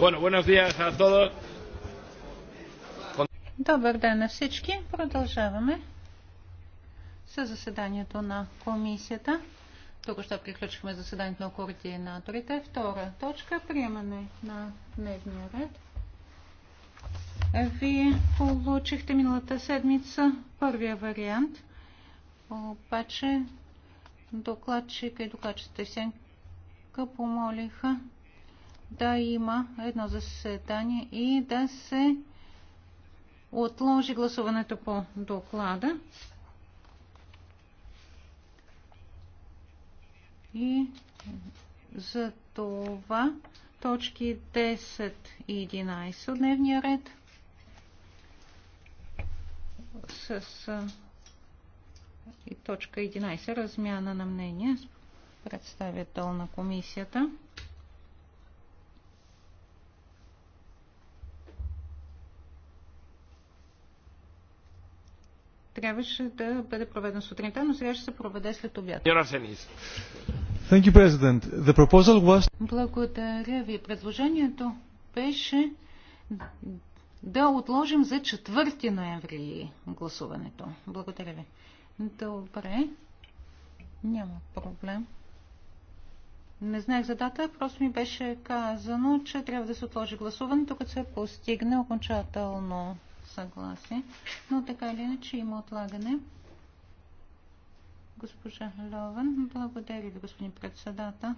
Bueno, buenos días a todos. Добър ден на всички. Продължаваме с заседанието на комисията. Тук ще приключихме заседанието на координаторите. Втора точка – приемане на дневния ред. Вие получихте миналата седмица първия вариант, обаче докладчика и докладчета в сенка помолиха да има едно заседание и да се отложи гласуването по доклада. И за това точки 10 и 11 от дневния ред с и точка 11 размяна на мнение с представител на комисията. трябваше да бъде проведен сутринта, но сега ще се проведе след обяд. Thank you, President. The proposal was... Благодаря ви. Предложението беше да отложим за 4 ноември гласуването. Благодаря ви. Добре. Няма проблем. Не знаех за дата, просто ми беше казано, че трябва да се отложи гласуването, като се постигне окончателно съгласие, но така или иначе има отлагане. Госпожа Лован, благодаря ви, господин председател.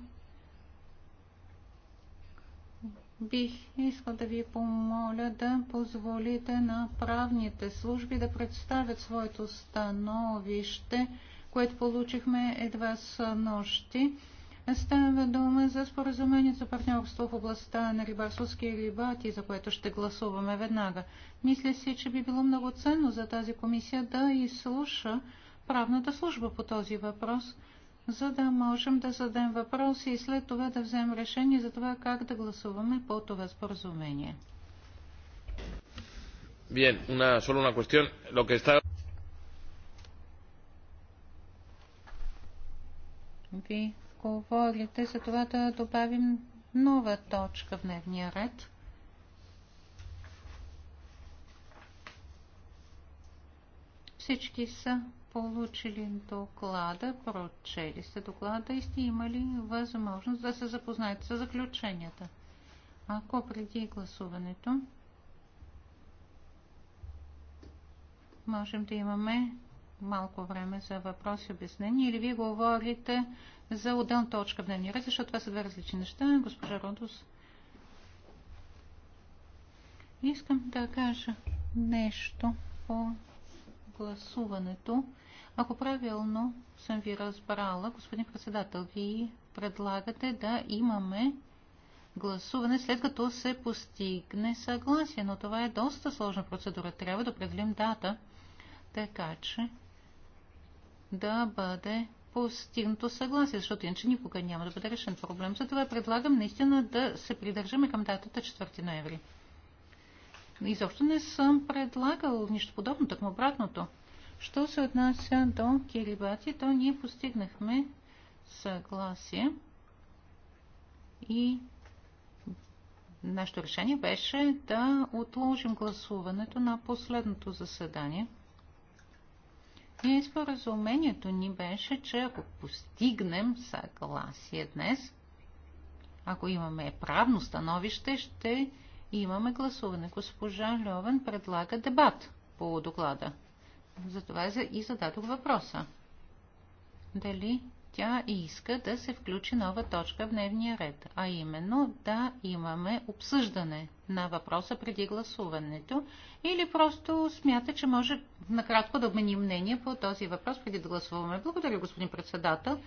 Бих искал да ви помоля да позволите на правните служби да представят своето становище, което получихме едва с нощи. Става дума за споразумение за партньорство в областта на рибарсовски рибати, за което ще гласуваме веднага. Мисля си, че би било много ценно за тази комисия да изслуша правната служба по този въпрос, за да можем да зададем въпроси и след това да вземем решение за това как да гласуваме по това споразумение. Bien, una, solo una cuestión. Lo que está... Okay говорите за това да добавим нова точка в дневния ред. Всички са получили доклада, прочели сте доклада и сте имали възможност да се запознаете с заключенията. Ако преди гласуването можем да имаме малко време за въпроси и обяснения или вие говорите за отделна точка в дневния ред, защото това са две различни неща. Госпожа Родос. Искам да кажа нещо по гласуването. Ако правилно съм ви разбрала, господин председател, ви предлагате да имаме гласуване, след като се постигне съгласие. Но това е доста сложна процедура. Трябва да определим дата, така че да бъде постигнато съгласие, защото иначе никога няма да бъде решен проблем. Затова предлагам наистина да се придържаме към датата 4 ноември. Изобщо не съм предлагал нищо подобно, так обратното. Що се отнася до Кирибати, то ние постигнахме съгласие и нашето решение беше да отложим гласуването на последното заседание – и споразумението ни беше, че ако постигнем съгласие днес, ако имаме правно становище, ще имаме гласуване. Госпожа Льовен предлага дебат по доклада. Затова и зададох въпроса. Дали тя иска да се включи нова точка в дневния ред, а именно да имаме обсъждане на въпроса преди гласуването или просто смята, че може накратко да обменим мнение по този въпрос преди да гласуваме. Благодаря, господин председател.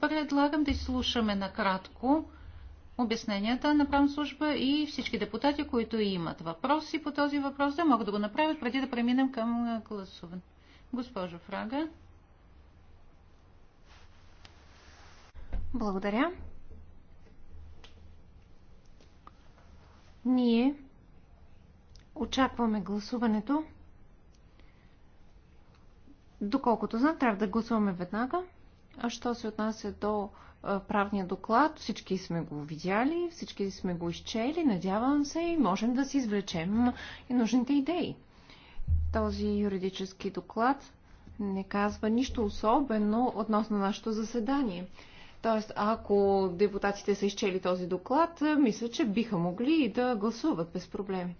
Предлагам да изслушаме накратко обясненията на правна служба и всички депутати, които имат въпроси по този въпрос, да могат да го направят преди да преминем към гласуване. Госпожо Фрага. Благодаря. Ние очакваме гласуването. Доколкото знам, трябва да гласуваме веднага. А що се отнася до правния доклад, всички сме го видяли, всички сме го изчели, надявам се и можем да си извлечем и нужните идеи. Този юридически доклад не казва нищо особено относно нашето заседание. Тоест, ако депутатите са изчели този доклад, е, мисля, че биха могли да гласуват без проблеми.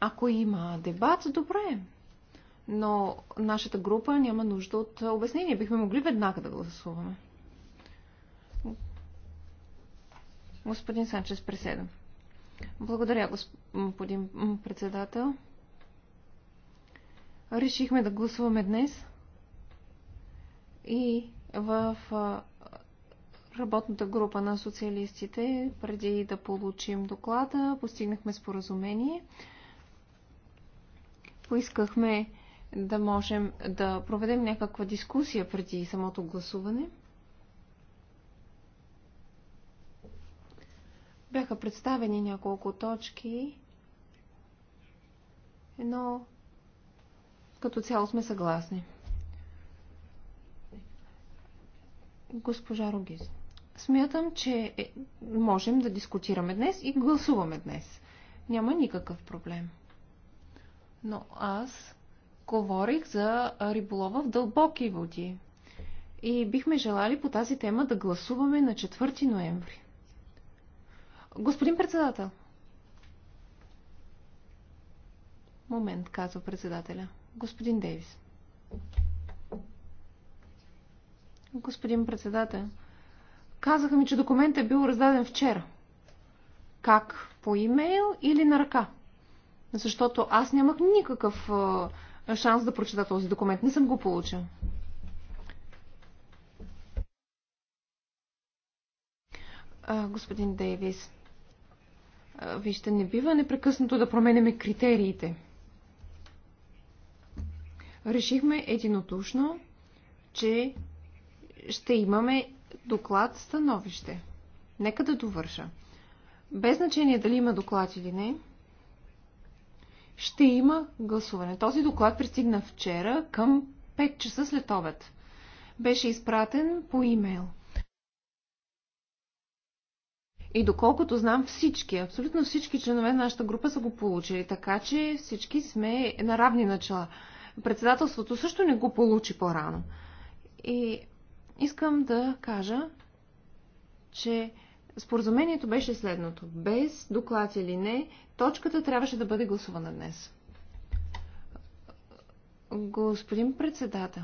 Ако има дебат, добре. Но нашата група няма нужда от обяснение. Бихме могли веднага да гласуваме. Господин Санчес, преседам. Благодаря, господин председател. Решихме да гласуваме днес и в работната група на социалистите, преди да получим доклада, постигнахме споразумение. Поискахме да можем да проведем някаква дискусия преди самото гласуване. Бяха представени няколко точки, но като цяло сме съгласни. Госпожа Рогиз, смятам, че е, можем да дискутираме днес и гласуваме днес. Няма никакъв проблем. Но аз говорих за риболова в дълбоки води. И бихме желали по тази тема да гласуваме на 4 ноември. Господин председател. Момент, казва председателя. Господин Дейвис. Господин председател, казаха ми, че документът е бил раздаден вчера. Как? По имейл или на ръка? Защото аз нямах никакъв шанс да прочета този документ. Не съм го получил. А, господин Дейвис, а, вижте, не бива непрекъснато да променяме критериите. Решихме единодушно, че ще имаме доклад становище. Нека да довърша. Без значение дали има доклад или не, ще има гласуване. Този доклад пристигна вчера към 5 часа след обед. Беше изпратен по имейл. И доколкото знам всички, абсолютно всички членове на нашата група са го получили, така че всички сме на равни начала. Председателството също не го получи по-рано. И искам да кажа, че споразумението беше следното. Без доклад или не, точката трябваше да бъде гласувана днес. Господин председател,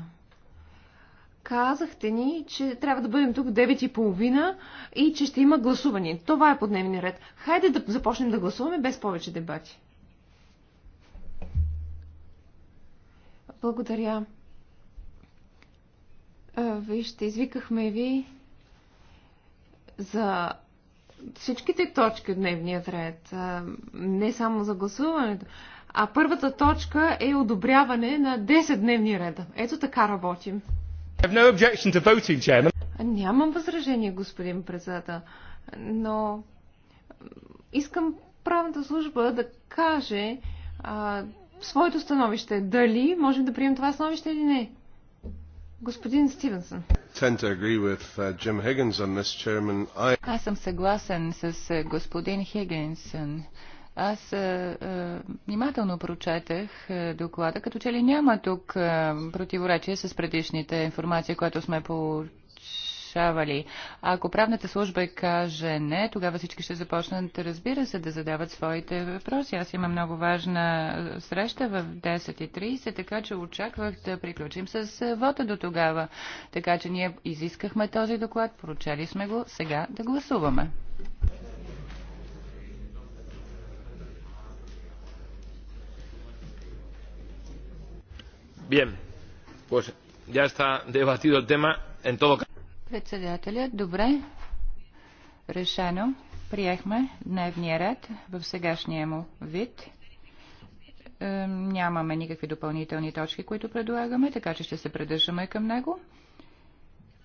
казахте ни, че трябва да бъдем тук 9.30 и че ще има гласуване. Това е по дневния ред. Хайде да започнем да гласуваме без повече дебати. Благодаря. Вижте, извикахме ви за всичките точки от дневния ред, не само за гласуването. А първата точка е одобряване на 10-дневни реда. Ето така работим. No voting, Нямам възражение, господин председател, но искам правната служба да каже а, своето становище. Дали можем да приемем това становище или не? Господин Стивенсън. Uh, Аз съм съгласен с е, господин Хигинсън. Аз е, е, внимателно прочетех доклада, като че ли няма тук противоречие с предишните информации, която сме по решавали. ако правната служба каже не, тогава всички ще започнат, разбира се, да задават своите въпроси. Аз имам много важна среща в 10.30, така че очаквах да приключим с вота до тогава. Така че ние изискахме този доклад, прочели сме го, сега да гласуваме. bien pues ya está debatido el tema en todo Председателя, добре. Решено. Приехме дневния ред в сегашния му вид. Е, нямаме никакви допълнителни точки, които предлагаме, така че ще се придържаме към него.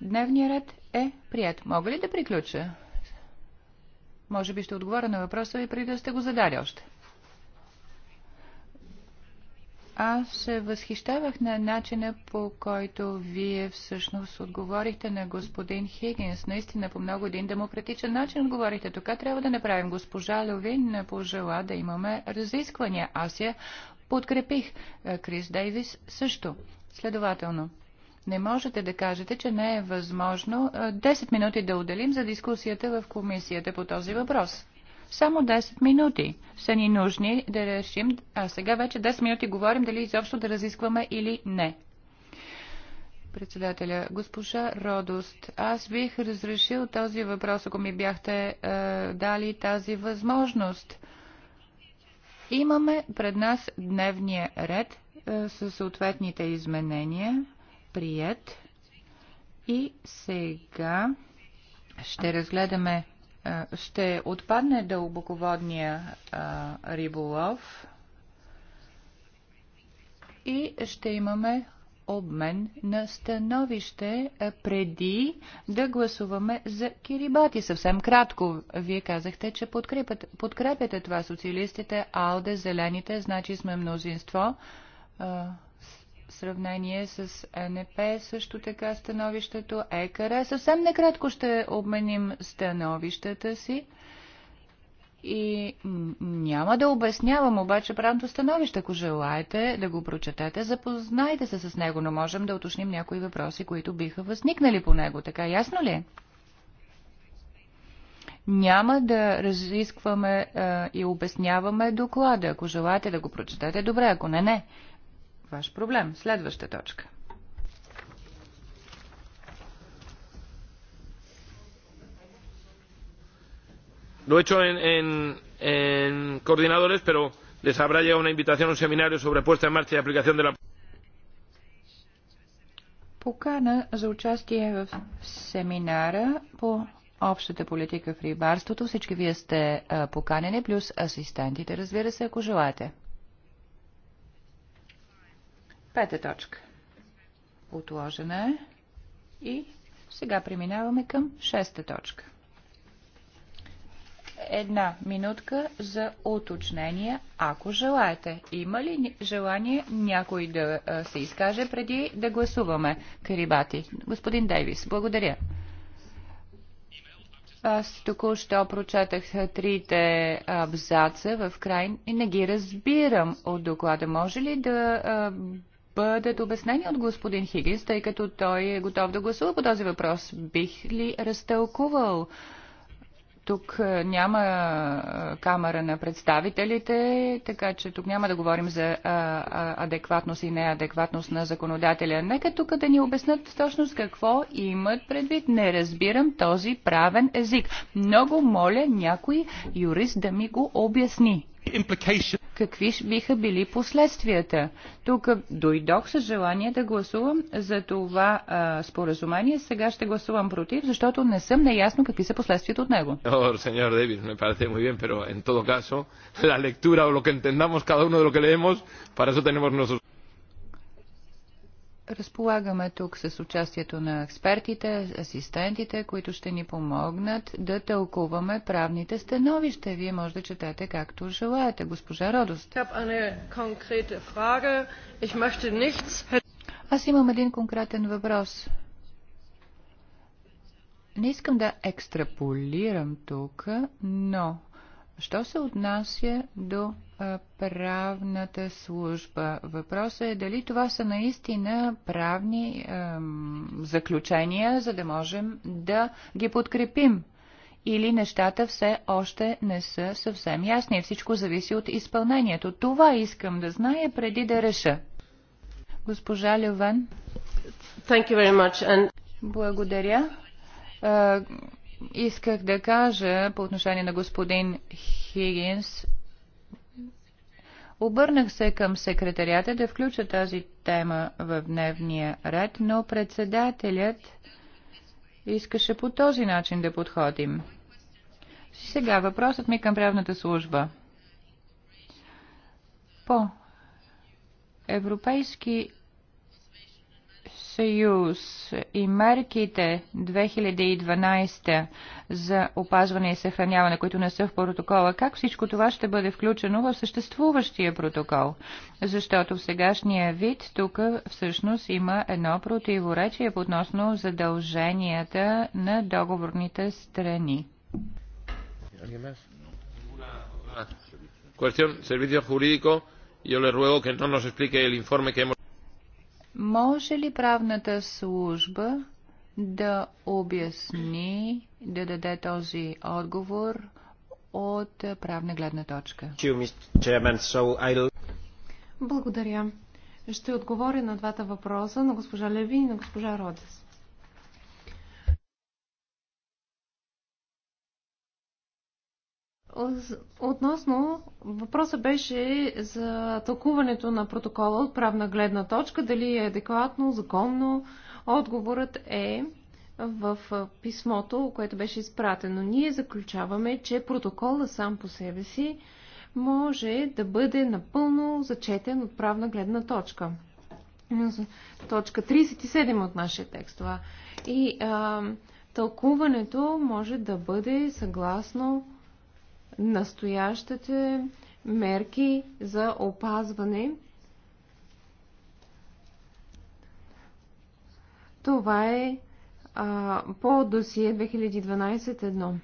Дневният ред е прият. Мога ли да приключа? Може би ще отговоря на въпроса ви преди да сте го задали още. Аз се възхищавах на начина по който вие всъщност отговорихте на господин Хигинс. Наистина по много един демократичен начин отговорихте. Така трябва да направим. Госпожа Левин пожела да имаме разисквания. Аз я подкрепих. Е, Крис Дейвис също. Следователно. Не можете да кажете, че не е възможно 10 е, минути да отделим за дискусията в комисията по този въпрос. Само 10 минути са ни нужни да решим, а сега вече 10 минути говорим дали изобщо да разискваме или не. Председателя, госпожа Родост, аз бих разрешил този въпрос, ако ми бяхте е, дали тази възможност. Имаме пред нас дневния ред е, със съответните изменения, прият. И сега ще разгледаме ще отпадне дълбоководния риболов и ще имаме обмен на становище преди да гласуваме за Кирибати. Съвсем кратко, вие казахте, че подкрепяте това социалистите, АЛДЕ, зелените, значи сме мнозинство. А, сравнение с НП, също така становището ЕКР. Съвсем накратко ще обменим становищата си. И няма да обяснявам обаче правното становище. Ако желаете да го прочетете, запознайте се с него, но можем да уточним някои въпроси, които биха възникнали по него. Така ясно ли е? Няма да разискваме а, и обясняваме доклада. Ако желаете да го прочетете, добре. Ако не, не ваш проблем. Следваща точка. Lo he hecho en, en, en coordinadores, pero les habrá llegado una invitación a un seminario sobre puesta en marcha y aplicación de la. Покана за участие в семинара по общата политика в рибарството. Всички вие сте а, поканени, плюс асистентите, разбира се, ако желаете. Пета точка. Отложена е. И сега преминаваме към шеста точка. Една минутка за уточнение, ако желаете. Има ли желание някой да се изкаже преди да гласуваме Карибати? Господин Дейвис, благодаря. Аз току-що прочетах трите абзаца в край и не ги разбирам от доклада. Може ли да бъдат обяснени от господин Хигис, тъй като той е готов да гласува по този въпрос. Бих ли разтълкувал? Тук е, няма е, камера на представителите, така че тук няма да говорим за е, адекватност и неадекватност на законодателя. Нека тук да ни обяснат точно с какво имат предвид. Не разбирам този правен език. Много моля някой юрист да ми го обясни. Какви биха били последствията? Тук дойдох с желание да гласувам за това а, споразумение. Сега ще гласувам против, защото не съм неясно какви са последствията от него. muy bien, pero en todo caso, la lectura o lo que entendamos cada uno de lo que leemos, para eso tenemos Разполагаме тук с участието на експертите, асистентите, които ще ни помогнат да тълкуваме правните становища. Вие може да четете както желаете, госпожа Родост. Аз имам един конкретен въпрос. Не искам да екстраполирам тук, но Що се отнася до правната служба? Въпросът е дали това са наистина правни ем, заключения, за да можем да ги подкрепим. Или нещата все още не са съвсем ясни. Всичко зависи от изпълнението. Това искам да зная преди да реша. Госпожа Левен. Благодаря исках да кажа по отношение на господин Хигинс. Обърнах се към секретарията да включа тази тема в дневния ред, но председателят искаше по този начин да подходим. Сега въпросът ми към правната служба. По европейски съюз и мерките 2012 за опазване и съхраняване, които не са в протокола, как всичко това ще бъде включено в съществуващия протокол? Защото в сегашния вид тук всъщност има едно противоречие относно задълженията на договорните страни. servicio jurídico, yo le ruego que no nos explique el informe que hemos. Може ли правната служба да обясни, да даде този отговор от правна гледна точка? Благодаря. Ще отговоря на двата въпроса на госпожа Леви и на госпожа Родес. Относно въпросът беше за тълкуването на протокола от правна гледна точка, дали е адекватно, законно. Отговорът е в писмото, което беше изпратено. Ние заключаваме, че протокола сам по себе си може да бъде напълно зачетен от правна гледна точка. Точка 37 от нашия текст това. И а, тълкуването може да бъде съгласно настоящите мерки за опазване. Това е а, по досие 2012-1.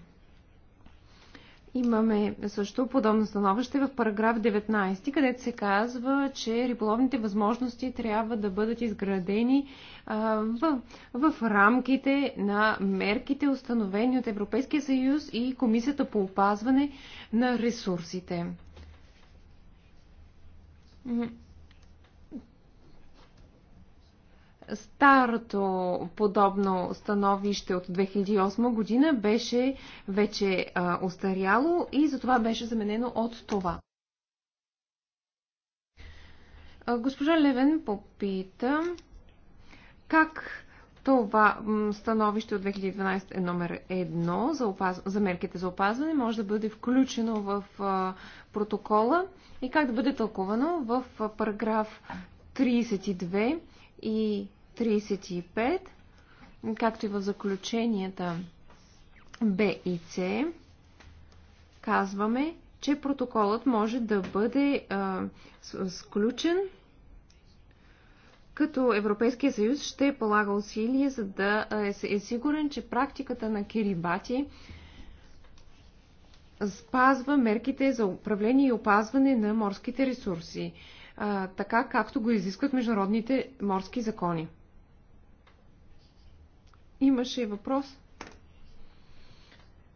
Имаме също подобно становище в параграф 19, където се казва, че риболовните възможности трябва да бъдат изградени а, в, в рамките на мерките, установени от Европейския съюз и Комисията по опазване на ресурсите. Старото подобно становище от 2008 година беше вече а, устаряло и затова беше заменено от това. А, госпожа Левен попита как това становище от 2012 е номер едно за, опаз... за мерките за опазване може да бъде включено в а, протокола и как да бъде тълкувано в а, параграф 32 и 35, както и в заключенията Б и С, казваме, че протоколът може да бъде а, сключен, като Европейския съюз ще полага усилия, за да е сигурен, че практиката на Кирибати спазва мерките за управление и опазване на морските ресурси, а, така както го изискват международните морски закони имаше въпрос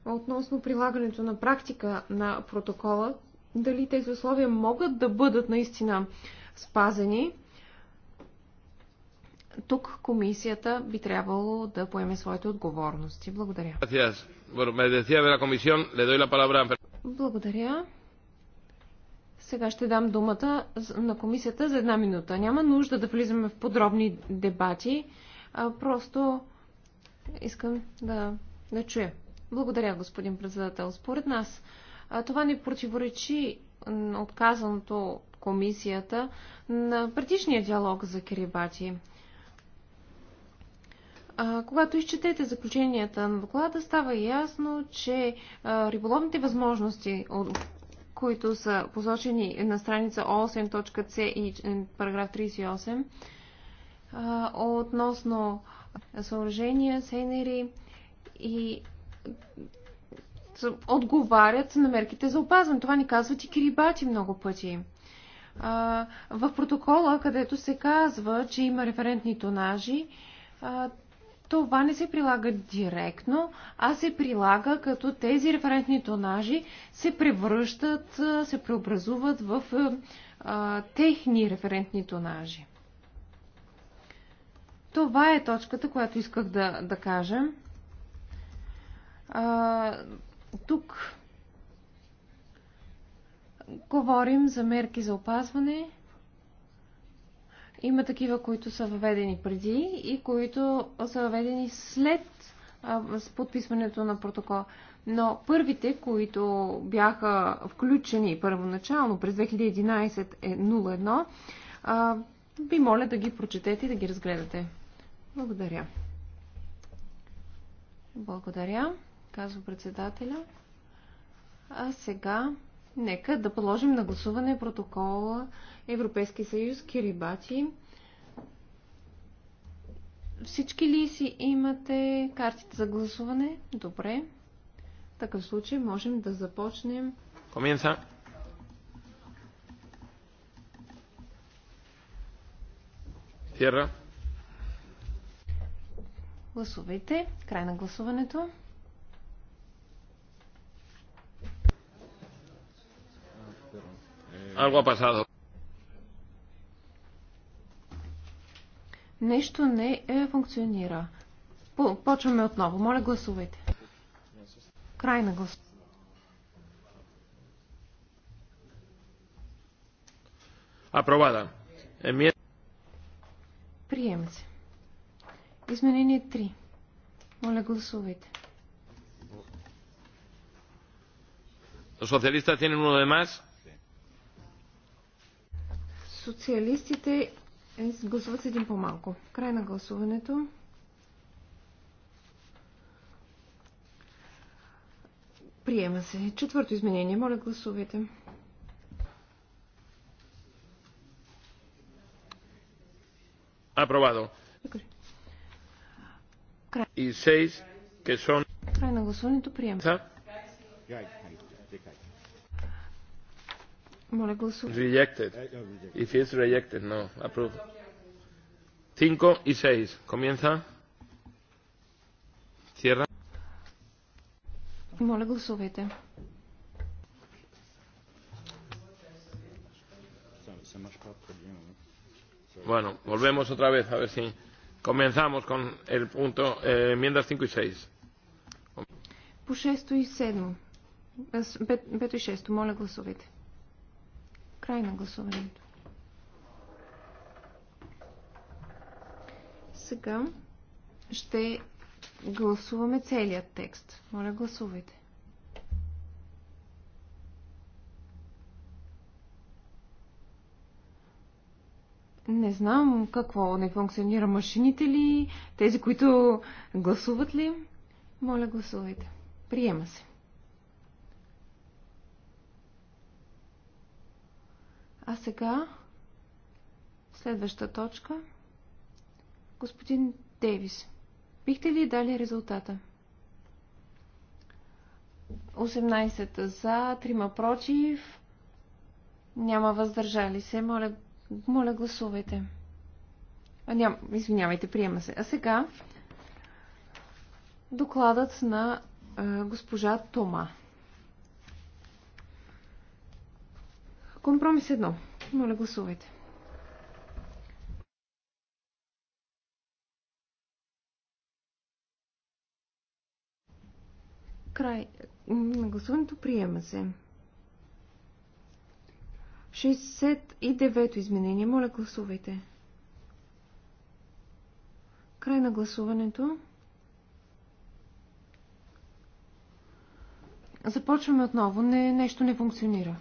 относно прилагането на практика на протокола, дали тези условия могат да бъдат наистина спазени. Тук комисията би трябвало да поеме своите отговорности. Благодаря. Благодаря. Сега ще дам думата на комисията за една минута. Няма нужда да влизаме в подробни дебати. Просто Искам да, да чуя. Благодаря, господин председател. Според нас това не противоречи отказаното от комисията на предишния диалог за Кирибати. Когато изчетете заключенията на доклада, става ясно, че риболовните възможности, които са посочени на страница 8.c и параграф 38, относно съоръжения, сейнери и отговарят на мерките за опазване. Това ни казват и Кирибати много пъти. в протокола, където се казва, че има референтни тонажи, това не се прилага директно, а се прилага като тези референтни тонажи се превръщат, се преобразуват в а, техни референтни тонажи. Това е точката, която исках да, да кажа. А, тук говорим за мерки за опазване. Има такива, които са въведени преди и които са въведени след а, с подписването на протокол. Но първите, които бяха включени първоначално през 2011 е 01, а, ви моля да ги прочетете и да ги разгледате. Благодаря. Благодаря, казва председателя. А сега нека да положим на гласуване протокола Европейски съюз Кирибати. Всички ли си имате картите за гласуване? Добре. В такъв случай можем да започнем. Коменца. Cierra. Гласувайте. Край на гласуването. Нещо не е, функционира. Почваме отново. Моля, гласувайте. Край на гласуването. Апробада. Приема се. Изменение 3. Моля, гласувайте. Социалистите tienen uno Социалистите е гласуват с един по-малко. Край на гласуването. Приема се. Четвърто изменение. Моля, гласувайте. Апробадо. Добре. Край. Край на гласуването приема. Моля гласувайте. Rejected. If it's rejected, no. Approved. 5 y 6. Comienza. Cierra. Моля гласувайте. Bueno, volvemos otra vez a ver si Comenzamos con el punto eh, enmiendas 5 y 6. По 6 и 7. 5 и 6. Моля гласувайте. Край на гласуването. Сега ще гласуваме целият текст. Моля гласувайте. Не знам какво не функционира. Машините ли? Тези, които гласуват ли? Моля, гласувайте. Приема се. А сега следваща точка. Господин Дейвис, бихте ли дали резултата? 18 за, 3 против, няма въздържали се. Моля, моля, гласувайте. А, ням, извинявайте, приема се. А сега докладът на е, госпожа Тома. Компромис едно. Моля, гласувайте. Край на гласуването приема се. 69-то изменение. Моля, гласувайте. Край на гласуването. Започваме отново. Не, нещо не функционира.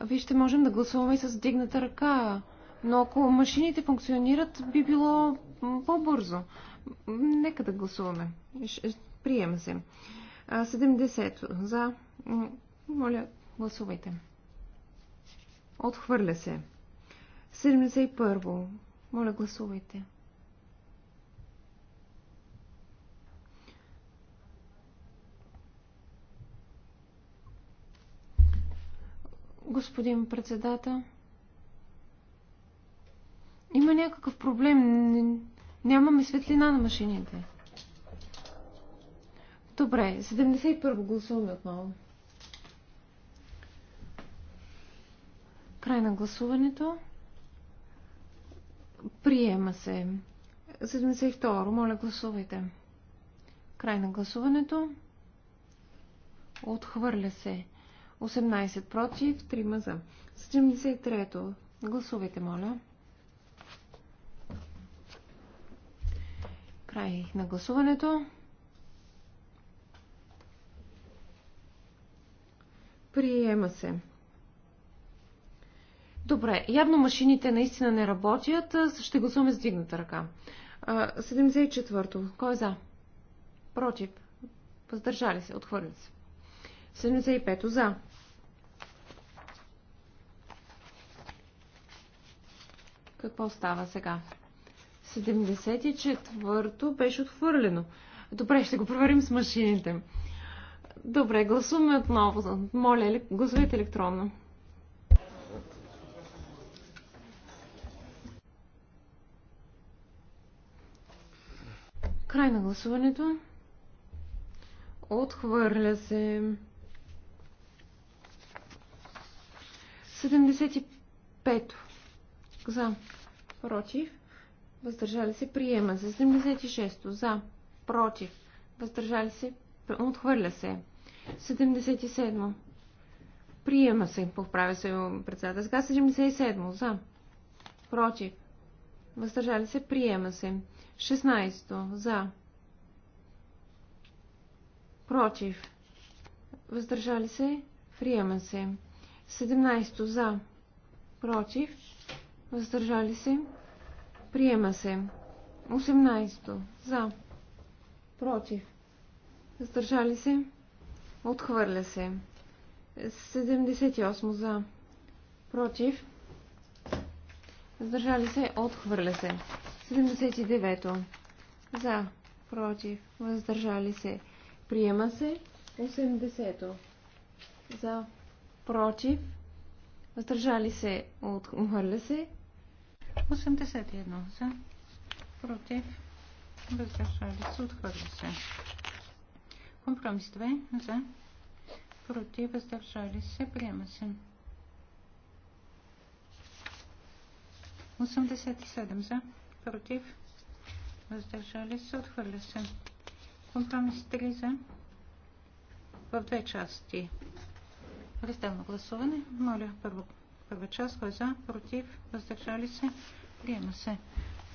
Вижте, можем да гласуваме и с дигната ръка, но ако машините функционират, би било по-бързо. Нека да гласуваме. Приема се. 70 за. Моля, гласувайте. Отхвърля се. 71. Моля, гласувайте. Господин председател, има някакъв проблем. Нямаме светлина на машините. Добре, 71 гласуваме отново. Край на гласуването. Приема се. 72. Моля, гласувайте. Край на гласуването. Отхвърля се. 18 против, 3 за. 73-то. Гласувайте, моля. Край на гласуването. Приема се. Добре, явно машините наистина не работят. Ще гласуваме с дигната ръка. 74-то. Кой е за? Против. Въздържали се. Отхвърлят се. 75-то. За. Какво става сега? 74-то беше отхвърлено. Добре, ще го проверим с машините. Добре, гласуваме отново. Моля, гласувайте електронно. Край на гласуването. Отхвърля се. 75. За. Против. Въздържали се. Приема се. 76. За. Против. Въздържали се. Отхвърля се. 77. Приема се, поправя се председател. Сега 77. За. Против. Въздържали се. Приема се. 16. За. Против. Въздържали се. Приема се. 17. За. Против. Въздържали се. Приема се. 18. За. Против. Въздържали се. Отхвърля се. 78 за. Против. Въздържали се. Отхвърля се. 79 за. Против. Въздържали се. Приема се. 80 за. Против. Въздържали се. Отхвърля се. 81 за. Против. Въздържали се. Отхвърля се. Компромис 2 за. Против. Въздържали се. Приема се. 87 за. Против. Въздържали се. Отхвърля се. Компромис 3 за. В две части. Разделно гласуване. Моля, първо, първа част. Кой е за? Против. Въздържали се. Приема се.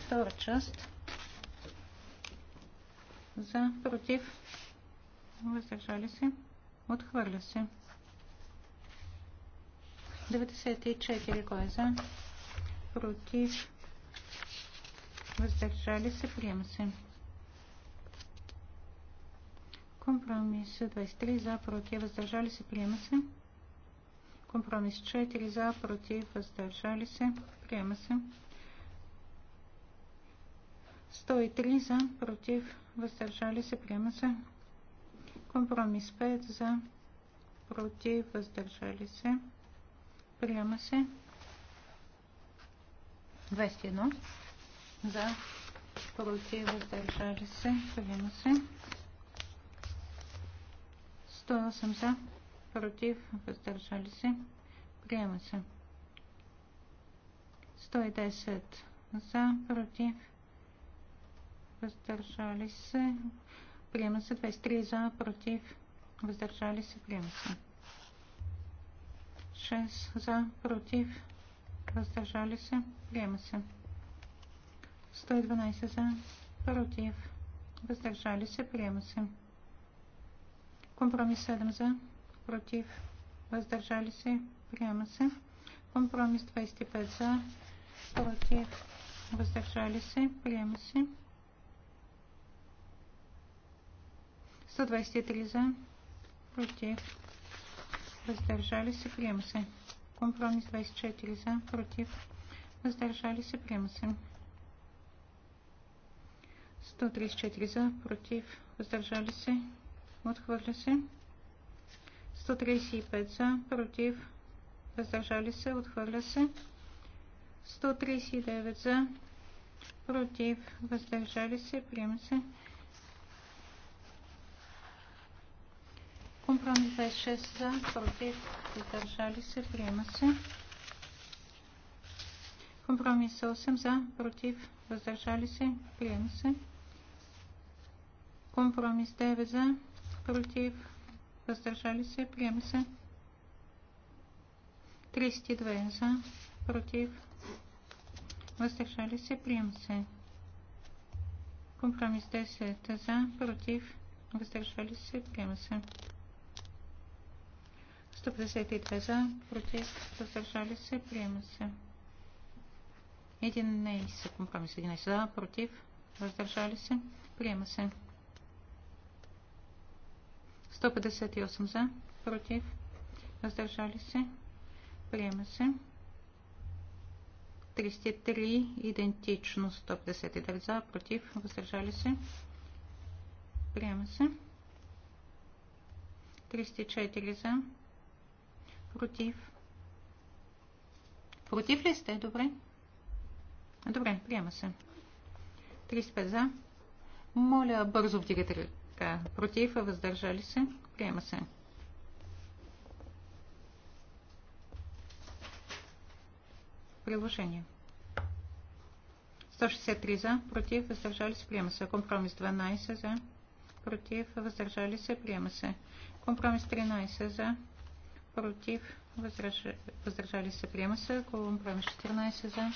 Втора част. За. Против въздържали се, отхвърля се. 94 кой е за, против, въздържали се, приема се. Компромис 23 за, против, въздържали се, приема се. Компромис 4 за, против, въздържали се, приема се. 103 за, против, въздържали се, приема се. Компромис 5 за, против, въздържали се. Приема се. 21. за, против, въздържали се. Приема се. 108 за, против, въздържали се. Приема се. 110 за, против, въздържали се. Приема се 23 за, против, въздържали се, приема се. 6 за, против, въздържали се, приема се. 112 за, против, въздържали се, приема се. Компромис 7 за, против, въздържали се, приема се. Компромис 25 за, против, въздържали се, приема се. 123 за, против, въздържали се, приема се. Компромис 24 за, против, въздържали се, приема се. 134 за, против, въздържали се, отхвърля се. 135 за, против, въздържали се, отхвърля се. 139 за, против, въздържали се, приема се. Компромис 26 за, против, въздържали се, приема се. Компромис 8 за, против, въздържали се, приема се. Компромис 9 за, против, въздържали се, приема се. 32 за, против, въздържали се, приема се. Компромис 10 за, против, въздържали се, приема се. 152 за, против, въздържали се, приема се. 11 компромис, 11 за, против, въздържали се, приема се. 158 за, против, въздържали се, приема се. 303 идентично 159 за, против, въздържали се, приема се. 34 за, Против. Против ли сте? Добре. Добре, приема се. 35 за. Моля, бързо вдигате ръка. Против, въздържали се. Приема се. Приложение. 163 за, против, въздържали се, приема се. Компромис 12 за, против, въздържали се, приема се. Компромис 13 за, против, въздържали се, приема се. Компромис 14 за,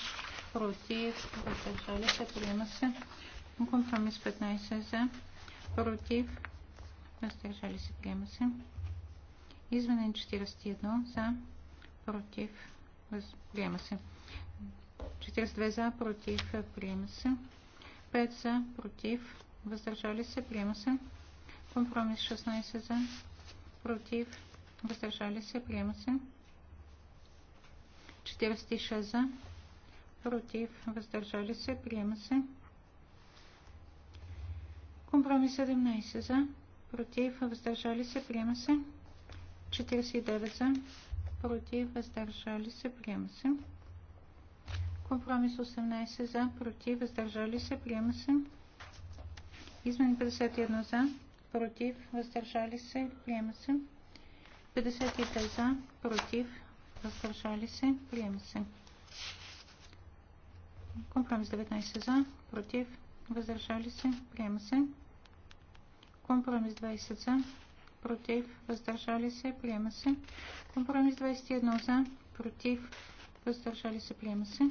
против, въздържали се, приема се. Компромис 15 за, против, въздържали се, приема се. Изменен 41 за, против, приема се. 42 за, против, приема се. 5 за, против, въздържали се, приема се. Компромис 16 за, против, въздържали се, приема се. 46 за, против, въздържали се, приема се. Компромис 17 за, против, въздържали се, приема се. 49 за, против, въздържали се, приема се. Компромис 18 за, против, въздържали се, приема се. Измен 51 за, против, въздържали се, приема се. 53 за, против, въздържали се, приема се. Компромис 19 за, против, въздържали се, приема се. Компромис 20 за, против, въздържали се, приема се. Компромис 21 за, против, въздържали се, приема се.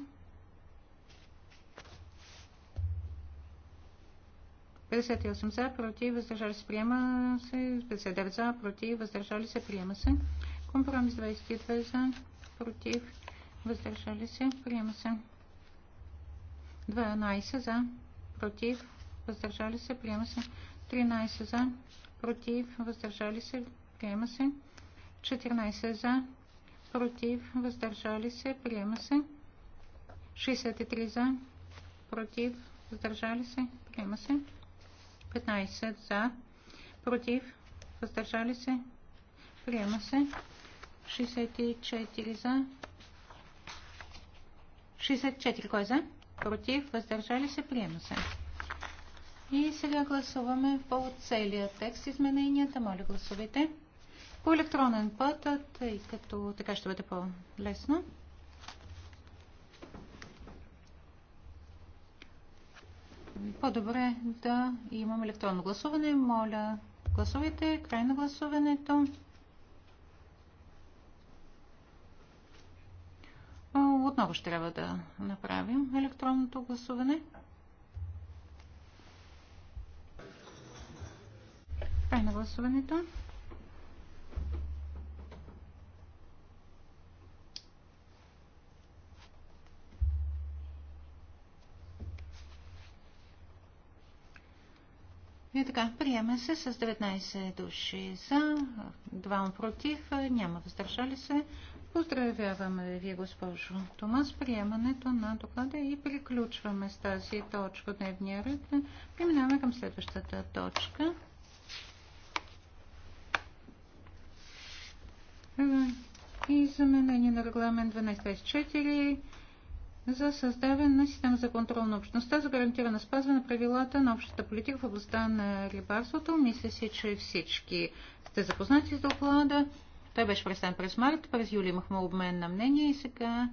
58 за, против, въздържали се, приема се. 59 за, против, въздържали се, приема се. Компромис 22 за, против, въздържали се, приема се. 12 за, против, въздържали се, приема се. 13 за, против, въздържали се, приема се. 14 за, против, въздържали се, приема се. 63 за, против, въздържали се, приема се. 15 за, против, въздържали се, приема се. 64 за, 64 кой е за, против, въздържали се, приема се. И сега гласуваме по целия текст измененията. Моля, гласувайте. По електронен път, тъй като така ще бъде по-лесно. по-добре да имам електронно гласуване. Моля, гласувайте. Край на гласуването. Отново ще трябва да направим електронното гласуване. Край на гласуването. И така, приема се с 19 души за, 2 против, няма въздържали се. Поздравяваме ви, госпожо Томас, приемането на доклада и приключваме с тази точка дневния ред. Преминаваме към следващата точка. И заменение на регламент 1224 за създаване на система за контрол на общността за гарантиране спазване на правилата на общата политика в областта на рибарството. Мисля си, че всички сте запознати с доклада. Той беше представен през март, през юли имахме обмен на мнение и сега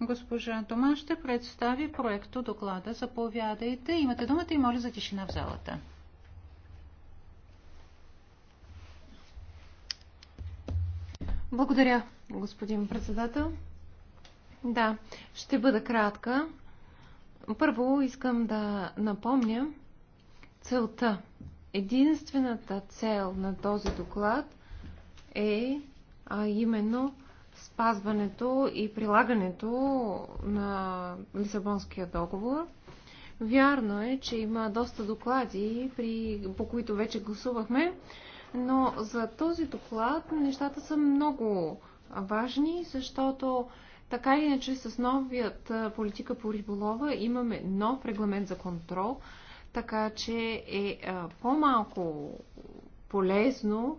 госпожа Тома ще представи проекто доклада. Заповядайте. Имате думата и моля за тишина в залата. Благодаря, господин председател. Да, ще бъда кратка. Първо искам да напомня целта. Единствената цел на този доклад е а именно спазването и прилагането на Лисабонския договор. Вярно е, че има доста доклади, при, по които вече гласувахме, но за този доклад нещата са много важни, защото така или иначе, с новият политика по риболова имаме нов регламент за контрол, така че е по-малко полезно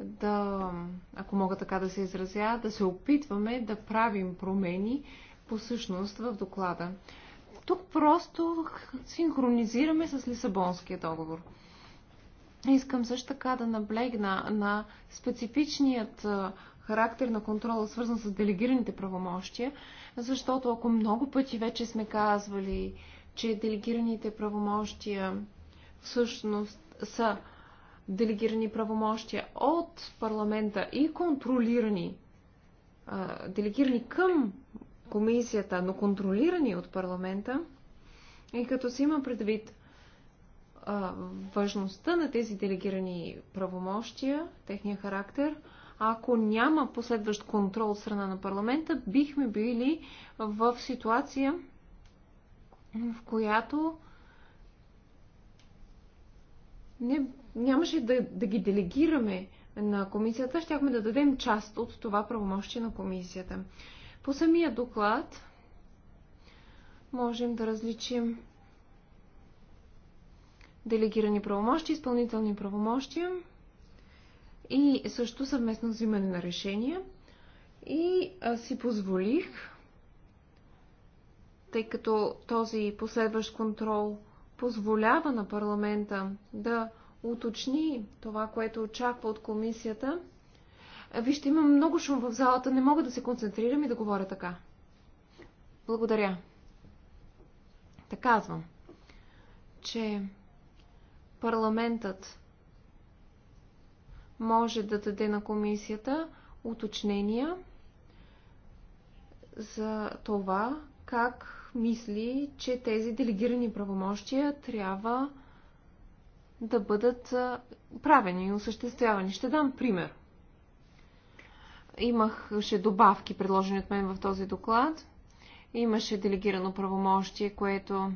да, ако мога така да се изразя, да се опитваме да правим промени по същност в доклада. Тук просто синхронизираме с Лисабонския договор. Искам също така да наблегна на специфичният характер на контрола, свързан с делегираните правомощия, защото ако много пъти вече сме казвали, че делегираните правомощия всъщност са делегирани правомощия от парламента и контролирани, а, делегирани към комисията, но контролирани от парламента, и като се има предвид а, важността на тези делегирани правомощия, техния характер, ако няма последващ контрол от страна на парламента, бихме били в ситуация, в която не, нямаше да, да ги делегираме на комисията, щяхме да дадем част от това правомощие на комисията. По самия доклад можем да различим делегирани правомощи, изпълнителни правомощия и също съвместно взимане на решения. И а, си позволих, тъй като този последващ контрол позволява на парламента да уточни това, което очаква от комисията. Вижте, има много шум в залата, не мога да се концентрирам и да говоря така. Благодаря. Така казвам, че парламентът може да даде на комисията уточнения за това как мисли, че тези делегирани правомощия трябва да бъдат правени и осъществявани. Ще дам пример. Имаше добавки, предложени от мен в този доклад. Имаше делегирано правомощие, което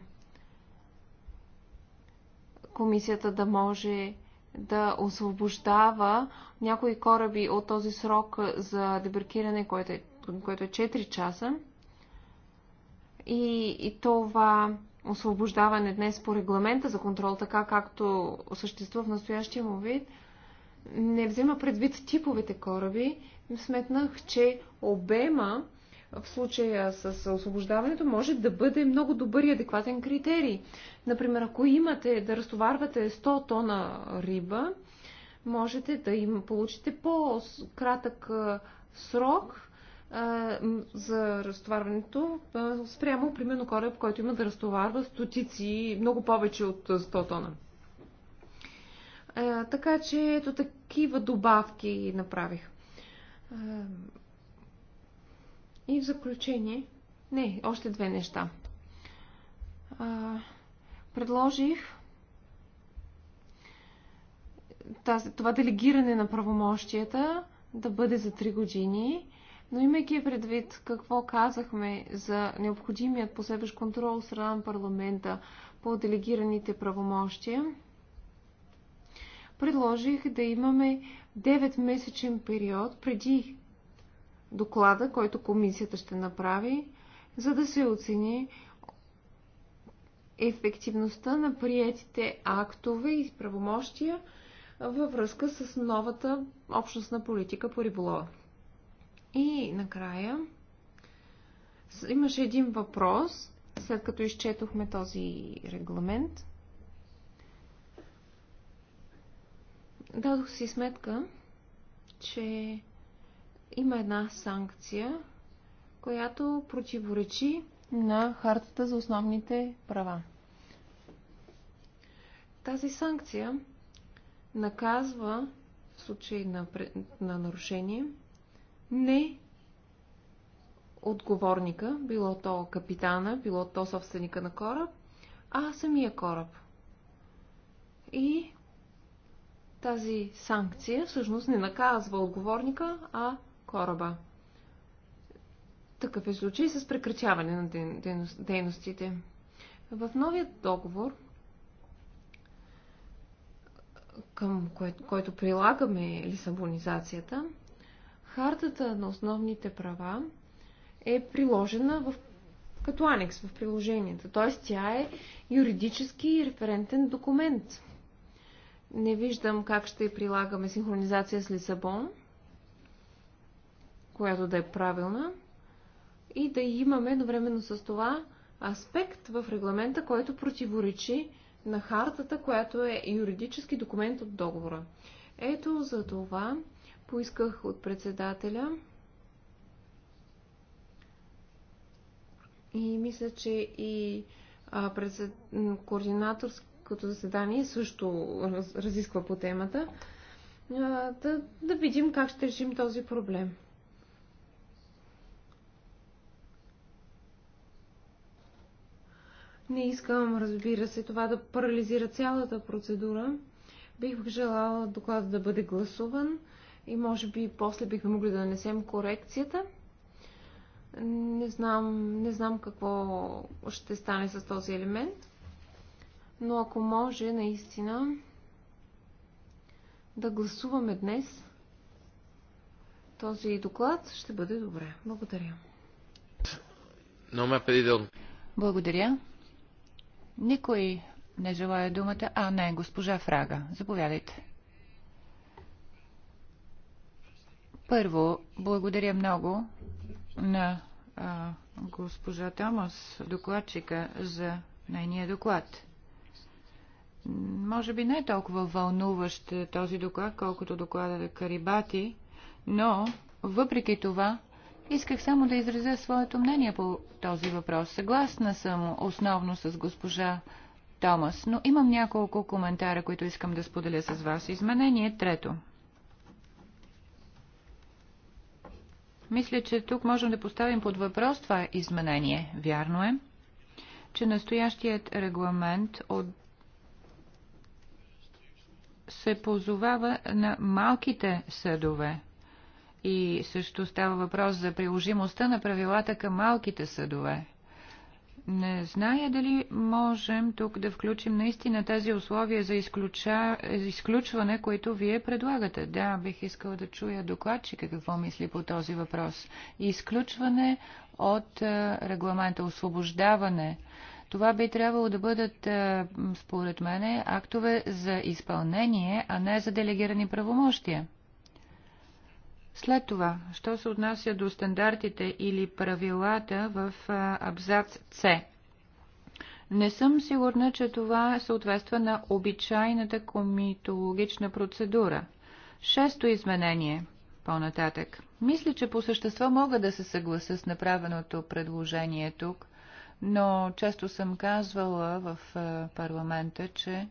комисията да може да освобождава някои кораби от този срок за дебаркиране, който е, е 4 часа. И, и това освобождаване днес по регламента за контрол, така както съществува в настоящия му вид, не взема предвид типовете кораби. Сметнах, че обема в случая с освобождаването може да бъде много добър и адекватен критерий. Например, ако имате да разтоварвате 100 тона риба, можете да им получите по-кратък срок за разтоварването спрямо, примерно, кораб, който има да разтоварва стотици, много повече от 100 тона. така че ето такива добавки направих. И в заключение, не, още две неща. А, предложих тази, това делегиране на правомощията да бъде за три години, но имайки предвид какво казахме за необходимият последващ контрол от страна на парламента по делегираните правомощия, предложих да имаме 9-месечен период преди доклада, който комисията ще направи, за да се оцени ефективността на приетите актове и правомощия във връзка с новата общностна политика по риболова. И накрая имаше един въпрос, след като изчетохме този регламент. Дадох си сметка, че има една санкция, която противоречи на Хартата за основните права. Тази санкция наказва в случай на, на нарушение не отговорника, било то капитана, било то собственика на кораб, а самия кораб. И тази санкция всъщност не наказва отговорника, а кораба. Такъв е случай с прекратяване на дейностите. В новия договор, към кой, който прилагаме лисабонизацията, хартата на основните права е приложена в, като анекс в приложението. Т.е. тя е юридически референтен документ. Не виждам как ще прилагаме синхронизация с Лисабон – която да е правилна и да имаме едновременно с това аспект в регламента, който противоречи на хартата, която е юридически документ от договора. Ето за това поисках от председателя и мисля, че и председ... координаторското заседание също разисква по темата, да, да видим как ще решим този проблем. Не искам, разбира се, това да парализира цялата процедура. Бих желала доклада да бъде гласуван и може би после бихме могли да нанесем корекцията. Не знам, не знам какво ще стане с този елемент, но ако може наистина да гласуваме днес този доклад, ще бъде добре. Благодаря. Благодаря. Никой не желая думата. А, не, госпожа Фрага. Заповядайте. Първо, благодаря много на а, госпожа Томас, докладчика, за нейния доклад. Може би не е толкова вълнуващ е, този доклад, колкото доклада на Карибати, но въпреки това Исках само да изразя своето мнение по този въпрос. Съгласна съм основно с госпожа Томас, но имам няколко коментара, които искам да споделя с вас. Изменение трето. Мисля, че тук можем да поставим под въпрос това изменение. Вярно е, че настоящият регламент от се позовава на малките съдове, и също става въпрос за приложимостта на правилата към малките съдове. Не зная дали можем тук да включим наистина тези условия за изключа... изключване, които вие предлагате. Да, бих искала да чуя докладчика какво мисли по този въпрос. Изключване от е, регламента, освобождаване. Това би трябвало да бъдат, е, според мене, актове за изпълнение, а не за делегирани правомощия. След това, що се отнася до стандартите или правилата в абзац С? Не съм сигурна, че това съответства на обичайната комитологична процедура. Шесто изменение по-нататък. Мисля, че по същество мога да се съгласа с направеното предложение тук, но често съм казвала в парламента, че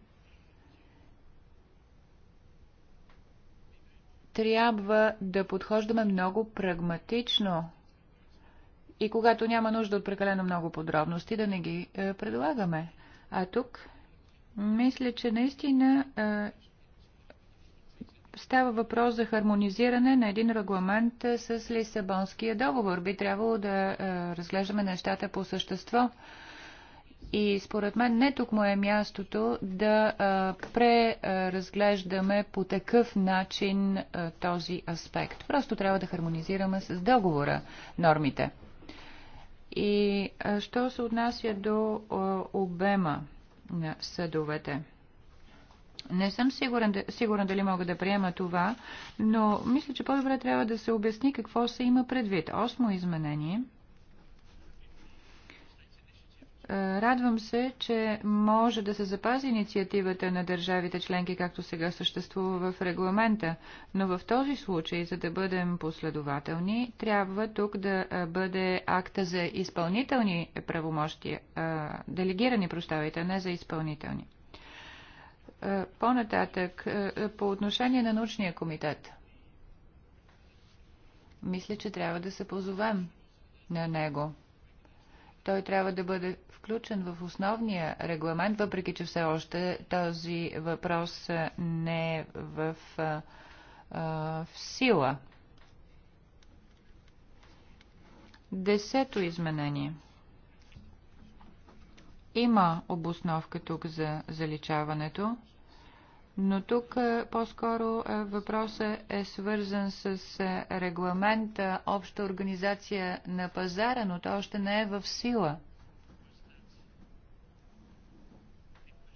трябва да подхождаме много прагматично и когато няма нужда от прекалено много подробности, да не ги е, предлагаме. А тук, мисля, че наистина е, става въпрос за хармонизиране на един регламент е, с Лисабонския договор. Би трябвало да е, разглеждаме нещата по същество. И според мен не тук му е мястото да преразглеждаме по такъв начин този аспект. Просто трябва да хармонизираме с договора нормите. И що се отнася до обема на съдовете? Не съм сигурен, сигурен дали мога да приема това, но мисля, че по-добре трябва да се обясни какво се има предвид. Осмо изменение – е, радвам се, че може да се запази инициативата на държавите членки, както сега съществува в регламента, но в този случай, за да бъдем последователни, трябва тук да е, бъде акта за изпълнителни правомощия, е, делегирани, прощавайте, не за изпълнителни. По-нататък, по отношение на научния комитет, мисля, че трябва да се позовем на него. Той трябва да бъде включен в основния регламент, въпреки че все още този въпрос не е в, а, в сила. Десето изменение. Има обосновка тук за заличаването, но тук по-скоро въпросът е свързан с регламента Обща организация на пазара, но то още не е в сила –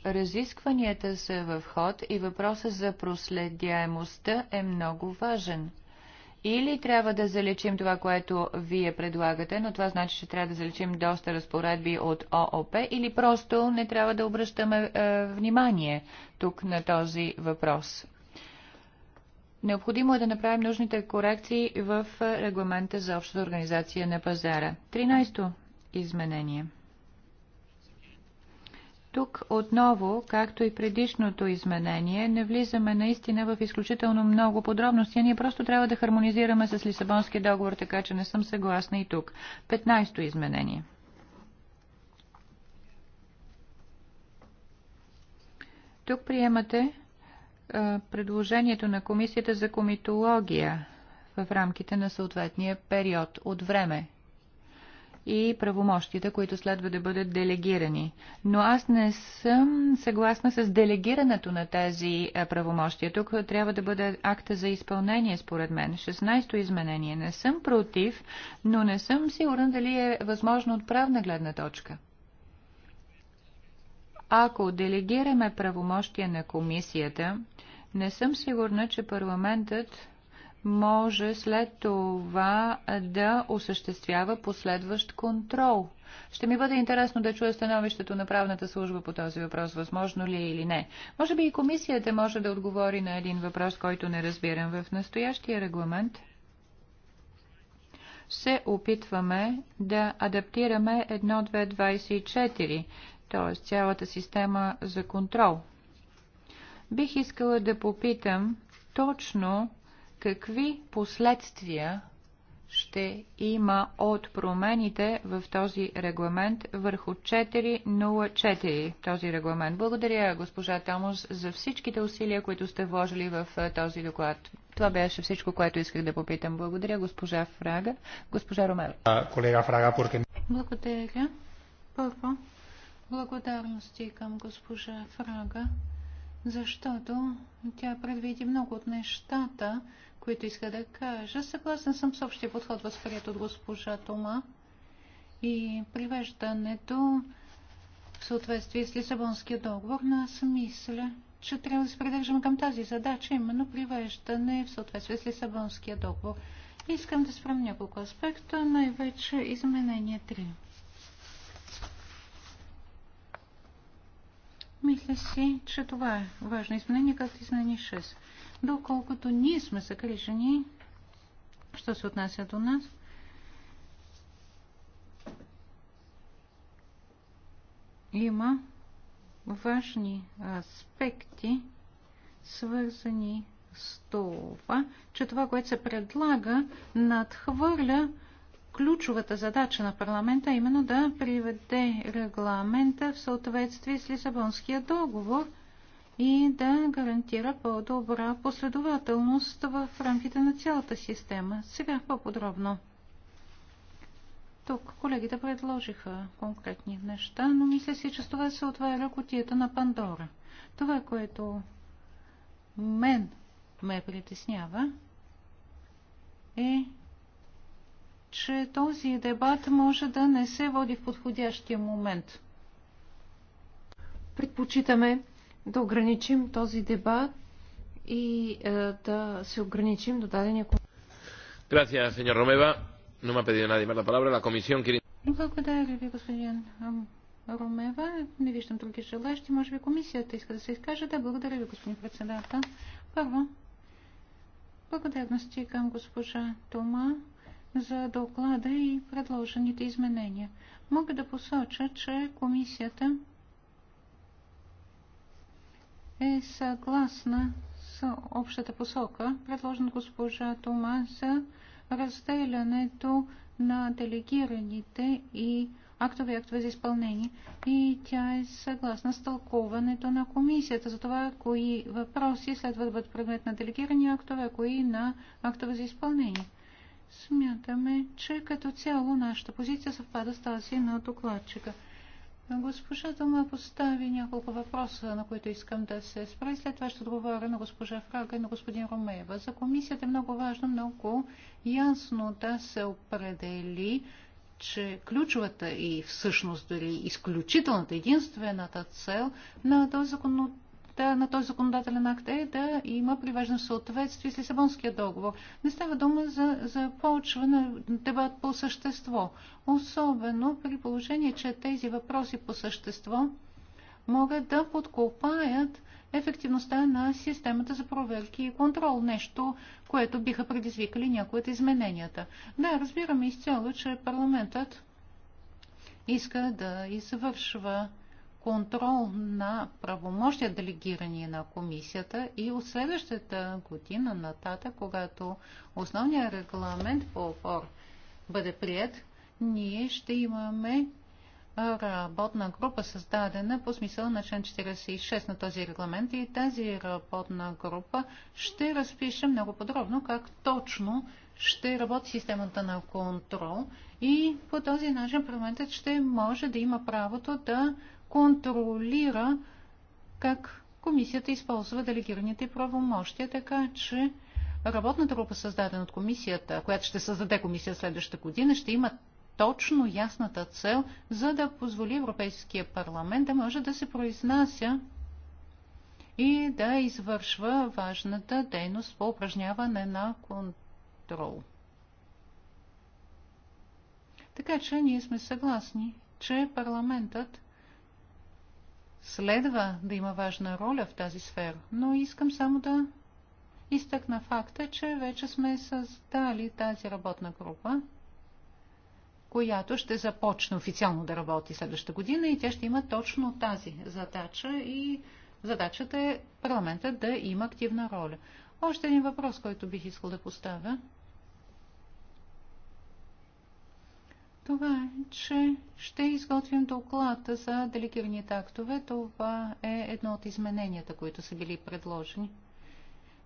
Разискванията са в ход и въпросът за проследяемостта е много важен. Или трябва да заличим това, което вие предлагате, но това значи, че трябва да заличим доста разпоредби от ООП, или просто не трябва да обръщаме е, внимание тук на този въпрос. Необходимо е да направим нужните корекции в е, регламента за общата организация на пазара. 13. Изменение. Тук отново, както и предишното изменение, не влизаме наистина в изключително много подробности. Ние просто трябва да хармонизираме с Лисабонския договор, така че не съм съгласна и тук. 15-то изменение. Тук приемате а, предложението на комисията за комитология в рамките на съответния период от време и правомощите, които следва да бъдат делегирани. Но аз не съм съгласна с делегирането на тези правомощия. Тук трябва да бъде акта за изпълнение, според мен. 16-то изменение. Не съм против, но не съм сигурна дали е възможно от правна гледна точка. Ако делегираме правомощия на комисията, не съм сигурна, че парламентът може след това да осъществява последващ контрол. Ще ми бъде интересно да чуя становището на правната служба по този въпрос, възможно ли е или не. Може би и комисията може да отговори на един въпрос, който не разбирам в настоящия регламент се опитваме да адаптираме 1.2.24, т.е. цялата система за контрол. Бих искала да попитам точно какви последствия ще има от промените в този регламент върху 404, този регламент. Благодаря, госпожа Томос, за всичките усилия, които сте вложили в този доклад. Това беше всичко, което исках да попитам. Благодаря, госпожа Фрага. Госпожа Ромеро. Колега Фрага, поркен. Благодаря. Първо, благодарности към госпожа Фрага, защото тя предвиди много от нещата, които иска да кажа. Съгласен съм с общия подход, възприят от госпожа Тома и привеждането в съответствие с Лисабонския договор. Но аз мисля, че трябва да се придържаме към тази задача, именно привеждане в съответствие с Лисабонския договор. Искам да спрем няколко аспекта, най-вече изменение 3. Мисля си, че това е важно изменение, както изменение 6 доколкото ние сме загрижени, що се отнася до нас. Има важни аспекти, свързани с това, че това, което се предлага, надхвърля ключовата задача на парламента, именно да приведе регламента в съответствие с Лисабонския договор – и да гарантира по-добра последователност в рамките на цялата система. Сега по-подробно. Тук колегите предложиха конкретни неща, но мисля си, че с това се отваря котията на Пандора. Това, което мен ме притеснява, е, че този дебат може да не се води в подходящия момент. Предпочитаме да ограничим този дебат и е, да се ограничим до дадения Gracias, señor Romeva. No me ha pedido nadie más la palabra. La comisión quiere... Благодаря ви, господин Ромева. Не виждам други желащи. Може би комисията иска да се изкаже. Да, благодаря ви, господин председател. Първо, благодарности към госпожа Тома за доклада и предложените изменения. Мога да посоча, че комисията е съгласна с общата посока, предложена госпожа Тома за разделянето на делегираните и актове и актове за изпълнение. И тя е съгласна с тълкуването на комисията за това, кои въпроси следва да бъдат предмет на делегирани актове, а кои на актове за изпълнение. Смятаме, че като цяло нашата позиция съвпада с тази на докладчика. Госпожа Тома постави няколко въпроса, на които искам да се спра и след това ще отговоря на госпожа Фрага и на господин Ромеева. За комисията е много важно, много ясно да се определи, че ключовата и всъщност дори изключителната, единствената цел на този законодателство да, на този законодателен акт е да има привеждане в съответствие с Лисабонския договор. Не става дума за почва на дебат по същество, особено при положение, че тези въпроси по същество могат да подкопаят ефективността на системата за проверки и контрол. Нещо, което биха предизвикали някои от измененията. Да, разбираме изцяло, че парламентът иска да извършва контрол на правомощия, делегирани на комисията и от следващата година нататък, когато основният регламент по ОПОР бъде прият, ние ще имаме работна група, създадена по смисъл на член 46 на този регламент и тази работна група ще разпише много подробно как точно ще работи системата на контрол и по този начин парламентът ще може да има правото да контролира как комисията използва делегираните правомощия, така че работната група, създадена от комисията, която ще създаде комисия следващата година, ще има точно ясната цел, за да позволи Европейския парламент да може да се произнася и да извършва важната дейност по упражняване на контрол. Така че ние сме съгласни, че парламентът следва да има важна роля в тази сфера, но искам само да изтъкна факта, че вече сме създали тази работна група, която ще започне официално да работи следващата година и тя ще има точно тази задача и задачата е парламента да има активна роля. Още един въпрос, който бих искал да поставя – това е, че ще изготвим доклад за делегираните актове. Това е едно от измененията, които са били предложени.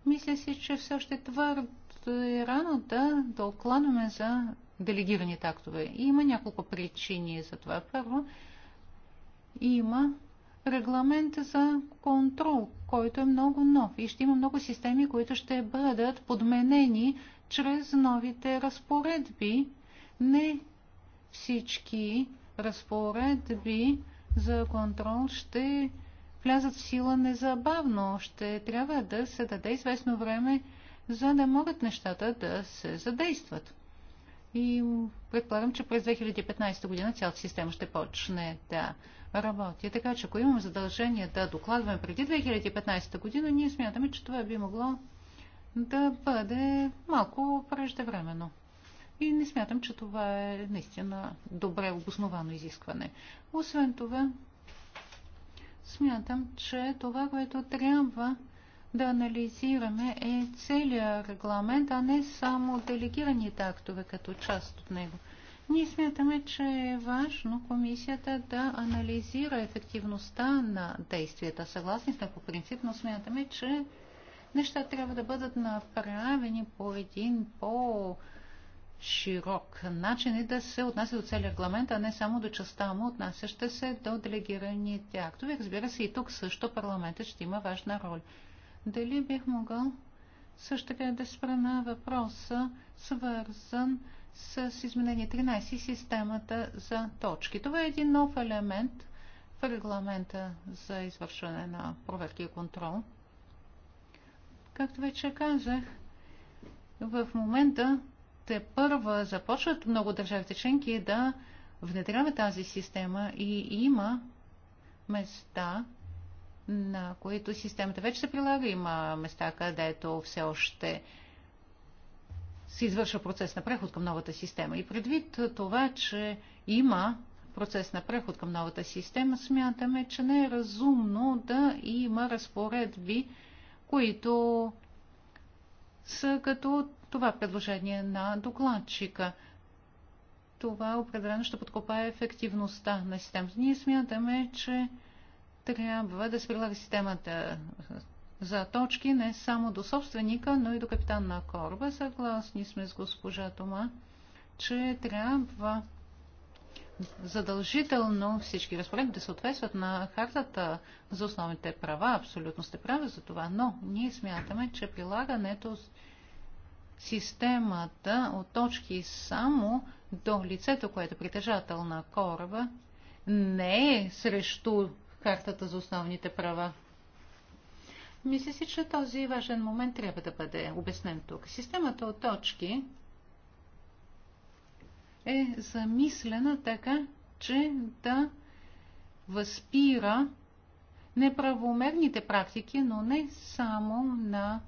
Мисля си, че все още твърдо е рано да докладваме за делегираните актове. И има няколко причини за това. Първо, има регламент за контрол, който е много нов и ще има много системи, които ще бъдат подменени чрез новите разпоредби. Не всички разпоредби за контрол ще влязат в сила незабавно. Ще трябва да се даде известно време, за да могат нещата да се задействат. И предполагам, че през 2015 година цялата система ще почне да работи. Така че ако имам задължение да докладваме преди 2015 година, ние смятаме, че това би могло да бъде малко преждевременно. И не смятам, че това е наистина добре обосновано изискване. Освен това, смятам, че това, което трябва да анализираме е целият регламент, а не само делегираните актове като част от него. Ние смятаме, че е важно комисията да анализира ефективността на действията. Съгласни сме по принцип, но смятаме, че неща трябва да бъдат направени по един по- широк начин и да се отнася до целия регламент, а не само до частта му, отнасяща се до делегираните актове. Разбира се, и тук също парламентът ще има важна роля. Дали бих могъл също така да спра на въпроса, свързан с изменение 13 и системата за точки. Това е един нов елемент в регламента за извършване на проверки и контрол. Както вече казах, в момента те първа започват много държавите членки да внедряват тази система и има места, на които системата вече се прилага. Има места, където все още се извършва процес на преход към новата система. И предвид това, че има процес на преход към новата система, смятаме, че не е разумно да има разпоредби, които са като това е предложение на докладчика. Това определено ще подкопае ефективността на системата. Ние смятаме, че трябва да се прилага системата за точки не само до собственика, но и до капитан на кораба. Съгласни сме с госпожа Тома, че трябва задължително всички разпоредби да съответстват на хартата за основните права. Абсолютно сте прави за това, но ние смятаме, че прилагането системата от точки само до лицето, което е притежател на кораба, не е срещу картата за основните права. Мисля си, че този важен момент трябва да бъде обяснен тук. Системата от точки е замислена така, че да възпира неправомерните практики, но не само на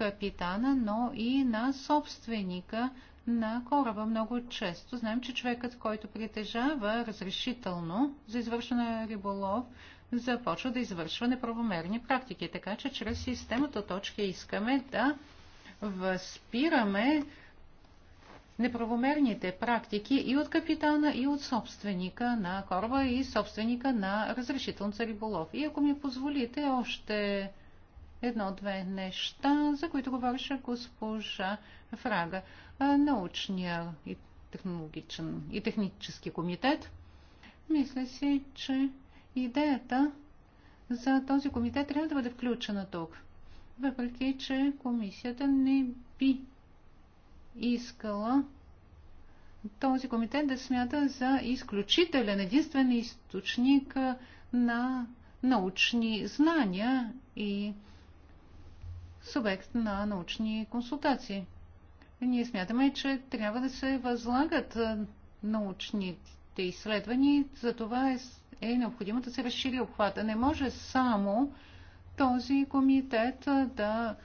капитана, но и на собственика на кораба. Много често знаем, че човекът, който притежава разрешително за извършване риболов, започва да извършва неправомерни практики. Така че чрез системата точки искаме да възпираме неправомерните практики и от капитана, и от собственика на кораба, и собственика на разрешително за риболов. И ако ми позволите, още едно-две неща, за които говореше госпожа Фрага. Научния и технологичен и технически комитет. Мисля си, че идеята за този комитет трябва да бъде включена тук. Въпреки, че комисията не би искала този комитет да смята за изключителен, единствен източник на научни знания и субект на научни консултации. Ние смятаме, че трябва да се възлагат научните изследвания, за това е, е, необходимо да се разшири обхвата. Не може само този комитет да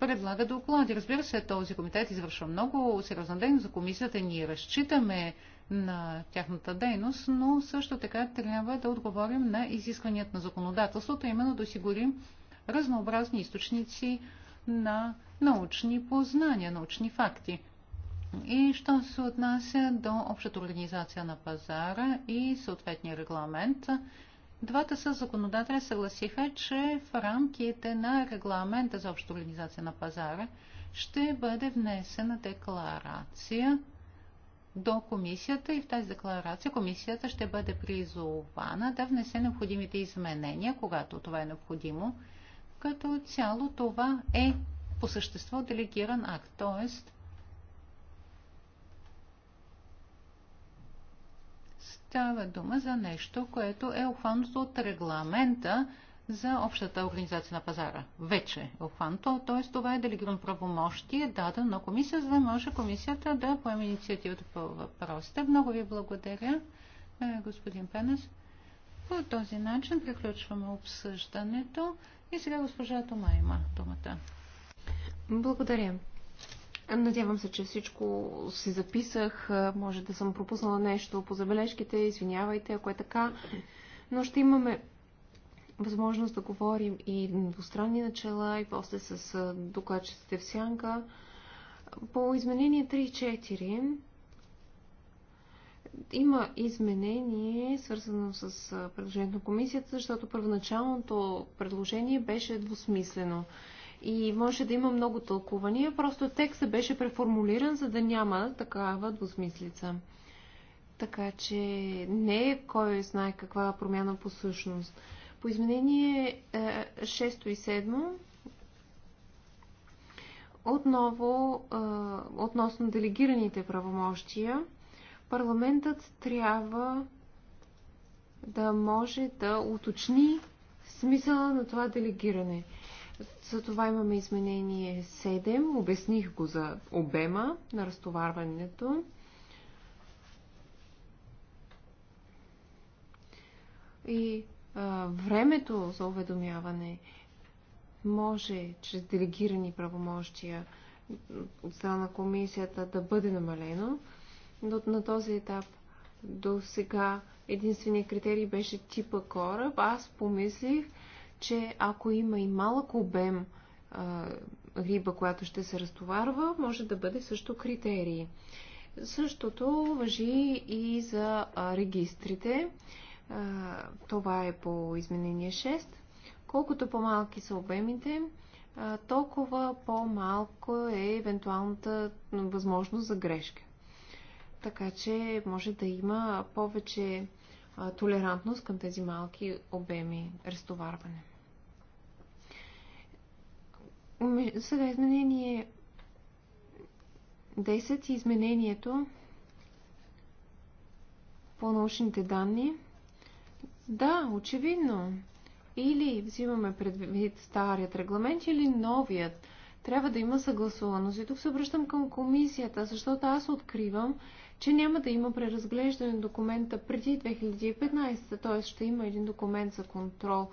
предлага доклади. Разбира се, този комитет извършва много сериозна дейност за комисията. Ние разчитаме на тяхната дейност, но също така трябва да отговорим на изискванията на законодателството, именно да осигурим разнообразни източници на научни познания, научни факти. И що се отнася до общата организация на пазара и съответния регламент, двата са законодателя съгласиха, че в рамките на регламента за общата организация на пазара ще бъде внесена декларация до комисията и в тази декларация комисията ще бъде призована да внесе необходимите изменения, когато това е необходимо, като цяло това е по същество делегиран акт, т.е. става дума за нещо, което е обхванато от регламента за общата организация на пазара. Вече е обхванато, т.е. това е делегирано правомощие, дадено на комисия, за да може комисията да поеме инициативата по въпросите. Много ви благодаря, е, господин Пенес. По този начин приключваме обсъждането. И сега госпожа Тома има думата. Благодаря. Надявам се, че всичко си записах. Може да съм пропуснала нещо по забележките. Извинявайте, ако е така. Но ще имаме възможност да говорим и двустранни начала, и после с докладчиците в сянка. По изменение 3 и 4 има изменение, свързано с предложението на комисията, защото първоначалното предложение беше двусмислено. И може да има много тълкувания, просто текстът беше преформулиран, за да няма такава двусмислица. Така че не е кой знае каква промяна по същност. По изменение 6 е, и 7 отново е, относно делегираните правомощия, парламентът трябва да може да уточни смисъла на това делегиране. За това имаме изменение 7. Обясних го за обема на разтоварването. И а, времето за уведомяване може чрез делегирани правомощия от страна на комисията да бъде намалено, но на този етап до сега единственият критерий беше типа кораб. Аз помислих, че ако има и малък обем а, риба, която ще се разтоварва, може да бъде също критерий. Същото въжи и за а, регистрите. А, това е по изменение 6. Колкото по-малки са обемите, толкова по-малко е евентуалната възможност за грешка така че може да има повече толерантност към тези малки обеми разтоварване. Сега изменение 10 и изменението по научните данни. Да, очевидно. Или взимаме предвид старият регламент, или новият. Трябва да има съгласуваност. И тук се обръщам към комисията, защото аз откривам, че няма да има преразглеждане на документа преди 2015, т.е. ще има един документ за контрол,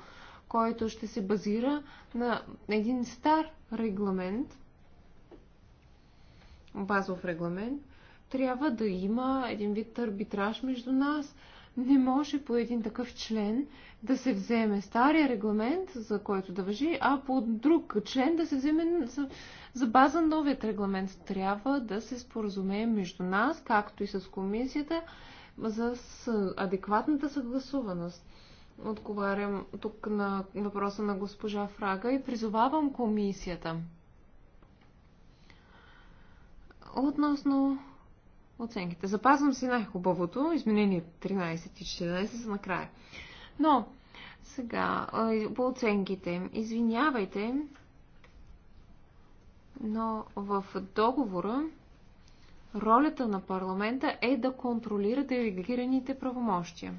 който ще се базира на един стар регламент, базов регламент, трябва да има един вид арбитраж между нас. Не може по един такъв член да се вземе стария регламент, за който да въжи, а по друг член да се вземе за, за база новият регламент. Трябва да се споразумеем между нас, както и с комисията, за адекватната съгласуваност. Отговарям тук на въпроса на госпожа Фрага и призовавам комисията. Относно оценките. Запазвам си най-хубавото. Изменение 13 и 14 са накрая. Но сега по оценките. Извинявайте, но в договора ролята на парламента е да контролира делегираните правомощия.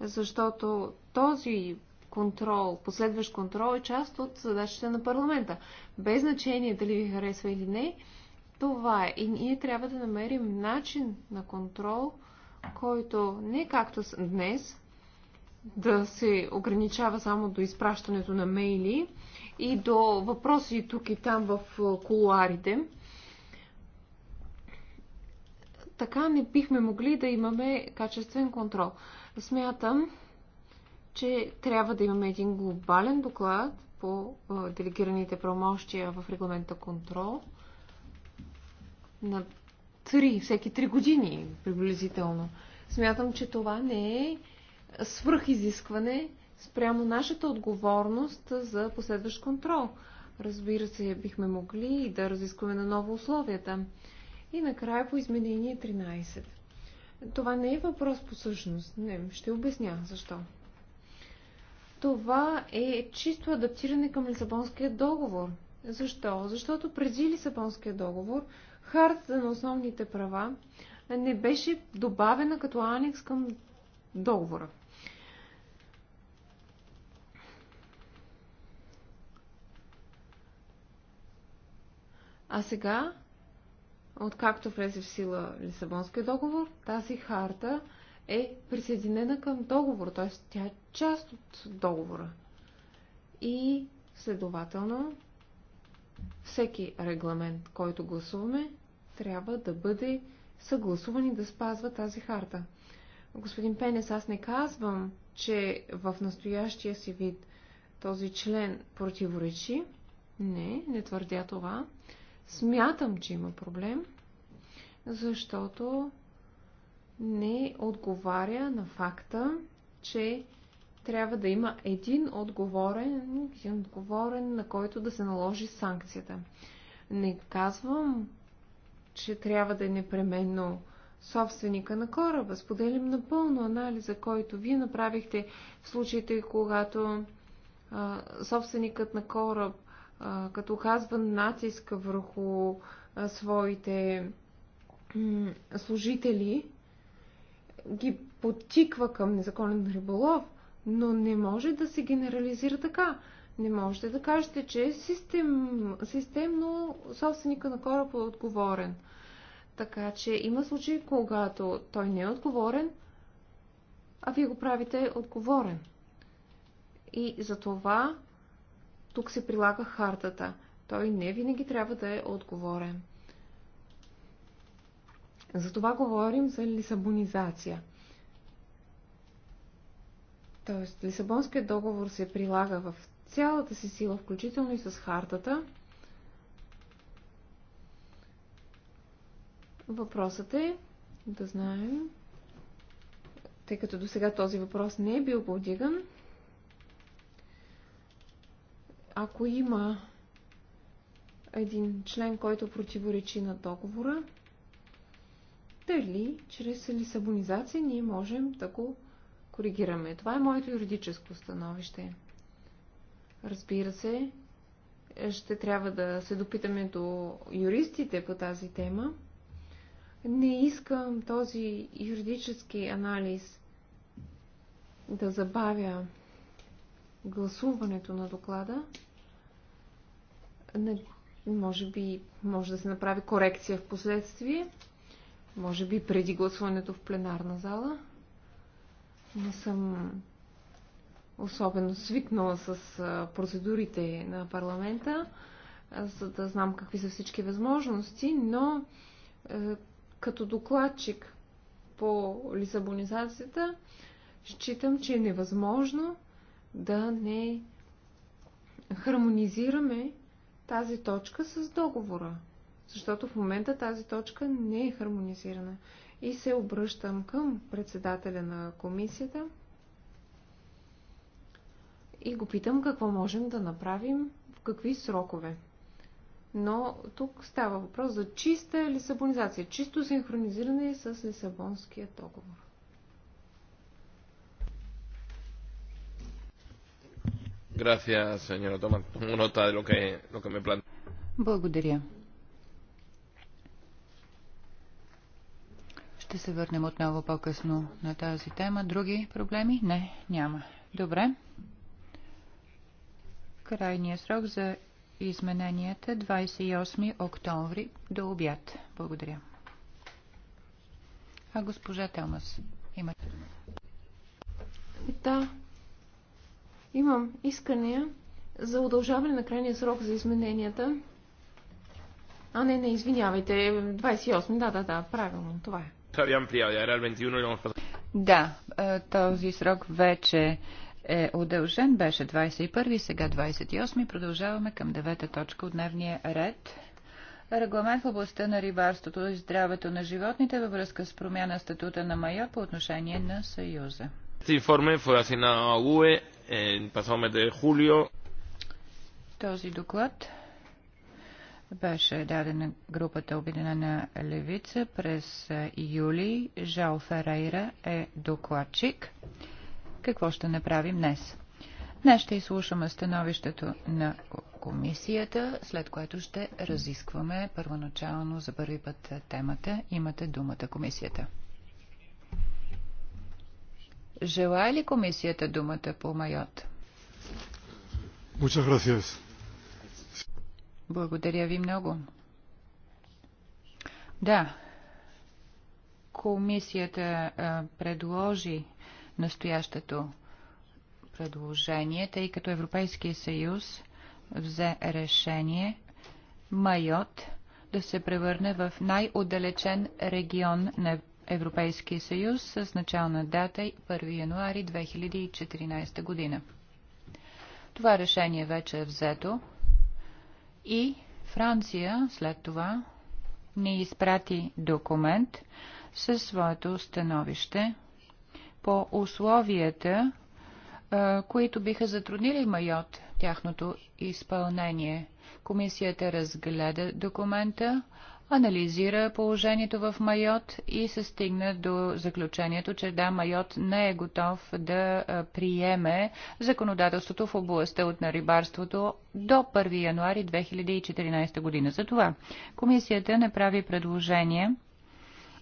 Защото този контрол, последващ контрол е част от задачите на парламента. Без значение дали ви харесва или не, това е. И ние трябва да намерим начин на контрол, който не е както днес, да се ограничава само до изпращането на мейли и до въпроси тук и там в е, колуарите. Така не бихме могли да имаме качествен контрол. Смятам, че трябва да имаме един глобален доклад по е, делегираните промощия в регламента контрол на 3, всеки 3 години приблизително. Смятам, че това не е свръхизискване спрямо нашата отговорност за последващ контрол. Разбира се, бихме могли и да разискваме на ново условията. И накрая по изменение 13. Това не е въпрос по същност. Не, ще обясня защо. Това е чисто адаптиране към Лисабонския договор. Защо? Защото преди Лисабонския договор хартата на основните права не беше добавена като анекс към договора. А сега, откакто влезе в сила Лисабонския договор, тази харта е присъединена към договор, т.е. тя е част от договора. И следователно, всеки регламент, който гласуваме, трябва да бъде съгласуван и да спазва тази харта. Господин Пенес, аз не казвам, че в настоящия си вид този член противоречи. Не, не твърдя това. Смятам, че има проблем, защото не отговаря на факта, че трябва да има един отговорен, един отговорен, на който да се наложи санкцията. Не казвам, че трябва да е непременно собственика на кораба. Споделим напълно анализа, който вие направихте в случаите, когато а, собственикът на кораб като оказва натиск върху своите служители, ги подтиква към незаконен риболов, но не може да се генерализира така. Не можете да кажете, че систем, системно собственика на кораба е отговорен. Така че има случаи, когато той не е отговорен, а вие го правите отговорен. И за това тук се прилага хартата. Той не винаги трябва да е отговорен. Затова говорим за лисабонизация. Тоест, Лисабонският договор се прилага в цялата си сила, включително и с хартата. Въпросът е да знаем, тъй като до сега този въпрос не е бил повдиган, ако има един член, който противоречи на договора, дали чрез лисабонизация ние можем да го коригираме. Това е моето юридическо становище. Разбира се, ще трябва да се допитаме до юристите по тази тема. Не искам този юридически анализ да забавя гласуването на доклада, може би може да се направи корекция в последствие. Може би преди гласуването в пленарна зала. Не съм особено свикнала с процедурите на парламента, за да знам какви са всички възможности, но като докладчик по лисабонизацията, считам, че е невъзможно да не хармонизираме тази точка с договора. Защото в момента тази точка не е хармонизирана. И се обръщам към председателя на комисията и го питам какво можем да направим, в какви срокове. Но тук става въпрос за чиста лисабонизация, чисто синхронизиране с Лисабонския договор. Благодаря. Ще се върнем отново по-късно на тази тема. Други проблеми? Не, няма. Добре. Крайният срок за измененията 28 октомври до обяд. Благодаря. А госпожа Телмас, имате. Да, Имам искания за удължаване на крайния срок за измененията. А, не, не, извинявайте, 28, да, да, да, правилно, това е. Да, е, този срок вече е удължен, беше 21, сега 28. Продължаваме към девета точка от дневния ред. Регламент в областта на рибарството и здравето на животните във връзка с промяна статута на майор по отношение на Съюза. Este UE de julio. Този доклад беше даден на групата Обединена левица през юли. Жал Ферейра е докладчик. Какво ще направим днес? Днес ще изслушаме становището на комисията, след което ще разискваме първоначално за първи път темата. Имате думата комисията. Желая ли комисията думата по Майот? Благодаря ви много. Да, комисията а, предложи настоящето предложение, тъй като Европейския съюз взе решение Майот да се превърне в най-отдалечен регион на Европейския съюз с начална дата 1 януари 2014 година. Това решение вече е взето и Франция след това ни изпрати документ със своето становище по условията, които биха затруднили Майот тяхното изпълнение. Комисията разгледа документа, анализира положението в Майот и се стигна до заключението, че да, Майот не е готов да приеме законодателството в областта от на рибарството до 1 януари 2014 година. Затова комисията направи предложение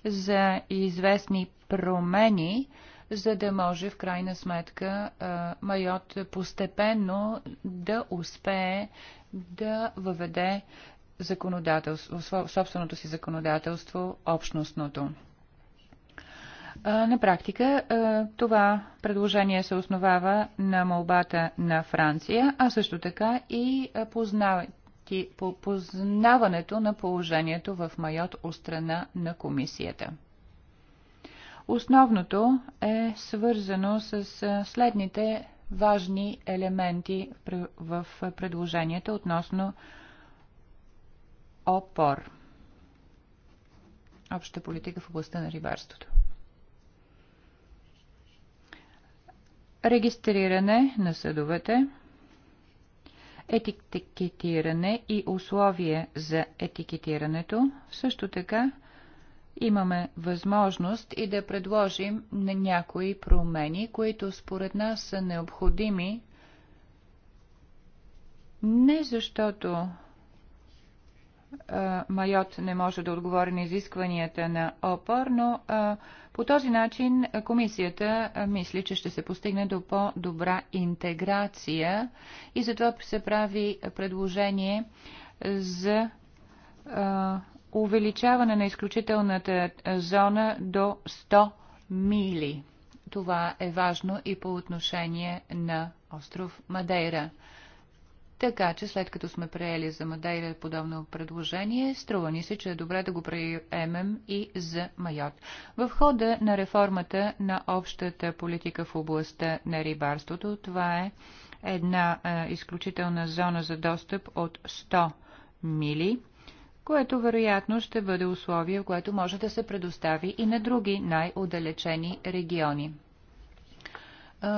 за известни промени, за да може в крайна сметка Майот постепенно да успее да въведе законодателство, собственото си законодателство, общностното. На практика това предложение се основава на молбата на Франция, а също така и познаването на положението в Майот от страна на комисията. Основното е свързано с следните важни елементи в предложенията относно ОПОР – Обща политика в областта на рибарството. Регистриране на съдовете, етикетиране и условие за етикетирането. Също така имаме възможност и да предложим на някои промени, които според нас са необходими не защото Майот не може да отговори на изискванията на ОПОР, но по този начин комисията мисли, че ще се постигне до по-добра интеграция и затова се прави предложение за увеличаване на изключителната зона до 100 мили. Това е важно и по отношение на остров Мадейра. Така че след като сме приели за Мадейра подобно предложение, струва ни се, че е добре да го приемем и за Майот. В хода на реформата на общата политика в областта на рибарството, това е една е, изключителна зона за достъп от 100 мили, което вероятно ще бъде условие, в което може да се предостави и на други най-удалечени региони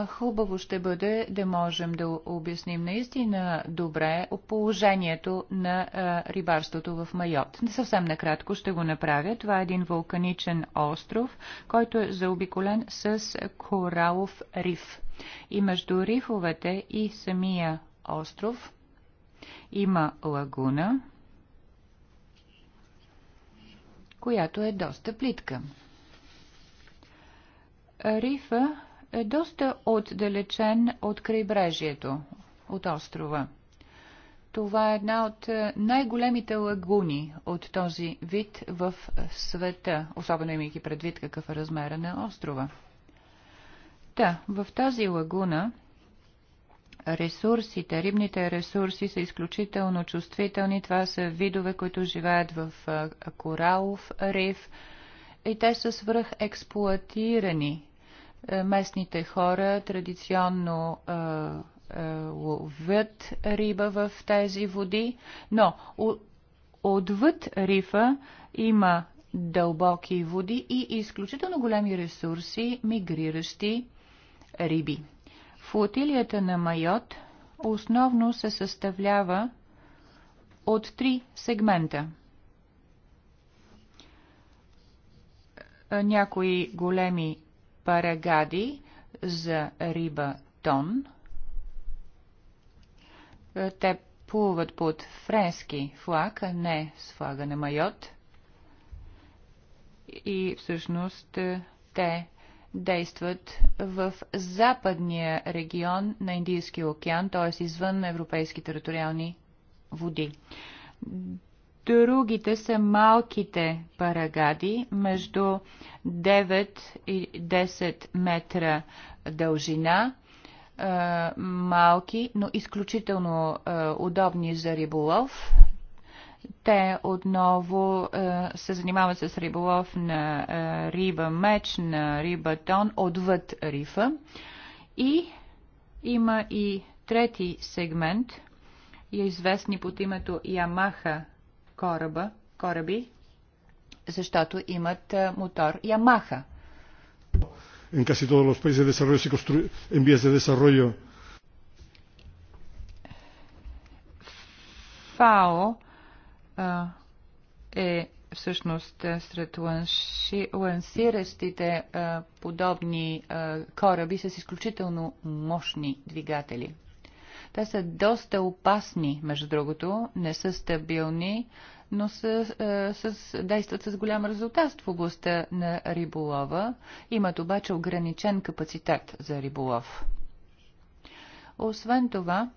хубаво ще бъде да можем да обясним наистина добре положението на рибарството в Майот. Съвсем накратко ще го направя. Това е един вулканичен остров, който е заобиколен с коралов риф. И между рифовете и самия остров има лагуна, която е доста плитка. Рифа е доста отдалечен от крайбрежието, от острова. Това е една от е, най-големите лагуни от този вид в света, особено имайки предвид какъв е размера на острова. Та, в тази лагуна ресурсите, рибните ресурси са изключително чувствителни. Това са видове, които живеят в е, коралов риф и те са свръхексплуатирани е, местните хора традиционно е, е, ловят риба в тези води, но отвъд рифа има дълбоки води и изключително големи ресурси мигриращи риби. Флотилията на Майот основно се съставлява от три сегмента. Някои големи парагади за риба тон. Е, те плуват под френски флаг, а не с флага на Майот. И всъщност е, те действат в западния регион на Индийския океан, т.е. извън европейски териториални води. Другите са малките парагади между 9 и 10 метра дължина, малки, но изключително удобни за риболов. Те отново се занимават с риболов на риба меч, на риба тон, отвъд рифа. И има и трети сегмент, известни под името Ямаха кораба, кораби, защото имат мотор Ямаха. En casi todos los países de desarrollo se construye en vías de desarrollo. ФАО е всъщност сред лансиращите подобни кораби с изключително мощни двигатели. Те са доста опасни, между другото, не са стабилни, но са, е, с, действат с голям резултат в областта на риболова. Имат обаче ограничен капацитет за риболов. Освен това,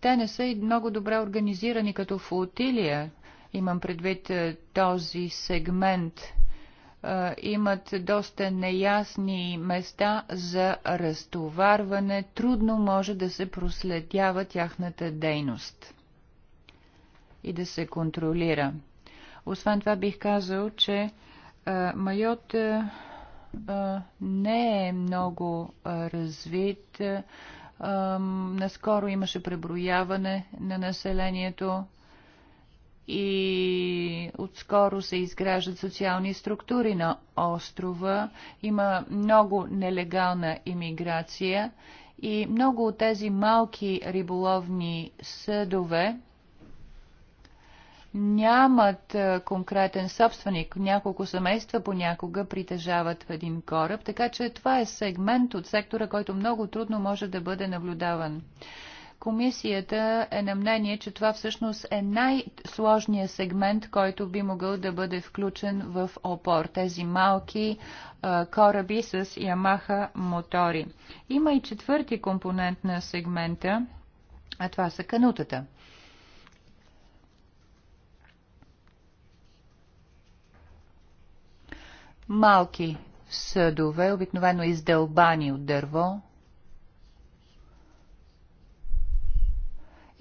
те не са и много добре организирани като флотилия. Имам предвид е, този сегмент имат доста неясни места за разтоварване, трудно може да се проследява тяхната дейност и да се контролира. Освен това бих казал, че майот не е много развит. наскоро имаше преброяване на населението и отскоро се изграждат социални структури на острова. Има много нелегална иммиграция и много от тези малки риболовни съдове нямат е, конкретен собственик. Няколко семейства понякога притежават един кораб, така че това е сегмент от сектора, който много трудно може да бъде наблюдаван. Комисията е на мнение, че това всъщност е най-сложният сегмент, който би могъл да бъде включен в опор. Тези малки кораби с Ямаха мотори. Има и четвърти компонент на сегмента, а това са канутата. Малки съдове, обикновено издълбани от дърво,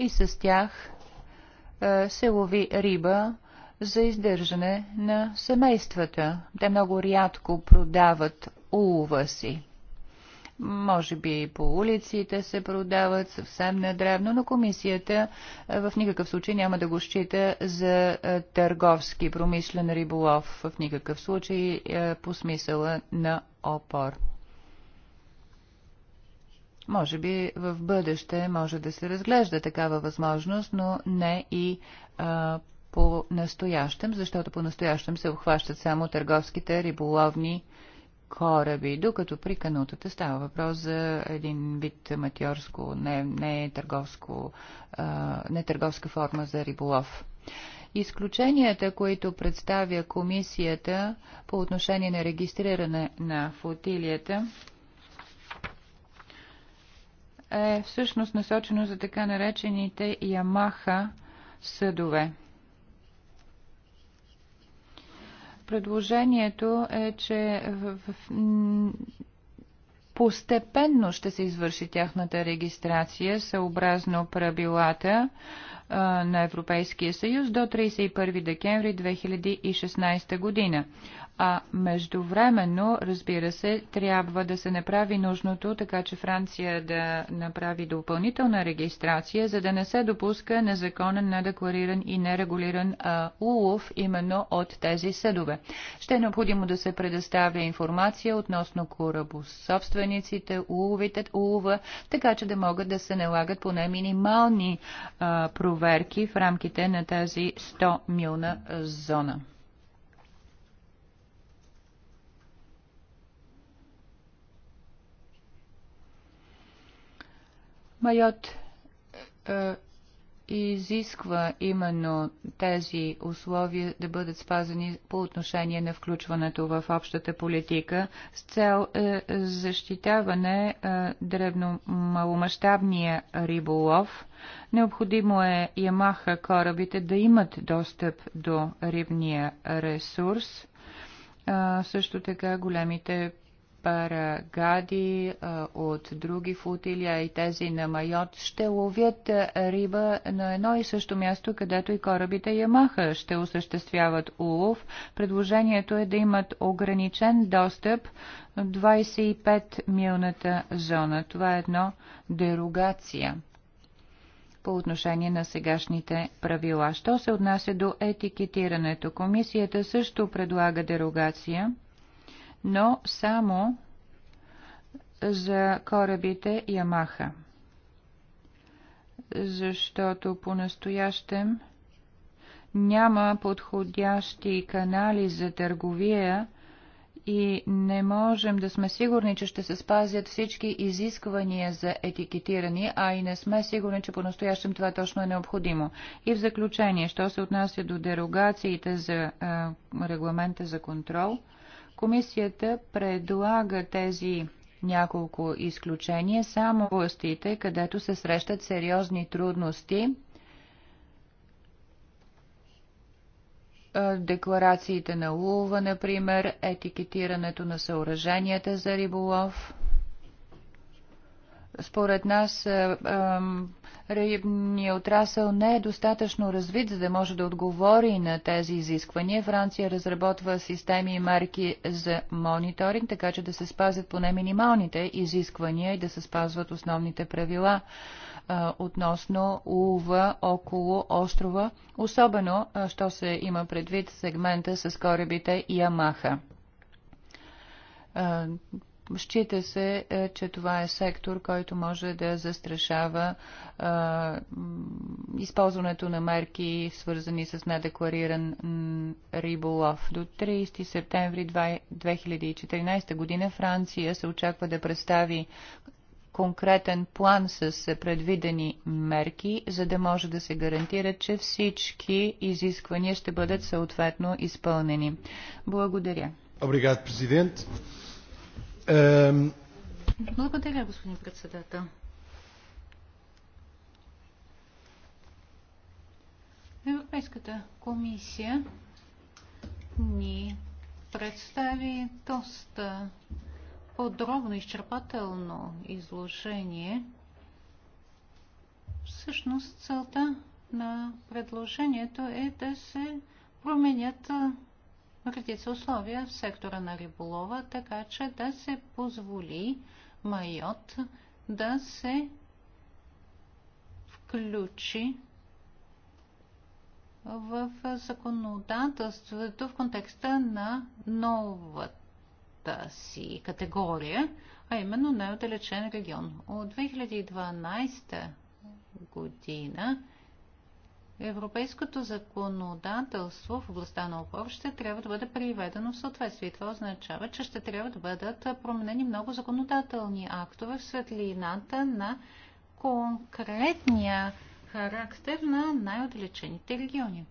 и с тях е, се лови риба за издържане на семействата. Те много рядко продават улова си. Може би и по улиците се продават съвсем недревно, но комисията е, в никакъв случай няма да го счита за е, търговски промишлен риболов, в никакъв случай по смисъла на опор. Може би в бъдеще може да се разглежда такава възможност, но не и а, по настоящем, защото по настоящем се обхващат само търговските риболовни кораби, докато при канутата става въпрос за един вид аматьорско, не, не, търговско, а, не търговска форма за риболов. Изключенията, които представя комисията по отношение на регистриране на флотилията, е всъщност насочено за така наречените Ямаха съдове. Предложението е, че в, в, постепенно ще се извърши тяхната регистрация съобразно правилата а, на Европейския съюз до 31 декември 2016 година. А междувременно, разбира се, трябва да се направи нужното, така че Франция да направи допълнителна регистрация, за да не се допуска незаконен, недеклариран и нерегулиран а, улов именно от тези съдове. Ще е необходимо да се предоставя информация относно корабособствениците, уловите, улова, така че да могат да се налагат поне минимални а, проверки в рамките на тази 100 милна зона. Майот е, изисква именно тези условия да бъдат спазени по отношение на включването в общата политика с цел е, защитаване е, древно-маломащабния риболов. Необходимо е Ямаха корабите да имат достъп до рибния ресурс. Е, също така големите Парагади, от други флотилия и тези на Майот ще ловят риба на едно и също място, където и корабите Ямаха ще осъществяват улов. Предложението е да имат ограничен достъп 25 милната зона. Това е едно дерогация по отношение на сегашните правила. Що се отнася до етикетирането? Комисията също предлага дерогация – но само за корабите Ямаха. Защото по-настоящем няма подходящи канали за търговия и не можем да сме сигурни, че ще се спазят всички изисквания за етикетиране, а и не сме сигурни, че по-настоящем това точно е необходимо. И в заключение, що се отнася до дерогациите за а, регламента за контрол – Комисията предлага тези няколко изключения само властите, където се срещат сериозни трудности. Декларациите на Лува, например, етикетирането на съоръженията за риболов. Според нас рибния отрасъл не е достатъчно развит, за да може да отговори на тези изисквания. Франция разработва системи и марки за мониторинг, така че да се спазят поне минималните изисквания и да се спазват основните правила а, относно улова около острова, особено, а, що се има предвид сегмента с корабите Ямаха Счита се, е, че това е сектор, който може да застрашава а, е, използването на мерки, свързани с недеклариран риболов. До 30 септември 2014 година Франция се очаква да представи конкретен план с предвидени мерки, за да може да се гарантира, че всички изисквания ще бъдат съответно изпълнени. Благодаря. Обригад, президент. Благодаря, господин председател. Европейската комисия ни представи доста подробно, изчерпателно изложение. Всъщност целта на предложението е да се променят в редица условия в сектора на риболова, така че да се позволи майот да се включи в законодателството в контекста на новата си категория, а именно най-отдалечен регион. От 2012 година Европейското законодателство в областта на опор ще трябва да бъде приведено в съответствие. Това означава, че ще трябва да бъдат променени много законодателни актове в светлината на конкретния характер на най-отдалечените региони.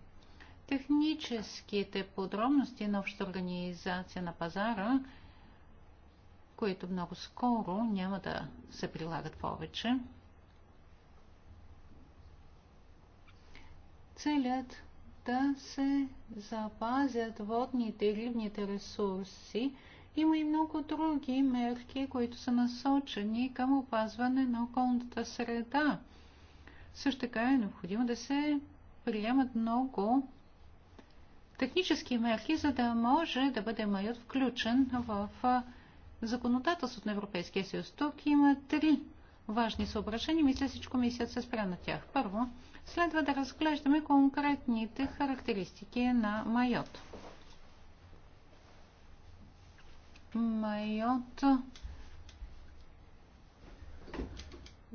Техническите подробности на общата организация на пазара, които много скоро няма да се прилагат повече, целят да се запазят водните и рибните ресурси. Има и много други мерки, които са насочени към опазване на околната среда. Също така е необходимо да се приемат много технически мерки, за да може да бъде майот включен в законодателството на Европейския съюз. Тук има три важни съображения. Мисля, всичко мисля се спря на тях. Първо, следва да разглеждаме конкретните характеристики на майот. Майот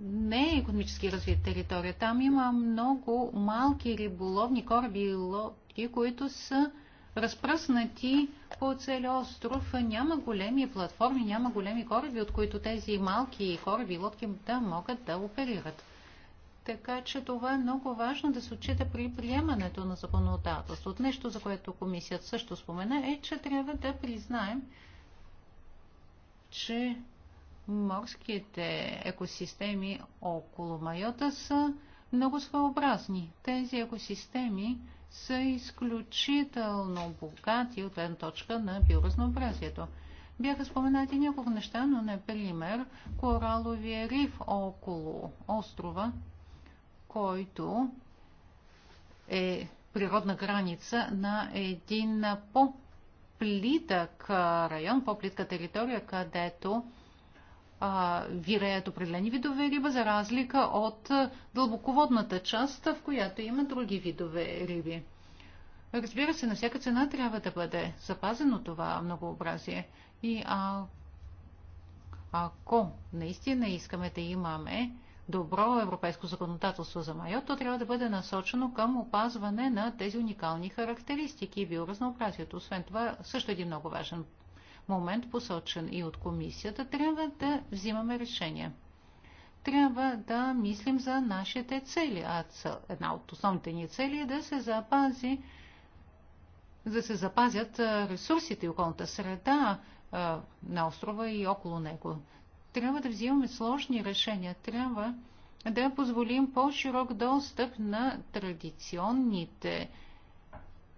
не е економически развита територия. Там има много малки риболовни кораби и лодки, които са разпръснати по целия остров. Няма големи платформи, няма големи кораби, от които тези малки кораби и лодки да могат да оперират. Така че това е много важно да се отчита при приемането на законодателството. Нещо, за което комисията също спомена, е, че трябва да признаем, че морските екосистеми около Майота са много своеобразни. Тези екосистеми са изключително богати от една точка на биоразнообразието. Бяха споменати няколко неща, но, например, кораловия риф около острова който е природна граница на един по-плитък район, по-плитка територия, където а, виреят определени видове риба, за разлика от дълбоководната част, в която има други видове риби. Разбира се, на всяка цена трябва да бъде запазено това многообразие. И а, ако наистина искаме да имаме добро европейско законодателство за майото трябва да бъде насочено към опазване на тези уникални характеристики и биоразнообразието. Освен това, също един много важен момент, посочен и от комисията, трябва да взимаме решения. Трябва да мислим за нашите цели, а една от основните ни цели е да се запази да се запазят ресурсите и околната среда на острова и около него трябва да взимаме сложни решения, трябва да позволим по-широк достъп на традиционните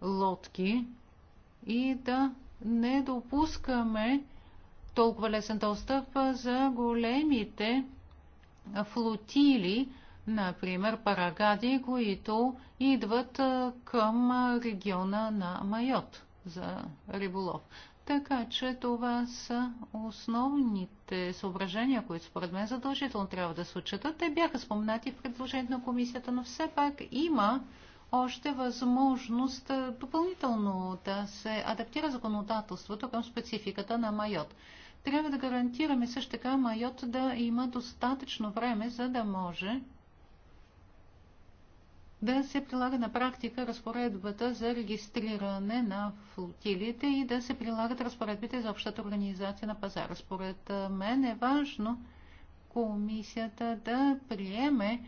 лодки и да не допускаме толкова лесен достъп за големите флотили, например парагади, които идват към региона на Майот за риболов. Така че това са основните съображения, които според мен задължително трябва да се отчитат. Те бяха споменати в предложението на комисията, но все пак има още възможност допълнително да се адаптира законодателството към спецификата на майот. Трябва да гарантираме също така майот да има достатъчно време, за да може да се прилага на практика разпоредбата за регистриране на флотилите и да се прилагат разпоредбите за общата организация на пазара. Според мен е важно комисията да приеме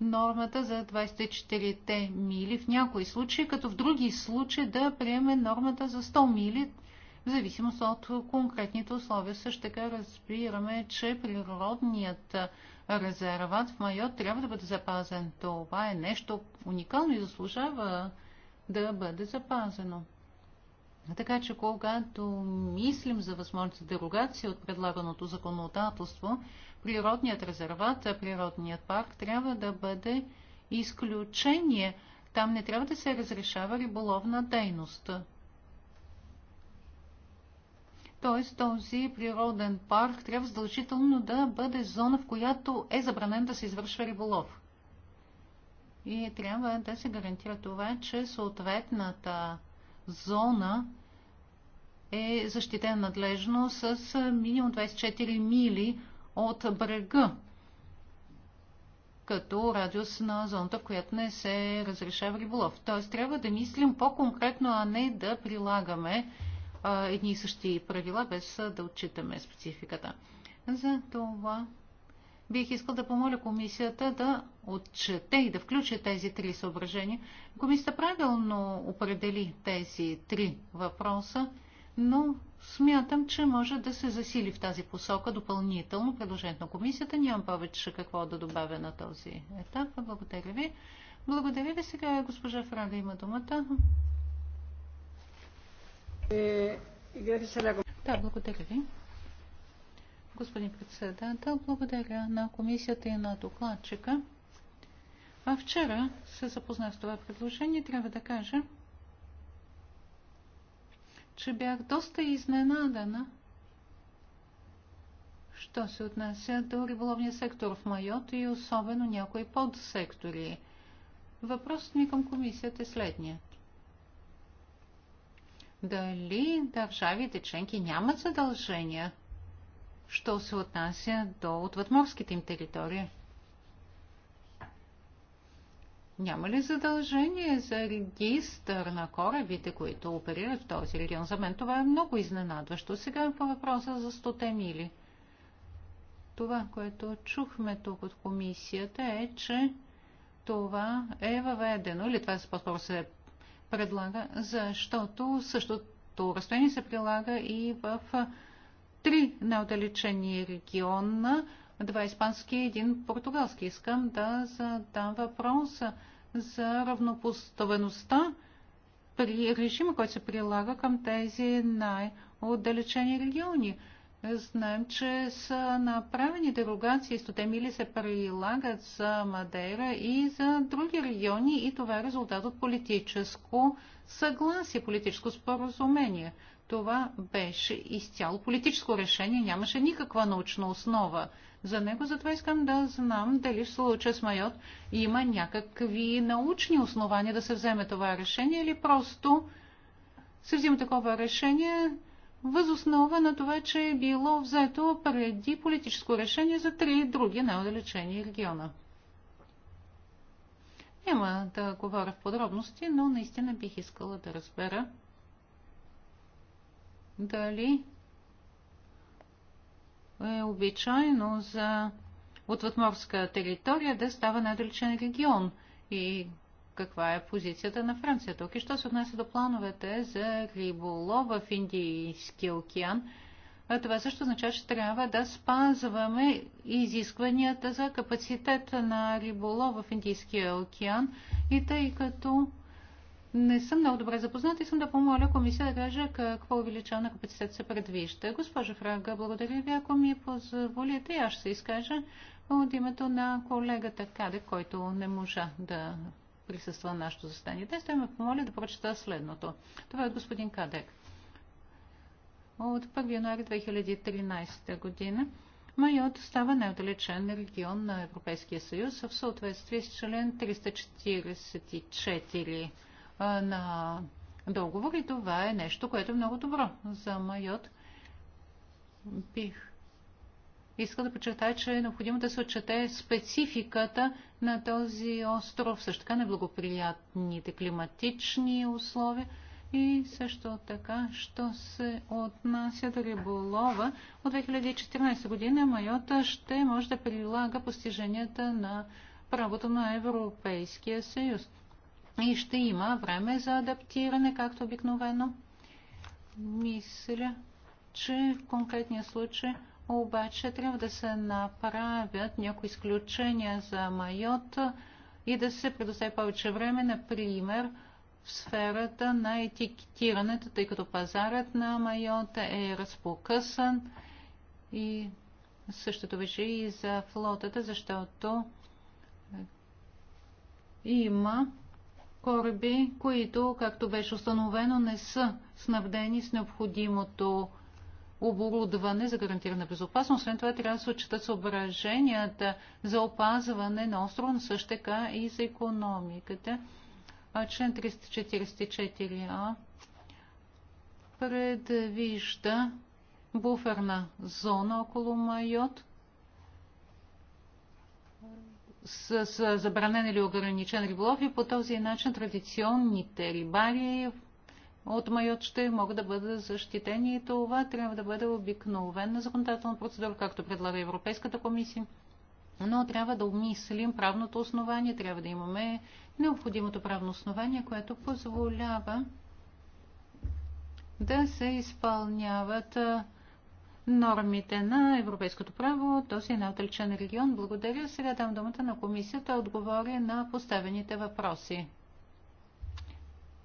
нормата за 24-те мили в някои случаи, като в други случаи да приеме нормата за 100 мили в зависимост от конкретните условия. Също така разбираме, че природният резерват в Майот трябва да бъде запазен. Това е нещо уникално и заслужава да бъде запазено. Така че, когато мислим за възможните дерогация от предлаганото законодателство, природният резерват, природният парк трябва да бъде изключение. Там не трябва да се разрешава риболовна дейност. Т.е. този природен парк трябва задължително да бъде зона, в която е забранен да се извършва риболов. И трябва да се гарантира това, че съответната зона е защитена надлежно с минимум 24 мили от брега, като радиус на зоната, в която не се разрешава риболов. Т.е. трябва да мислим по-конкретно, а не да прилагаме едни и същи правила, без да отчитаме спецификата. За това бих искал да помоля комисията да отчете и да включи тези три съображения. Комисията правилно определи тези три въпроса, но смятам, че може да се засили в тази посока допълнително предложението на комисията. Нямам повече какво да добавя на този етап. Благодаря ви. Благодаря ви. Сега госпожа Фрага има думата. Да, благодаря ви. Господин председател, благодаря на комисията и на докладчика. А вчера се запознах с това предложение. Трябва да кажа, че бях доста изненадана, що се отнася до риболовния сектор в Майот и особено някои подсектори. Въпросът ми към комисията е следния дали държавите членки нямат задължения, що се отнася до отвъдморските им територии. Няма ли задължение за регистър на корабите, които оперират в този регион? За мен това е много изненадващо. Сега по въпроса за 100 мили. Това, което чухме тук от комисията е, че това е въведено, или това по-скоро се предлага, защото същото разстояние се прилага и в три неотдалечени региона, два испански и един португалски. Искам да задам въпрос за равнопоставеността при режима, който се прилага към тези най-отдалечени региони. Знаем, че са направени дерогации 100 мили се прилагат за Мадейра и за други региони и това е резултат от политическо съгласие, политическо споразумение. Това беше изцяло политическо решение, нямаше никаква научна основа за него, затова искам да знам дали в случая с Майот има някакви научни основания да се вземе това решение или просто се взима такова решение възоснова на това, че е било взето преди политическо решение за три други най региона. Няма да говоря в подробности, но наистина бих искала да разбера дали е обичайно за отвъдморска територия да става най-далечен регион и каква е позицията на Франция тук. И що се отнася до плановете за риболов в Индийския океан, това също означава, че трябва да спазваме изискванията за капацитет на риболов в Индийския океан. И тъй като не съм много добре запознат, искам да помоля комисия да каже какво увеличаване капацитет се предвижда. Госпожа Фрага, благодаря ви. Ако ми позволите, аз ще се изкажа от името на колегата Каде, който не можа да присъства на нашето застание. Днес той ме помоли да прочета следното. Това е от господин Кадек. От 1 януари 2013 година Майот става най-отдалечен регион на Европейския съюз в съответствие с член 344 на договор и това е нещо, което е много добро за Майот. Бих иска да подчертая, че е необходимо да се отчете спецификата на този остров, също така неблагоприятните климатични условия и също така, що се отнася до риболова, от 2014 година Майота ще може да прилага постиженията на правото на Европейския съюз. И ще има време за адаптиране, както обикновено. Мисля, че в конкретния случай обаче трябва да се направят някои изключения за майот и да се предостави повече време, например, в сферата на етикетирането, тъй като пазарът на майота е разпокъсан и същото вече и за флотата, защото има кораби, които, както беше установено, не са снабдени с необходимото оборудване за гарантирана безопасност. Освен това трябва да се отчитат съображенията за опазване на острова, но също така и за економиката. Член 344а предвижда буферна зона около Майот с, с забранен или ограничен риболов и по този начин традиционните рибари от майот ще могат да бъдат защитени и това трябва да бъде обикновена законодателна процедура, както предлага Европейската комисия. Но трябва да обмислим правното основание, трябва да имаме необходимото правно основание, което позволява да се изпълняват нормите на европейското право. Този е най-отличен регион. Благодаря. Сега дам думата на комисията отговори на поставените въпроси.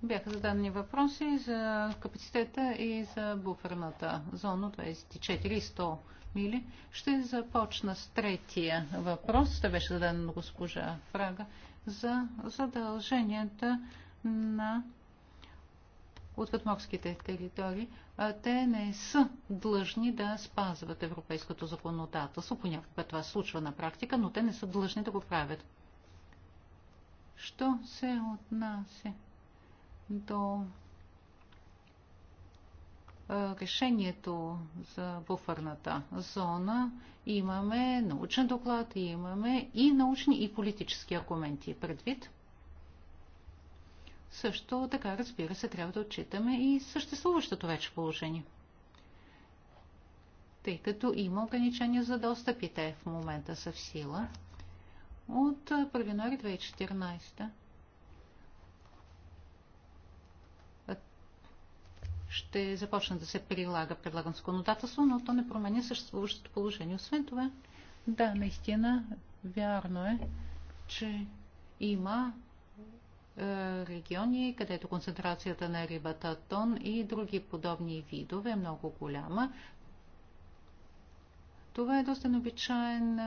Бяха зададени въпроси за капацитета и за буферната зона 24 и 100 мили. Ще започна с третия въпрос. Той беше зададен на госпожа Фрага за задълженията на отвъдморските територии, те не са длъжни да спазват европейското законодателство. Понякога това случва на практика, но те не са длъжни да го правят. Що се отнася до е, решението за буферната зона имаме научен доклад имаме и научни и политически аргументи предвид. Също така, разбира се, трябва да отчитаме и съществуващото вече положение. Тъй като има ограничения за достъпите в момента са в сила от 1 януари 2014 ще започне да се прилага предлаган законодателство, но то не променя съществуващото положение. Освен това, да, наистина, вярно е, че има е, региони, където концентрацията на рибата тон и други подобни видове е много голяма. Това е доста необичайен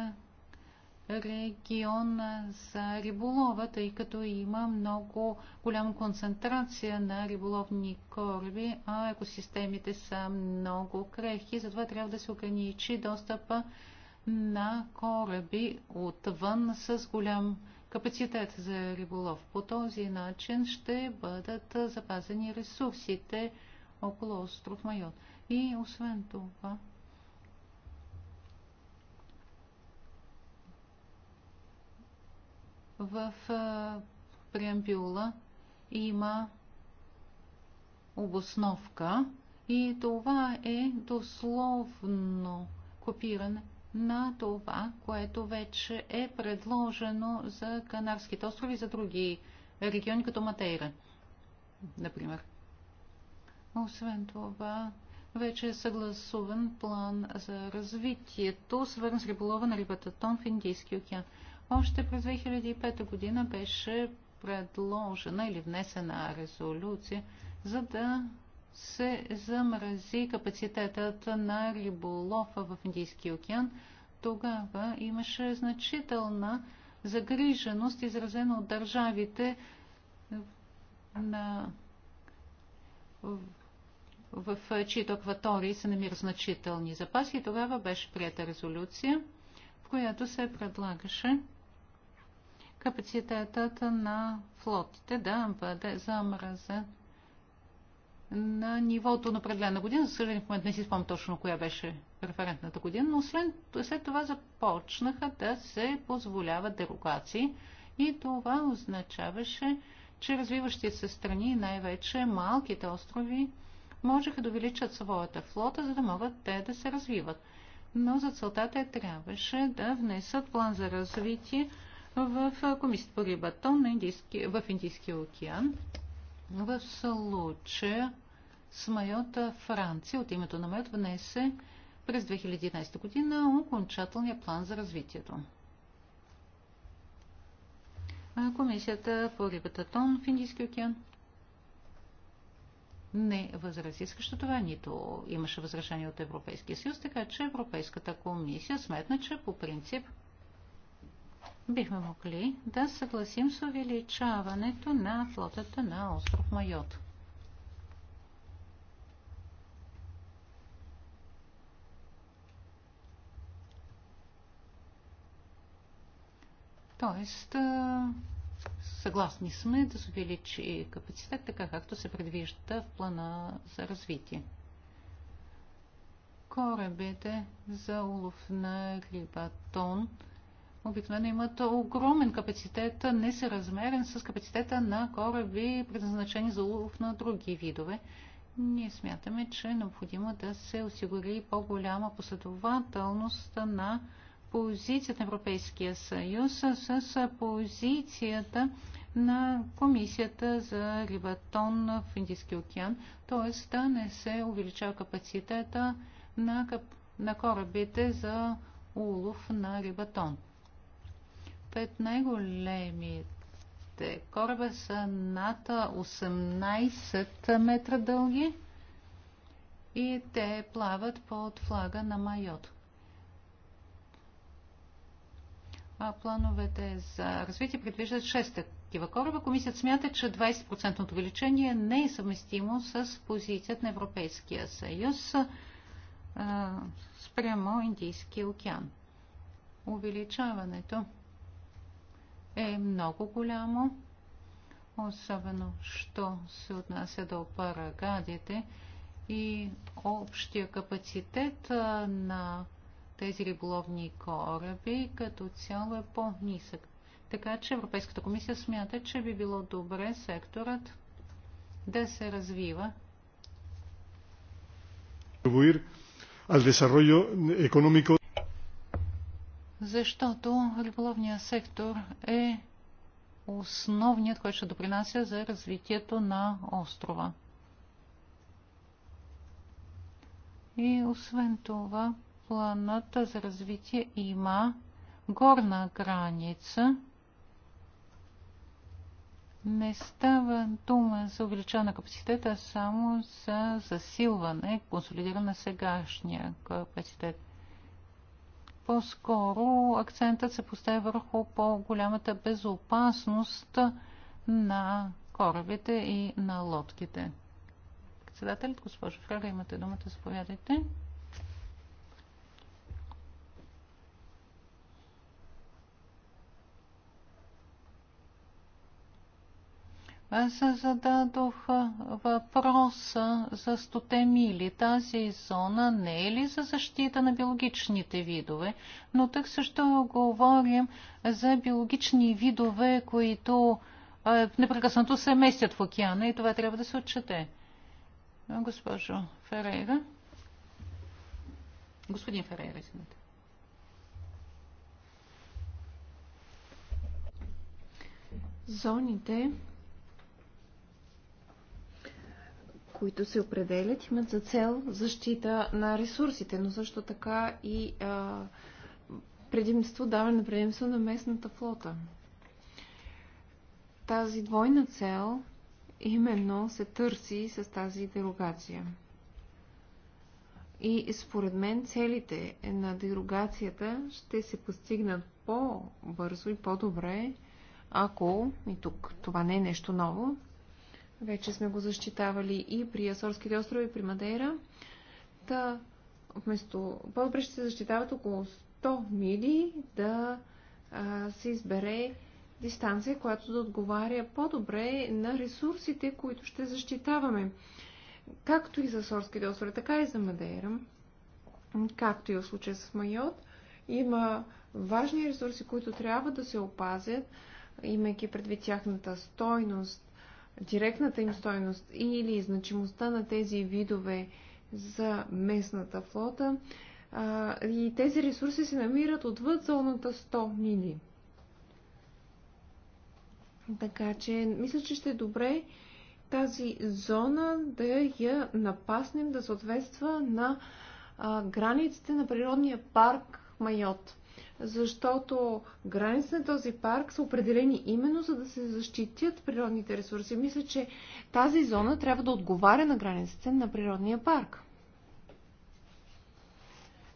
регион за риболова, тъй като има много голяма концентрация на риболовни кораби, а екосистемите са много крехки, затова трябва да се ограничи достъпа на кораби отвън с голям капацитет за риболов. По този начин ще бъдат запазени ресурсите около остров Майот. И освен това, В преамбюла има обосновка и това е дословно копиране на това, което вече е предложено за Канарските острови и за други региони, като Матейра, например. Освен това, вече е съгласуван план за развитието, свързан с риболова на рибата Тон в Индийския океан. Още през 2005 година беше предложена или внесена резолюция, за да се замрази капацитетът на риболов в Индийския океан. Тогава имаше значителна загриженост, изразена от държавите на в, в, в чието акватории се намират значителни запаси. И тогава беше прията резолюция, в която се предлагаше капацитетът на флотите да бъде замразен на нивото на определена година. За съжаление, в момента не си спомням точно коя беше референтната година, но след, след това започнаха да се позволяват дерогации и това означаваше, че развиващите се страни, най-вече малките острови, можеха да увеличат своята флота, за да могат те да се развиват. Но за целта те трябваше да внесат план за развитие, в Комисията по рибатон индийски, в Индийския океан. В случая с Майота Франция от името на Майот внесе през 2011 година окончателния план за развитието. Комисията по тон в Индийския океан не възрази срещу това, нито имаше възражение от Европейския съюз, така че Европейската комисия сметна, че по принцип бихме могли да съгласим с увеличаването на флотата на остров Майот. Тоест, съгласни сме да се увеличи капацитет, така както се предвижда в плана за развитие. Корабите за улов на рибатон – обикновено имат огромен капацитет, несъразмерен с капацитета на кораби, предназначени за улов на други видове. Ние смятаме, че е необходимо да се осигури по-голяма последователност на позицията на Европейския съюз с позицията на Комисията за рибатон в Индийския океан, т.е. да не се увеличава капацитета на, на корабите за улов на рибатон пет най-големите кораба са над 18 метра дълги и те плават под флага на Майот. А плановете за развитие предвиждат 6 такива кораба. Комисията смята, че 20% от увеличение не е съвместимо с позицията на Европейския съюз спрямо Индийския океан. Увеличаването е много голямо, особено що се отнася до парагадите и общия капацитет на тези риболовни кораби като цяло е по-нисък. Така че Европейската комисия смята, че би било добре секторът да се развива. al desarrollo económico защото риболовният сектор е основният, който ще допринася за развитието на острова. И освен това, планът за развитие има горна граница. Не става дума за увеличаване на капацитета, а само за засилване, консолидиране на сегашния капацитет. По-скоро акцентът се поставя върху по-голямата безопасност на корабите и на лодките. Председателят, госпожо Фрага, имате думата, заповядайте. Аз зададох въпроса за стоте мили. Тази зона не е ли за защита на биологичните видове? Но тък също говорим за биологични видове, които непрекъснато се местят в океана и това трябва да се отчете. Госпожо Ферейра. Господин Ферейра, извинете. Зоните които се определят, имат за цел защита на ресурсите, но също така и а, предимство, даване на предимство на местната флота. Тази двойна цел именно се търси с тази дерогация. И според мен целите на дерогацията ще се постигнат по-бързо и по-добре, ако, и тук това не е нещо ново, вече сме го защитавали и при Асорските острови, и при Мадейра. Та, вместо по-добре ще се защитават около 100 мили да а, се избере дистанция, която да отговаря по-добре на ресурсите, които ще защитаваме. Както и за Сорските острови, така и за Мадейра, както и в случая с Майот, има важни ресурси, които трябва да се опазят, имайки предвид тяхната стойност директната им стойност или значимостта на тези видове за местната флота. А, и тези ресурси се намират отвъд зоната 100 мили. Така че, мисля, че ще е добре тази зона да я напаснем да съответства на а, границите на природния парк Майот защото границите на този парк са определени именно за да се защитят природните ресурси. Мисля, че тази зона трябва да отговаря на границите на природния парк.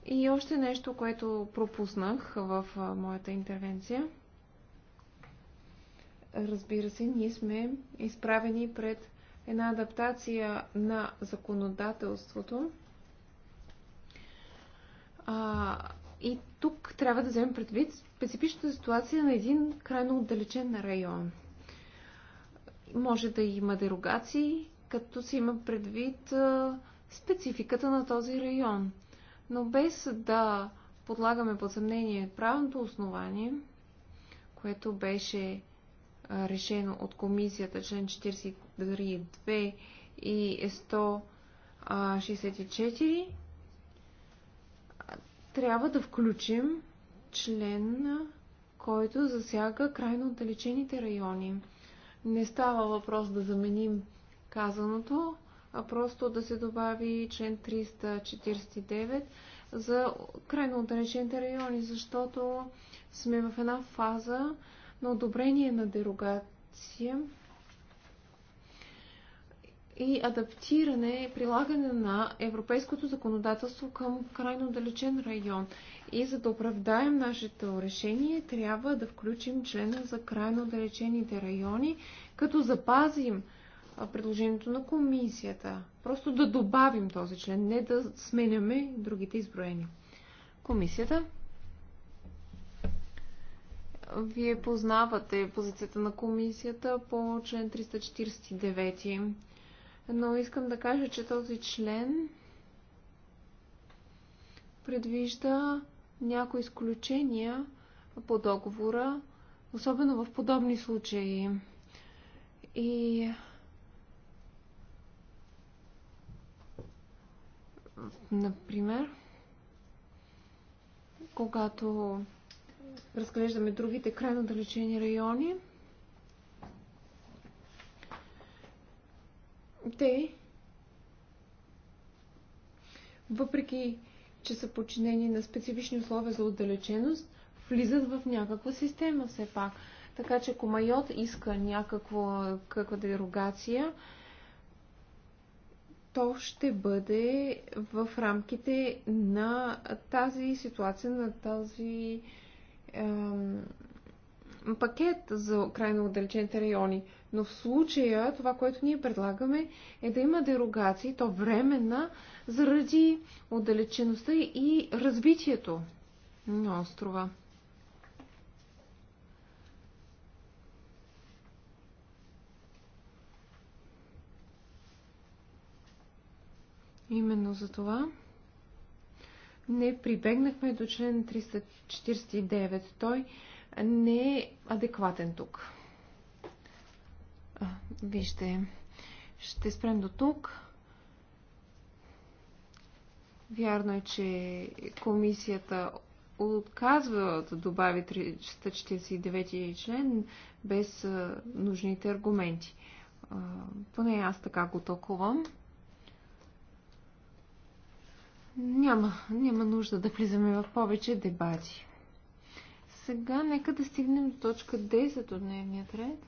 И още нещо, което пропуснах в моята интервенция. Разбира се, ние сме изправени пред една адаптация на законодателството. А, и тук трябва да вземем предвид специфичната ситуация на един крайно отдалечен район. Може да има дерогации, като се има предвид спецификата на този район. Но без да подлагаме под съмнение правното основание, което беше решено от комисията член 42 и 164, трябва да включим член, който засяга крайно отдалечените райони. Не става въпрос да заменим казаното, а просто да се добави член 349 за крайно отдалечените райони, защото сме в една фаза на одобрение на дерогация и адаптиране, прилагане на европейското законодателство към крайно далечен район. И за да оправдаем нашето решение, трябва да включим члена за крайно далечените райони, като запазим предложението на комисията. Просто да добавим този член, не да сменяме другите изброени. Комисията. Вие познавате позицията на комисията по член 349 но искам да кажа, че този член предвижда някои изключения по договора, особено в подобни случаи. И например, когато разглеждаме другите крайно далечени райони, те, въпреки че са подчинени на специфични условия за отдалеченост, влизат в някаква система все пак. Така че ако Майот иска някаква каква е дерогация, то ще бъде в рамките на тази ситуация, на тази ем, пакет за крайно отдалечените райони. Но в случая това, което ние предлагаме е да има дерогации, то временна, заради отдалечеността и развитието на острова. Именно за това не прибегнахме до член 349. Той не е адекватен тук. Вижте, ще спрем до тук. Вярно е, че комисията отказва да добави 349 член без нужните аргументи. Поне аз така го толковам. Няма, няма нужда да влизаме в повече дебати. Сега нека да стигнем до точка 10 от дневният ред.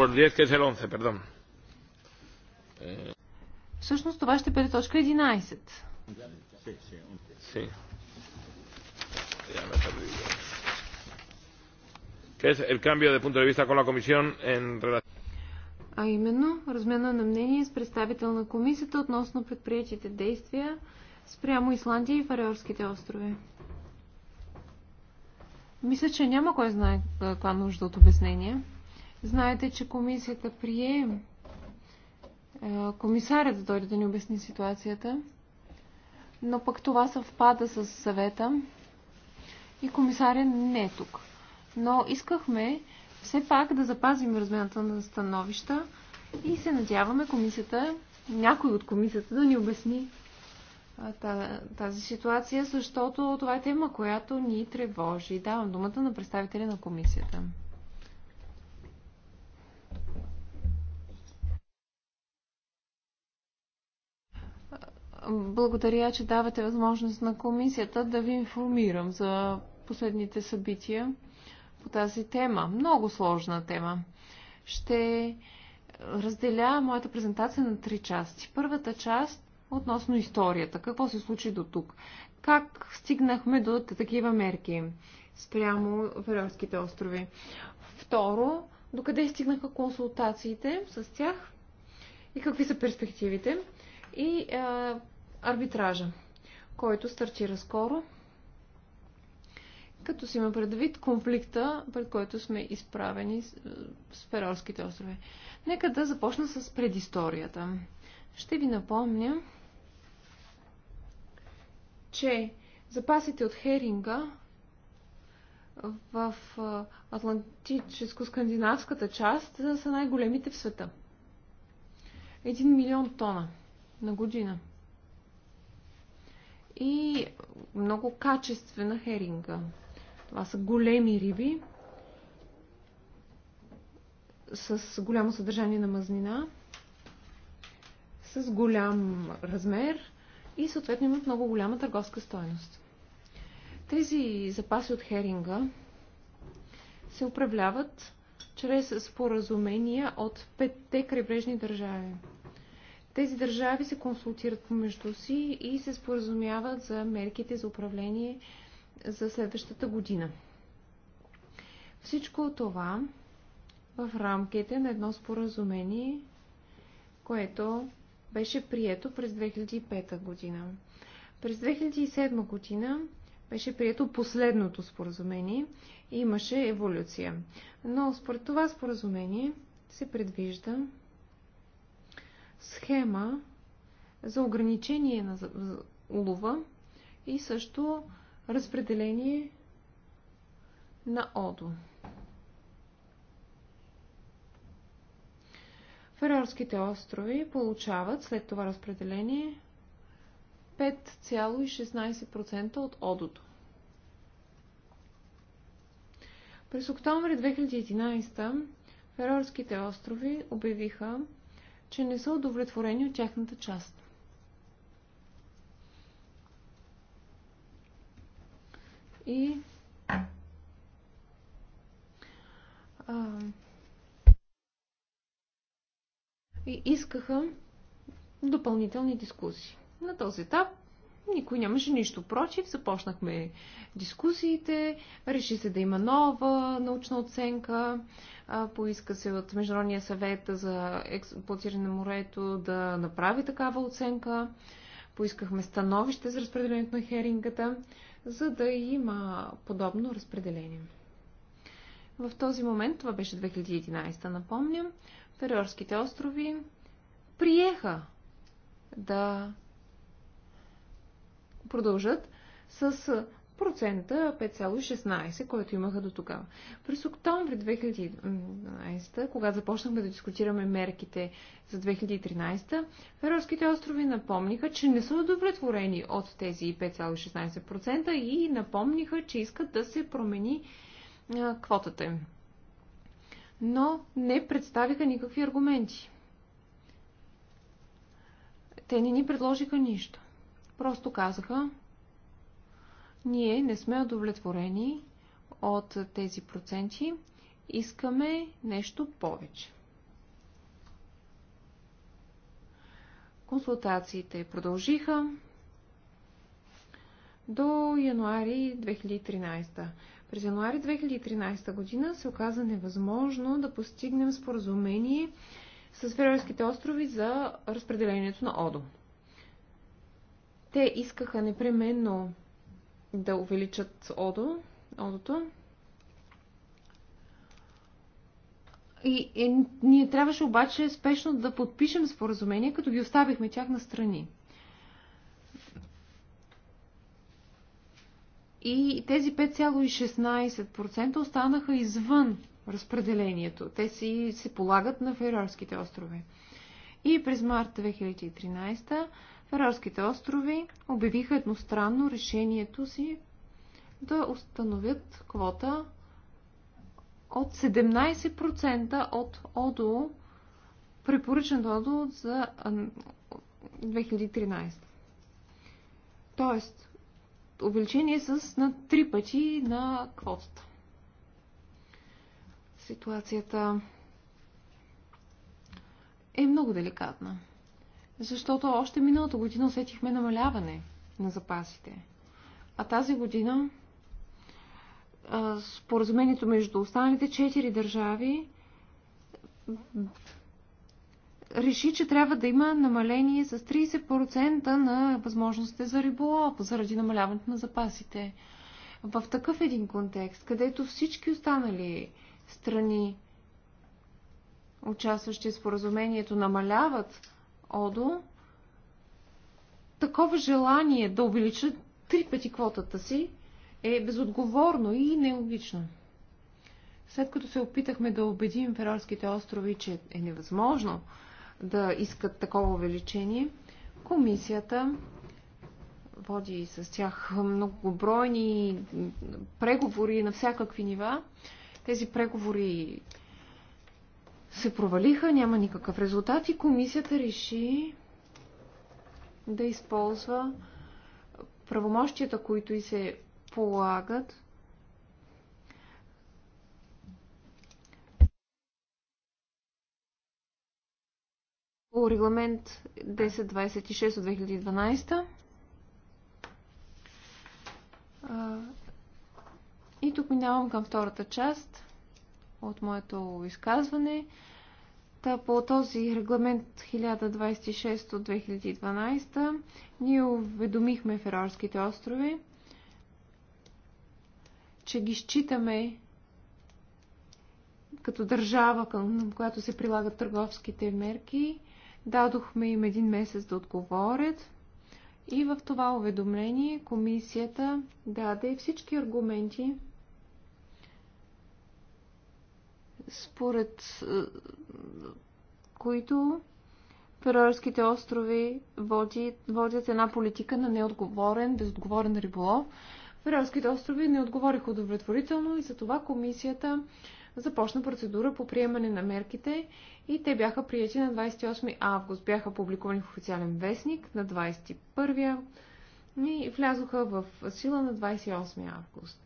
Bueno, 10 que es el 11, perdón. Всъщност това ще бъде точка 11. Sí. Que es el cambio de punto de vista con la comisión en relación а именно размяна на мнение с представител на комисията относно предприятите действия спрямо Исландия и Фареорските острови. Мисля, че няма кой знае каква нужда от обяснение. Знаете, че комисията прие е, комисарят да дойде да ни обясни ситуацията, но пък това съвпада с съвета и комисаря не е тук. Но искахме все пак да запазим размената на становища и се надяваме комисията, някой от комисията да ни обясни тази ситуация, защото това е тема, която ни тревожи. Давам думата на представителя на комисията. Благодаря, че давате възможност на комисията да ви информирам за последните събития по тази тема. Много сложна тема. Ще разделя моята презентация на три части. Първата част относно историята. Какво се случи до тук? Как стигнахме до такива мерки спрямо Ферерските острови? Второ, докъде стигнаха консултациите с тях и какви са перспективите? и а, е, арбитража, който стартира скоро, като си има предвид конфликта, пред който сме изправени с, е, с острови. Нека да започна с предисторията. Ще ви напомня, че запасите от херинга в е, Атлантическо-скандинавската част са най-големите в света. Един милион тона – на година. И много качествена херинга. Това са големи риби с голямо съдържание на мазнина, с голям размер и съответно имат много голяма търговска стоеност. Тези запаси от херинга се управляват чрез споразумения от петте крайбрежни държави – тези държави се консултират помежду си и се споразумяват за мерките за управление за следващата година. Всичко това в рамките на едно споразумение, което беше прието през 2005 година. През 2007 година беше прието последното споразумение и имаше еволюция. Но според това споразумение се предвижда схема за ограничение на улова и също разпределение на ОДО. Ферорските острови получават след това разпределение 5,16% от ОДОто. През октомври 2011 Ферорските острови обявиха че не са удовлетворени от тяхната част. И а, и искаха допълнителни дискусии. На този етап никой нямаше нищо против. Започнахме дискусиите. Реши се да има нова научна оценка. Поиска се от Международния съвет за експлуатиране на морето да направи такава оценка. Поискахме становище за разпределението на херингата, за да има подобно разпределение. В този момент, това беше 2011, напомням, Фериорските острови приеха да продължат с процента 5,16, който имаха до тогава. През октомври 2012, когато започнахме да дискутираме мерките за 2013, Феровските острови напомниха, че не са удовлетворени от тези 5,16% и напомниха, че искат да се промени а, квотата им. Но не представиха никакви аргументи. Те не ни предложиха нищо. Просто казаха, ние не сме удовлетворени от тези проценти, искаме нещо повече. Консултациите продължиха до януари 2013. През януари 2013 година се оказа невъзможно да постигнем споразумение с Ферерските острови за разпределението на ОДО. Те искаха непременно да увеличат ОДО, Одото. И, и ние трябваше обаче спешно да подпишем споразумение, като ги оставихме тях на страни. И тези 5,16% останаха извън разпределението. Те си се полагат на Ферарските острови. И през март 2013 Фарарските острови обявиха едностранно решението си да установят квота от 17% от ОДО, препоръчен ОДО за 2013. Тоест, увеличение с на три пъти на квотата. Ситуацията е много деликатна защото още миналата година усетихме намаляване на запасите. А тази година споразумението между останалите четири държави реши, че трябва да има намаление с 30% на възможностите за риболов, заради намаляването на запасите. В такъв един контекст, където всички останали страни, участващи в споразумението, намаляват ОДО такова желание да увеличат три пъти квотата си е безотговорно и нелогично. След като се опитахме да убедим Феролските острови, че е невъзможно да искат такова увеличение, комисията води с тях многобройни преговори на всякакви нива. Тези преговори се провалиха, няма никакъв резултат и комисията реши да използва правомощията, които и се полагат по регламент 1026 от 2012. И тук минавам към втората част – от моето изказване. Та по този регламент 1026 от 2012 ние уведомихме Ферорските острови, че ги считаме като държава, към която се прилагат търговските мерки. Дадохме им един месец да отговорят. И в това уведомление комисията даде всички аргументи, според е, които Ферорските острови води, водят една политика на неотговорен, безотговорен риболов. Ферорските острови не отговориха удовлетворително и затова комисията започна процедура по приемане на мерките и те бяха прияти на 28 август. Бяха публикувани в официален вестник на 21 и влязоха в сила на 28 август.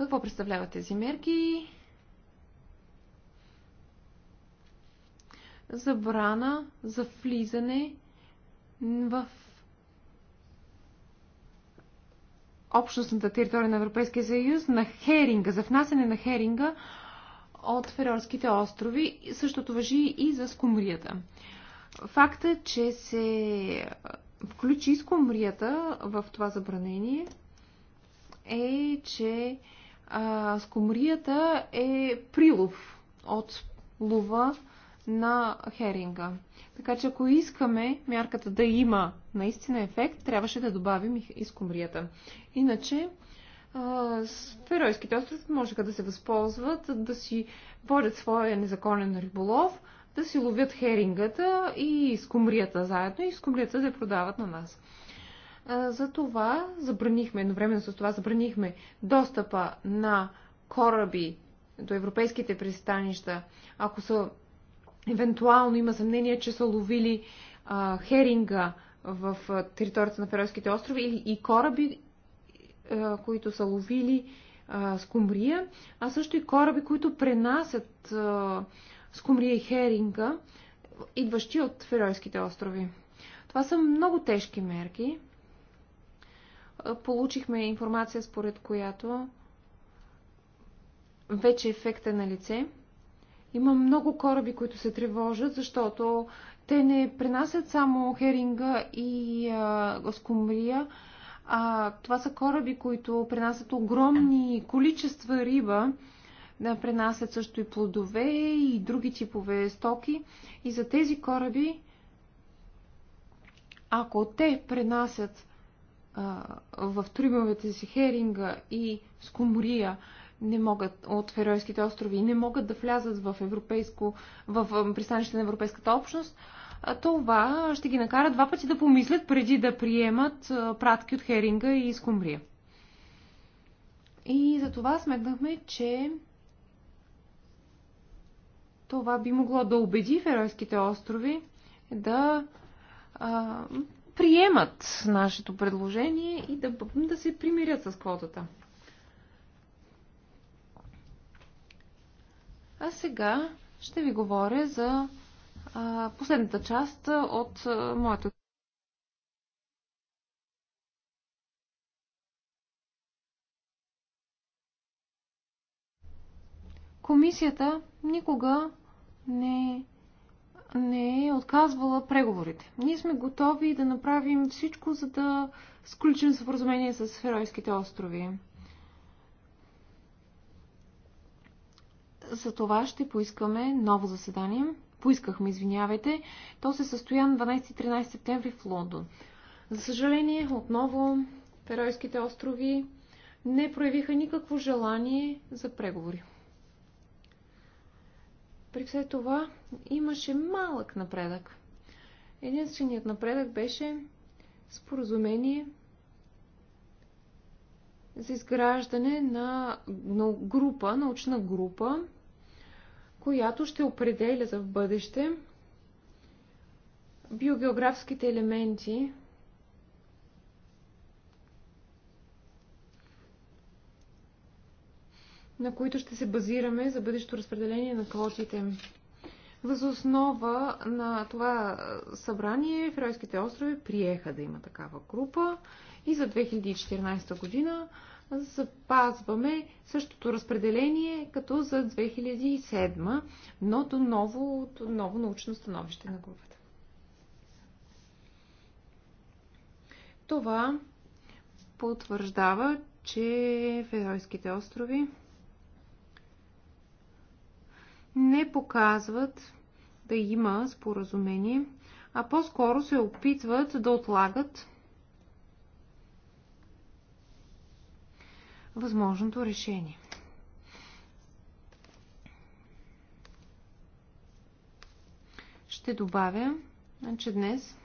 Какво представляват тези мерки? Забрана за влизане в общностната територия на Европейския съюз на херинга, за внасяне на херинга от Ферорските острови. Същото въжи и за скумрията. Факта, че се включи скумрията в това забранение е, че а, скумрията е прилов от лова на херинга. Така че ако искаме мярката да има наистина ефект, трябваше да добавим и скумрията. Иначе Феройските острови можеха да се възползват, да си водят своя незаконен риболов, да си ловят херингата и скумрията заедно и скумрията да я продават на нас. За това забранихме, едновременно с това забранихме достъпа на кораби до европейските пристанища, ако са евентуално има съмнение, че са ловили а, херинга в а, територията на Феройските острови и, и кораби, а, които са ловили а, скумрия, а също и кораби, които пренасят а, скумрия и херинга, идващи от Феройските острови. Това са много тежки мерки, Получихме информация, според която вече ефектът е на лице. Има много кораби, които се тревожат, защото те не пренасят само херинга и а, А, това са кораби, които пренасят огромни количества риба, да пренасят също и плодове и други типове стоки. И за тези кораби, ако те пренасят в трибовете си Херинга и Скумрия не могат от Феройските острови не могат да влязат в, европейско, в пристанище на Европейската общност, това ще ги накара два пъти да помислят преди да приемат пратки от Херинга и Скумрия. И за това сметнахме, че това би могло да убеди Феройските острови да приемат нашето предложение и да, да се примирят с квотата. А сега ще ви говоря за а, последната част от а, моето. Комисията никога не не е отказвала преговорите. Ние сме готови да направим всичко, за да сключим споразумение с Херойските острови. За това ще поискаме ново заседание. Поискахме, извинявайте. То се състоя на 12-13 септември в Лондон. За съжаление, отново Феройските острови не проявиха никакво желание за преговори. При все това имаше малък напредък. Единственият напредък беше споразумение за изграждане на, на група, научна група, която ще определя за в бъдеще биогеографските елементи на които ще се базираме за бъдещето разпределение на квотите. Въз основа на това събрание Феройските острови приеха да има такава група и за 2014 година запазваме същото разпределение като за 2007, но до ново, до ново научно становище на групата. Това потвърждава, че Феройските острови не показват да има споразумение, а по-скоро се опитват да отлагат възможното решение. Ще добавя, че днес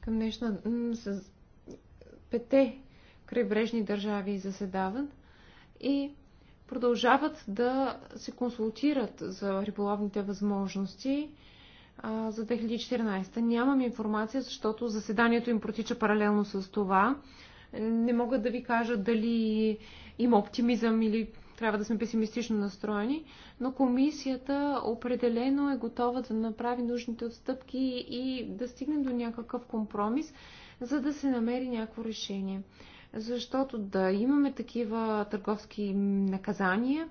към днешна с пете крайбрежни държави заседават и продължават да се консултират за риболовните възможности а, за 2014. Нямам информация, защото заседанието им протича паралелно с това. Не мога да ви кажа дали има оптимизъм или трябва да сме песимистично настроени, но комисията определено е готова да направи нужните отстъпки и да стигне до някакъв компромис, за да се намери някакво решение защото да имаме такива търговски наказания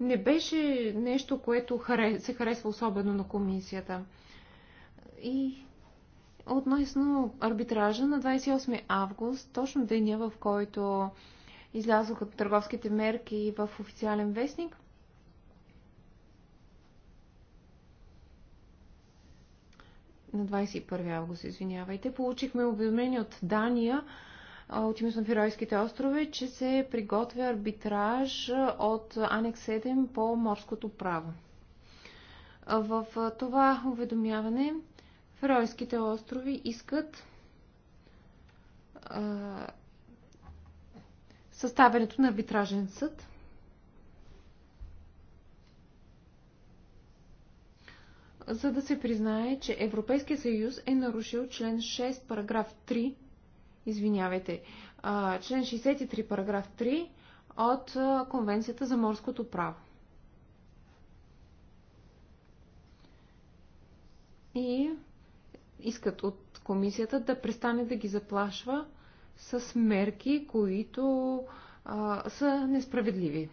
не беше нещо, което се харесва особено на комисията. И относно арбитража на 28 август, точно деня в който излязоха търговските мерки в официален вестник, на 21 август, извинявайте, получихме уведомление от Дания, от името на Фиройските острови, че се приготвя арбитраж от Анекс 7 по морското право. В това уведомяване Фиройските острови искат а, съставянето на арбитражен съд. за да се признае, че Европейския съюз е нарушил член 6, параграф 3 извинявайте, член 63, параграф 3 от Конвенцията за морското право. И искат от комисията да престане да ги заплашва с мерки, които а, са несправедливи.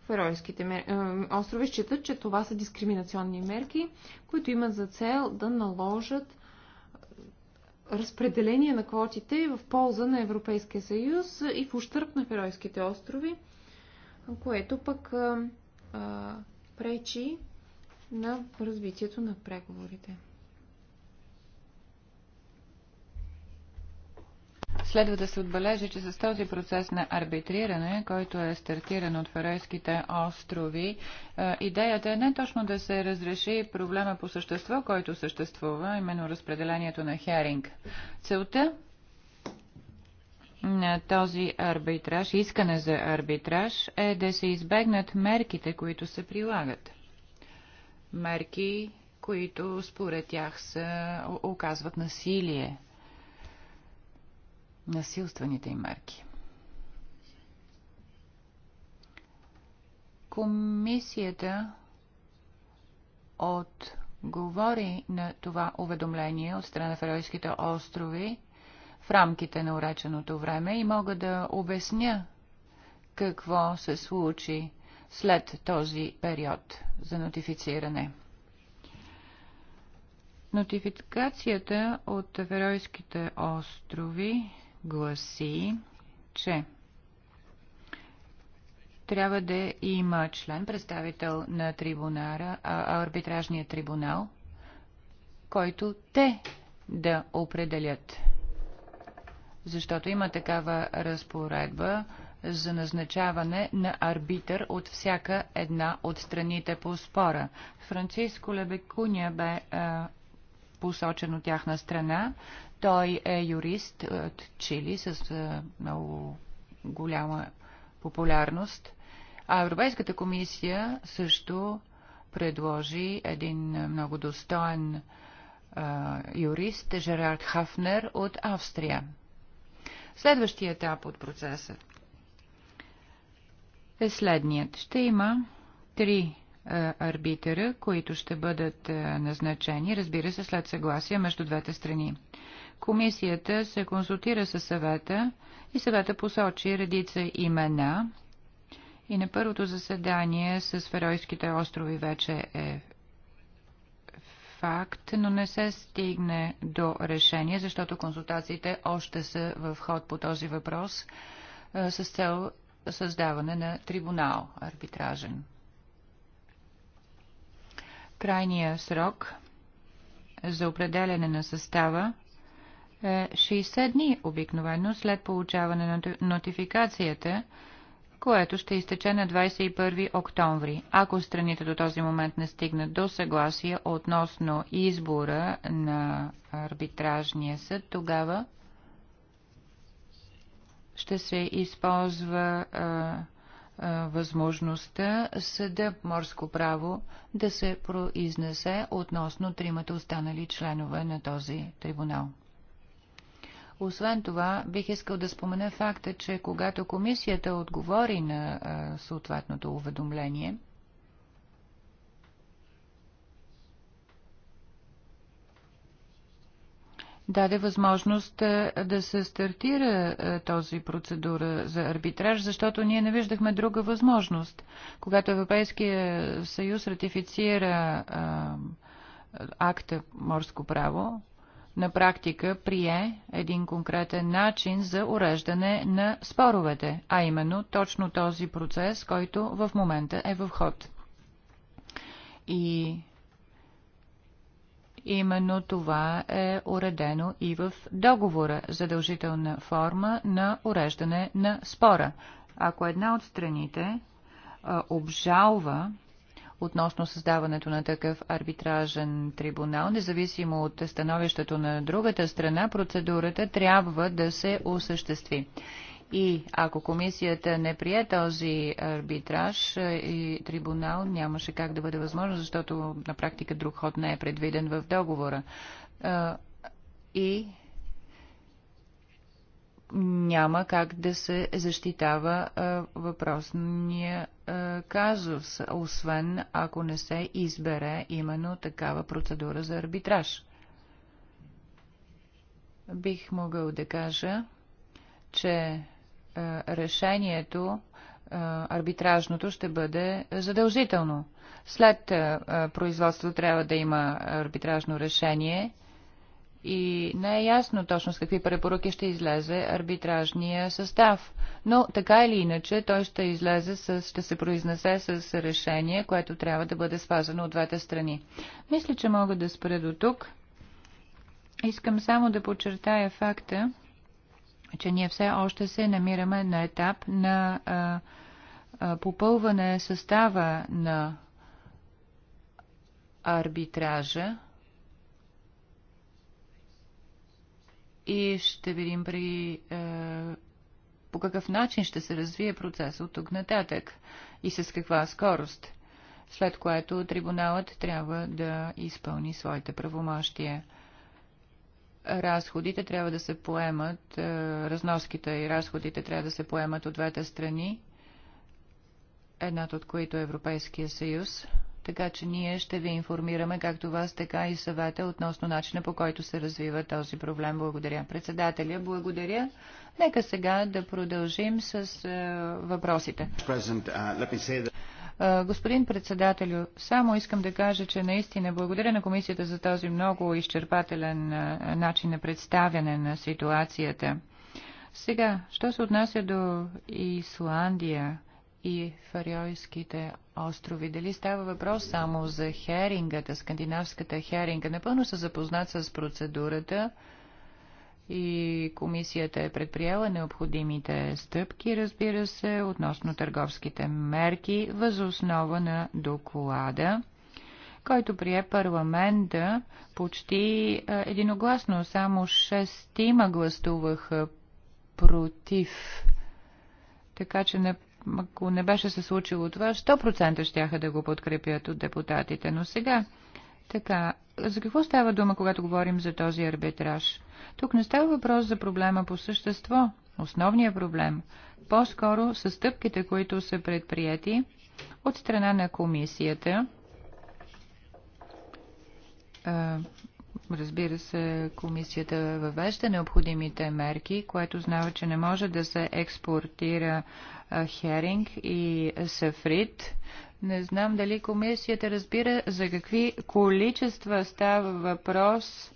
Феройските мер... острови считат, че това са дискриминационни мерки, които имат за цел да наложат разпределение на квотите в полза на Европейския съюз и в ущърп на Феройските острови, което пък а, пречи на развитието на преговорите. Следва да се отбележи, че с този процес на арбитриране, който е стартиран от Феройските острови, е, идеята е не точно да се разреши проблема по същество, който съществува, именно разпределението на херинг. Целта на този арбитраж, искане за арбитраж, е да се избегнат мерките, които се прилагат. Мерки, които според тях са, оказват насилие насилствените им мерки. Комисията отговори на това уведомление от страна на Фаройските острови в рамките на уреченото време и мога да обясня какво се случи след този период за нотифициране. Нотификацията от Феройските острови гласи, че трябва да има член, представител на трибунара, арбитражния трибунал, който те да определят. Защото има такава разпоредба за назначаване на арбитър от всяка една от страните по спора. Франциско Лебекуня бе а, посочен от тяхна страна. Той е юрист от Чили с е, много голяма популярност. А Европейската комисия също предложи един много достоен е, юрист, Жерард Хафнер от Австрия. Следващия етап от процеса е следният. Ще има три арбитъра, които ще бъдат назначени, разбира се, след съгласие между двете страни. Комисията се консултира със съвета и съвета посочи редица имена и на първото заседание с Феройските острови вече е факт, но не се стигне до решение, защото консултациите още са в ход по този въпрос с цел създаване на трибунал арбитражен. Крайния срок за определене на състава е 60 дни обикновено след получаване на нотификацията, което ще изтече на 21 октомври. Ако страните до този момент не стигнат до съгласие относно избора на арбитражния съд, тогава ще се използва а, възможността съда морско право да се произнесе относно тримата останали членове на този трибунал. Освен това, бих искал да спомена факта, че когато комисията отговори на съответното уведомление, даде възможност е, да се стартира е, този процедура за арбитраж, защото ние не виждахме друга възможност. Когато Европейския съюз ратифицира е, акта морско право, на практика прие един конкретен начин за уреждане на споровете, а именно точно този процес, който в момента е в ход. И Именно това е уредено и в договора, задължителна форма на уреждане на спора. Ако една от страните а, обжалва относно създаването на такъв арбитражен трибунал, независимо от становището на другата страна, процедурата трябва да се осъществи. И ако комисията не прие този арбитраж и трибунал, нямаше как да бъде възможно, защото на практика друг ход не е предвиден в договора. И няма как да се защитава въпросния казус, освен ако не се избере именно такава процедура за арбитраж. Бих могъл да кажа, че е, решението е, арбитражното ще бъде задължително. След е, производство трябва да има арбитражно решение и не е ясно точно с какви препоръки ще излезе арбитражния състав. Но така или иначе той ще излезе с, ще се произнесе с решение, което трябва да бъде спазано от двете страни. Мисля, че мога да спра до тук. Искам само да подчертая факта, че ние все още се намираме на етап на а, а, попълване състава на арбитража и ще видим при а, по какъв начин ще се развие процес от тук нататък и с каква скорост, след което трибуналът трябва да изпълни своите правомощия разходите трябва да се поемат, е, разноските и разходите трябва да се поемат от двете страни, едната от които е Европейския съюз. Така че ние ще ви информираме както вас, така и съвета относно начина по който се развива този проблем. Благодаря. Председателя, благодаря. Нека сега да продължим с е, въпросите. Господин председателю, само искам да кажа, че наистина благодаря на комисията за този много изчерпателен начин на представяне на ситуацията. Сега, що се отнася до Исландия и Фариойските острови, дали става въпрос само за херингата, скандинавската херинга? Напълно са запознат с процедурата и комисията е предприела необходимите стъпки, разбира се, относно търговските мерки възоснова на доклада който прие парламента почти единогласно. Само шестима гласуваха против. Така че на ако не беше се случило това, 100% щяха да го подкрепят от депутатите. Но сега така за какво става дума, когато говорим за този арбитраж? Тук не става въпрос за проблема по същество, основния проблем. По-скоро са стъпките, които са предприяти от страна на комисията. Разбира се, комисията въвежда необходимите мерки, което знава, че не може да се експортира херинг и сафрит не знам дали комисията разбира за какви количества става въпрос,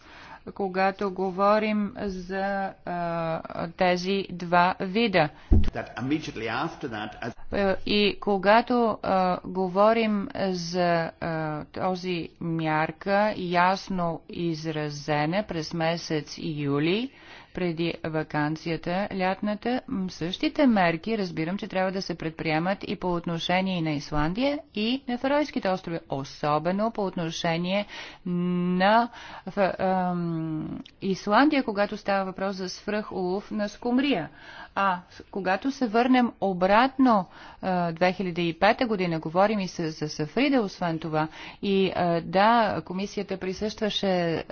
когато говорим за а, тези два вида. That, as... И когато а, говорим за а, този мярка, ясно изразена през месец юли, преди вакансията, лятната. Същите мерки разбирам, че трябва да се предприемат и по отношение на Исландия и на Фаройските острови, особено по отношение на в, ам, Исландия, когато става въпрос за свръхулов на скумрия. А когато се върнем обратно 2005 година, говорим и с, за Сафрида, освен това, и да, комисията присъстваше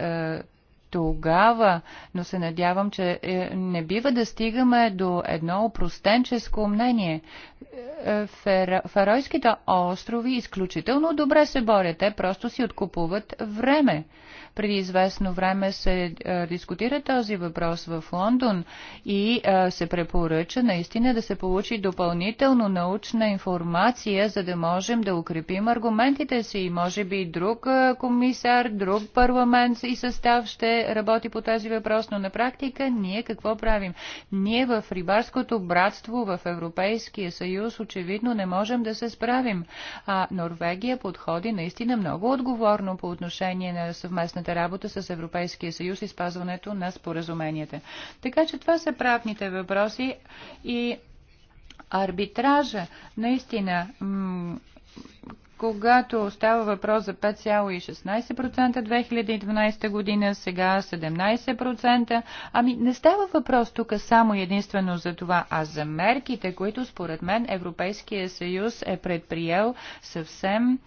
тогава, но се надявам, че е, не бива да стигаме до едно опростенческо мнение. Е, Фаройските Феройските острови изключително добре се борят. Те просто си откупуват време. Преди известно време се е, дискутира този въпрос в Лондон и е, се препоръча наистина да се получи допълнително научна информация, за да можем да укрепим аргументите си. може би друг е, комисар, друг парламент и състав ще работи по тази въпрос, но на практика ние какво правим? Ние в рибарското братство в Европейския съюз очевидно не можем да се справим. А Норвегия подходи наистина много отговорно по отношение на съвместна съвместната работа с Европейския съюз и спазването на споразуменията. Така че това са правните въпроси и арбитража наистина когато става въпрос за 5,16% 2012 година, сега 17%. Ами не става въпрос тук само единствено за това, а за мерките, които според мен Европейския съюз е предприел съвсем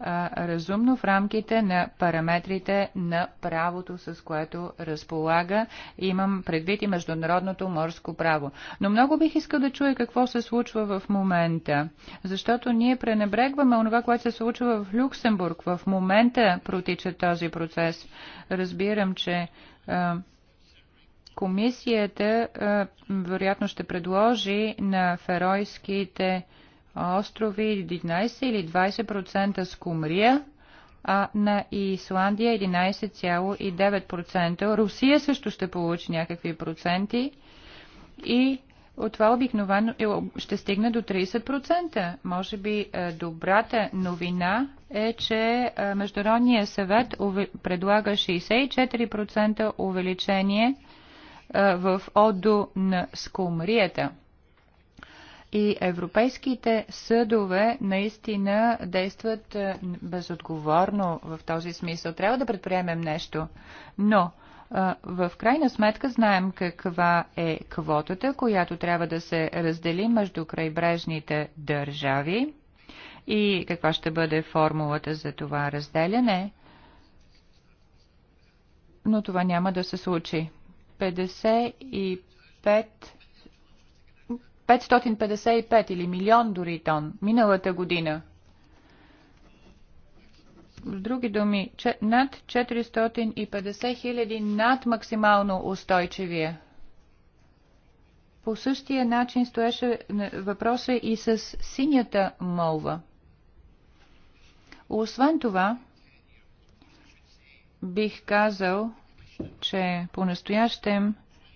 разумно в рамките на параметрите на правото, с което разполага. Имам предвид и международното морско право. Но много бих искал да чуя какво се случва в момента, защото ние пренебрегваме онова, което се случва в Люксембург. В момента протича този процес. Разбирам, че комисията вероятно ще предложи на феройските острови 11 или 20% скумрия, а на Исландия 11,9%. Русия също ще получи някакви проценти и от това обикновено е, ще стигне до 30%. Може би е, добрата новина е, че е, Международния съвет предлага 64% увеличение в ОДО на скумрията – и европейските съдове наистина действат е, безотговорно в този смисъл. Трябва да предприемем нещо, но е, в крайна сметка знаем каква е квотата, която трябва да се раздели между крайбрежните държави и каква ще бъде формулата за това разделяне. Но това няма да се случи. 55 555 или милион дори тон миналата година. С други думи, че над 450 хиляди над максимално устойчивия. По същия начин стоеше въпроса и с синята молва. Освен това, бих казал, че по-настоящем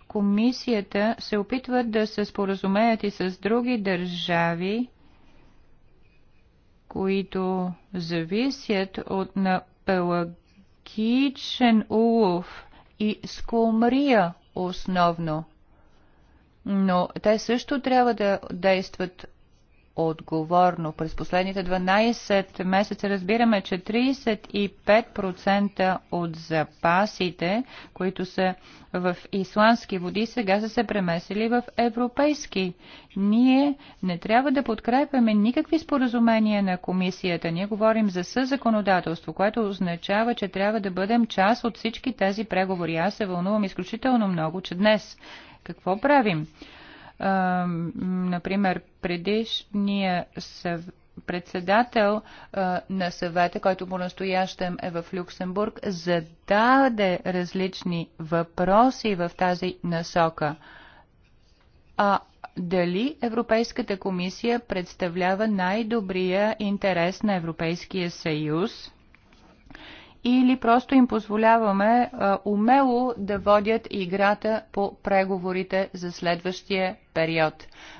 комисията се опитват да се споразумеят и с други държави, които зависят от напелагичен улов и скумрия основно. Но те също трябва да действат отговорно. През последните 12 месеца разбираме, че 35% от запасите, които са в исландски води, сега са се премесили в европейски. Ние не трябва да подкрепяме никакви споразумения на комисията. Ние говорим за съзаконодателство, което означава, че трябва да бъдем част от всички тези преговори. Аз се вълнувам изключително много, че днес какво правим? например, предишния председател на съвета, който по настоящем е в Люксембург, зададе различни въпроси в тази насока. А дали Европейската комисия представлява най-добрия интерес на Европейския съюз? Или просто им позволяваме а, умело да водят играта по преговорите за следващия период.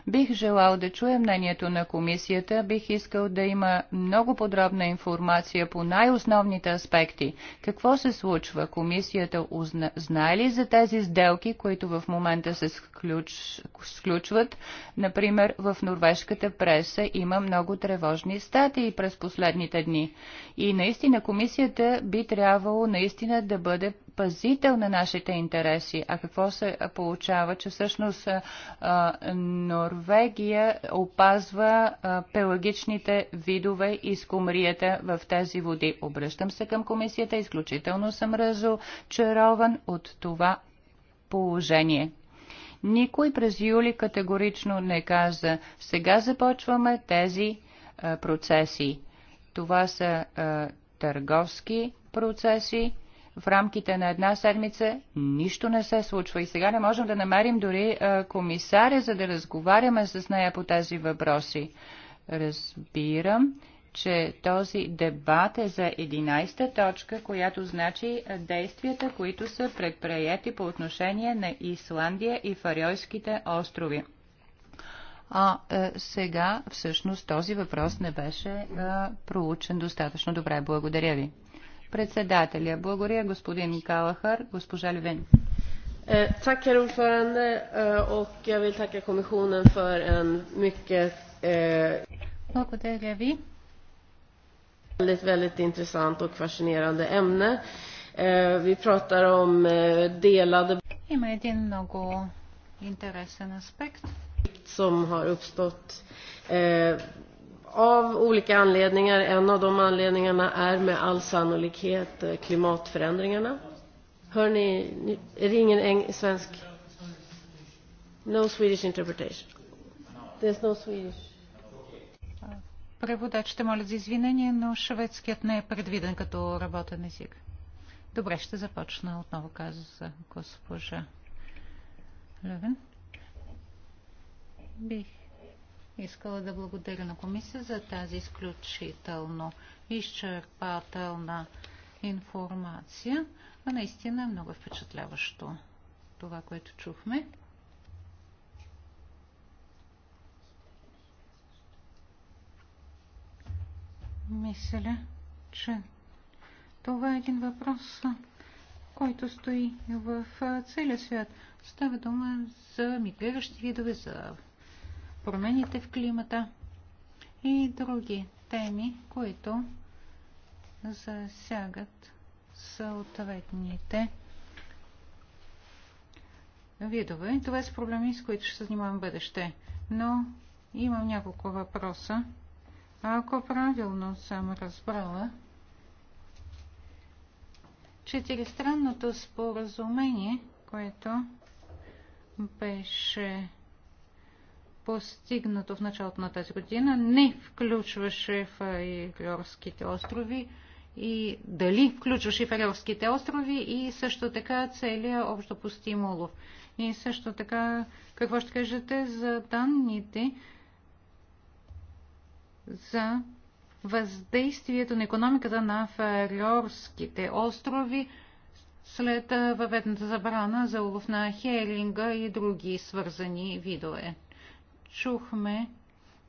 Бих желал да чуя мнението на комисията, бих искал да има много подробна информация по най-основните аспекти. Какво се случва? Комисията узна... знае ли за тези сделки, които в момента се сключ... сключват? Например, в норвежката преса има много тревожни статии през последните дни. И наистина комисията би трябвало наистина да бъде пазител на нашите интереси. А какво се получава? Че всъщност Норвегия опазва пелагичните видове и скумрията в тези води. Обръщам се към комисията. Изключително съм разочарован от това положение. Никой през юли категорично не каза, сега започваме тези процеси. Това са а, търговски процеси, в рамките на една седмица нищо не се случва. И сега не можем да намерим дори комисаря, за да разговаряме с нея по тези въпроси. Разбирам, че този дебат е за 11-та точка, която значи действията, които са предприяти по отношение на Исландия и Фарьойските острови. А е, сега всъщност този въпрос не беше е, проучен достатъчно добре. Благодаря ви. Председателя. Благодаря, господин Калахар. Госпожа Левин. Tack herr ordförande och jag vill tacka kommissionen för en mycket eh, Väldigt, väldigt intressant och fascinerande ämne. Eh, Vi pratar om eh, delade... Има един ...som har uppstått eh, av olika anledningar. En av de anledningarna är med all sannolikhet klimatförändringarna. Hör ni, är det ingen eng, svensk? No Swedish interpretation. There's no Swedish. Преводачите молят за извинение, но шведският не е предвиден като работен език. Добре, ще започна отново, каза госпожа Левен. Бих искала да благодаря на комисия за тази изключително изчерпателна информация. А наистина е много впечатляващо това, което чухме. Мисля, че това е един въпрос, който стои в целия свят. Става дума за мигриращи видове, за промените в климата и други теми, които засягат съответните видове. Това са проблеми, с които ще се занимавам в бъдеще. Но имам няколко въпроса. Ако правилно съм разбрала, четиристранното споразумение, което беше постигнато в началото на тази година, не включваше Фарерските острови и дали включваше Фарерските острови и също така целият общо пустим И също така, какво ще кажете за данните за въздействието на економиката на Фарерските острови след въведната забрана за улов на херинга и други свързани видове? чухме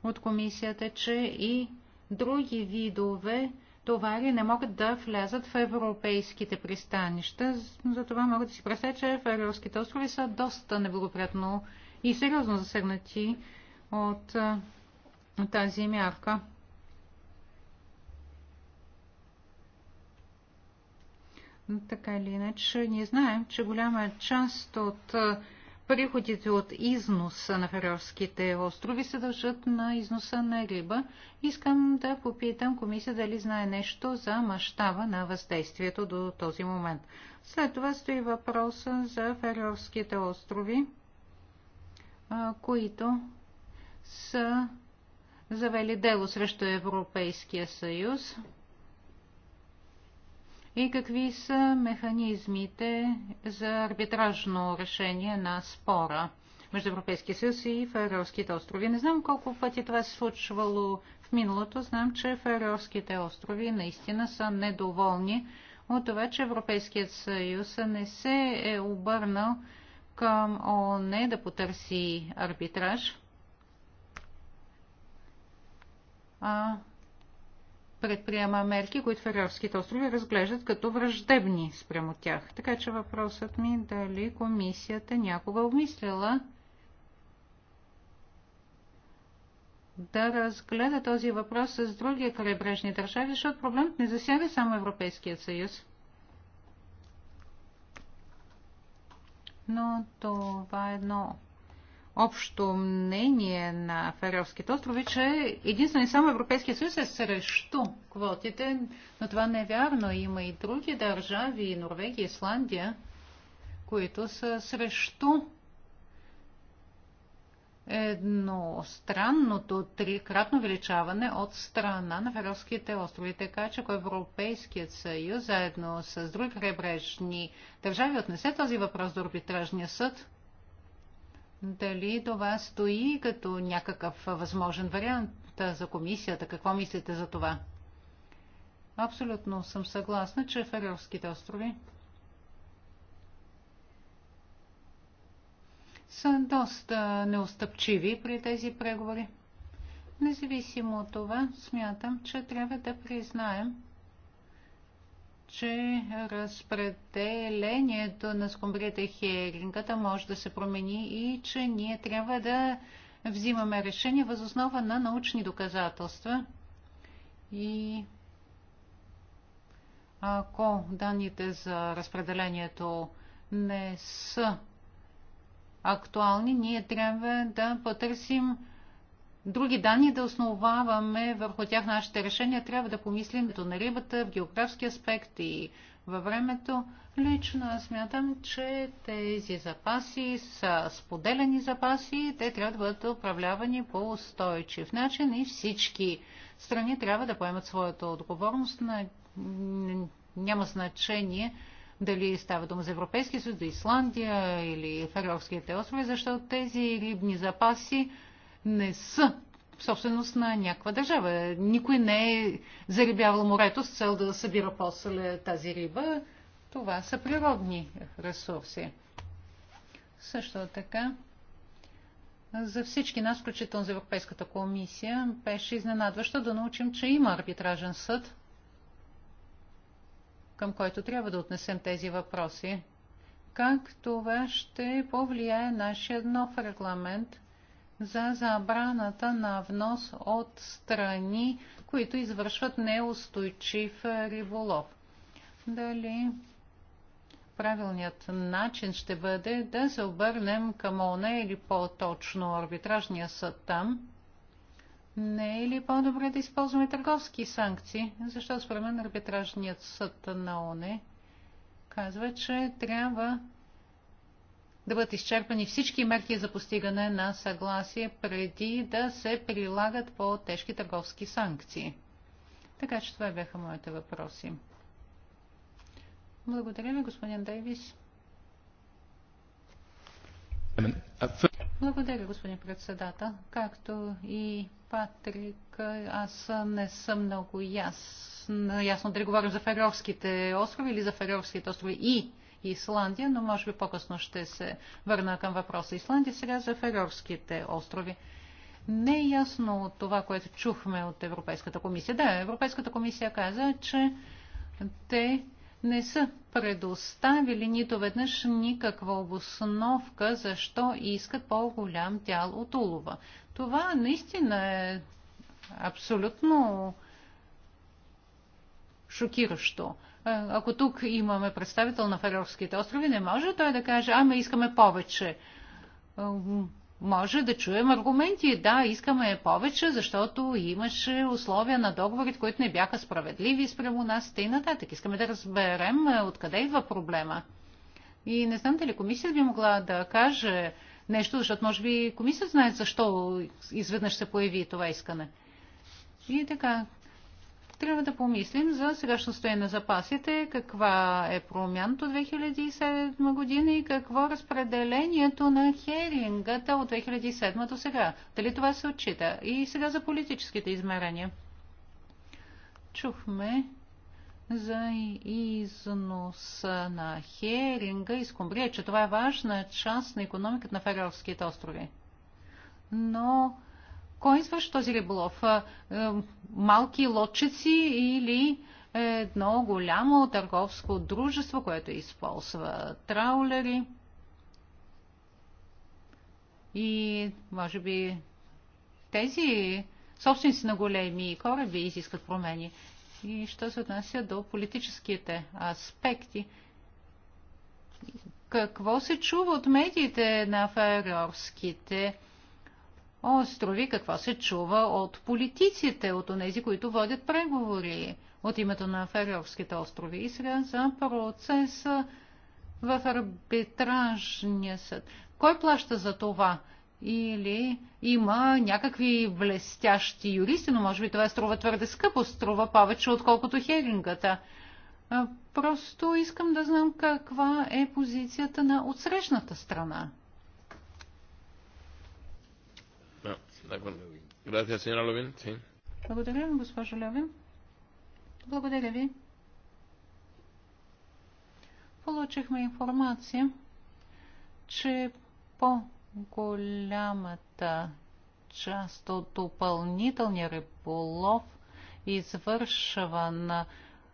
от комисията, че и други видове товари не могат да влязат в европейските пристанища. Затова могат да си представя, че Фарелските острови са доста неблагоприятно и сериозно засегнати от тази мярка. Така или иначе, ние знаем, че голяма част от приходите от износа на Фарерските острови се дължат на износа на риба. Искам да попитам комисия дали знае нещо за мащаба на въздействието до този момент. След това стои въпроса за Фарерските острови, които са завели дело срещу Европейския съюз и какви са механизмите за арбитражно решение на спора между Европейския съюз и Фаерорските острови. Не знам колко пъти това се случвало в миналото. Знам, че Фаерорските острови наистина са недоволни от това, че Европейският съюз не се е обърнал към ООН да потърси арбитраж. А предприема мерки, които фариорските острови разглеждат като враждебни спрямо тях. Така че въпросът ми е дали комисията някога обмислила? да разгледа този въпрос с други крайбрежни държави, защото проблемът не засяга само Европейския съюз. Но това е едно общо мнение на Фаровските острови, че единствено и само Европейския съюз е срещу квотите, но това не е вярно. Има и други държави, Норвегия, Исландия, които са срещу едно странното трикратно увеличаване от страна на Фаровските острови. Така че ако Европейският съюз заедно с други крайбрежни държави отнесе този въпрос до арбитражния съд, дали до вас стои като някакъв възможен вариант за комисията? Какво мислите за това? Абсолютно съм съгласна, че Фарерските острови са доста неустъпчиви при тези преговори. Независимо от това, смятам, че трябва да признаем, че разпределението на скумбрията и херингата може да се промени и че ние трябва да взимаме решение възоснова на научни доказателства. И ако данните за разпределението не са актуални, ние трябва да потърсим други данни да основаваме върху тях нашите решения, трябва да помислим като на рибата в географски аспект и във времето. Лично аз смятам, че тези запаси са споделени запаси, те трябва да бъдат управлявани по устойчив начин и всички страни трябва да поемат своята отговорност. На... Няма значение дали става дума за Европейския съюз, за Исландия или Фарерските острови, защото тези рибни запаси не са собственост на някаква държава. Никой не е зарибявал морето с цел да събира после тази риба. Това са природни ресурси. Също така, за всички нас, включително за Европейската комисия, беше изненадващо да научим, че има арбитражен съд, към който трябва да отнесем тези въпроси. Как това ще повлияе нашия нов регламент – за забраната на внос от страни, които извършват неустойчив риболов. Дали правилният начин ще бъде да се обърнем към ОНЕ или по-точно арбитражния съд там? Не е ли по-добре да използваме търговски санкции? Защото според мен арбитражният съд на ОНЕ казва, че трябва да бъдат изчерпани всички мерки за постигане на съгласие преди да се прилагат по-тежки търговски санкции. Така че това бяха моите въпроси. Благодаря ви, господин Дейвис. Благодаря, господин председател. Както и Патрик, аз не съм много ясна. Ясно дали говорим за Фарерските острови или за Фарерските острови и Исландия, но може би по-късно ще се върна към въпроса Исландия. Сега за Ферорските острови. Не е ясно това, което чухме от Европейската комисия. Да, Европейската комисия каза, че те не са предоставили нито веднъж никаква обосновка, защо искат по-голям дял от улова. Това наистина е абсолютно шокиращо. Е, ако тук имаме представител на Фарерските острови, не може той да каже, ами искаме повече. Е, може да чуем аргументи. Да, искаме повече, защото имаше условия на договорите, които не бяха справедливи спрямо нас и нататък. Искаме да разберем е, откъде идва проблема. И не знам дали комисията би могла да каже нещо, защото може би комисията знае защо изведнъж се появи това искане. И така, трябва да помислим за сегашно стоя на запасите, каква е промяната от 2007 година и какво е разпределението на херингата от 2007 до сега. Дали това се отчита? И сега за политическите измерения. Чухме за износ на херинга и скумбрия, че това е важна част на економиката на Фарерските острови. Но кой извършва този риболов? Е, малки лодчици или едно голямо търговско дружество, което използва траулери? И може би тези собственици на големи кораби изискват промени. И що се отнася до политическите аспекти, какво се чува от медиите на фаерорските? острови, какво се чува от политиците, от тези, които водят преговори от името на Фарерските острови. И сега за процеса в арбитражния съд. Кой плаща за това? Или има някакви блестящи юристи, но може би това струва твърде скъпо, струва повече, отколкото херингата. Просто искам да знам каква е позицията на отсрещната страна. Благодаря, госпожо Левин. Благодаря ви. Получихме информация, че по-голямата част от допълнителния риболов, на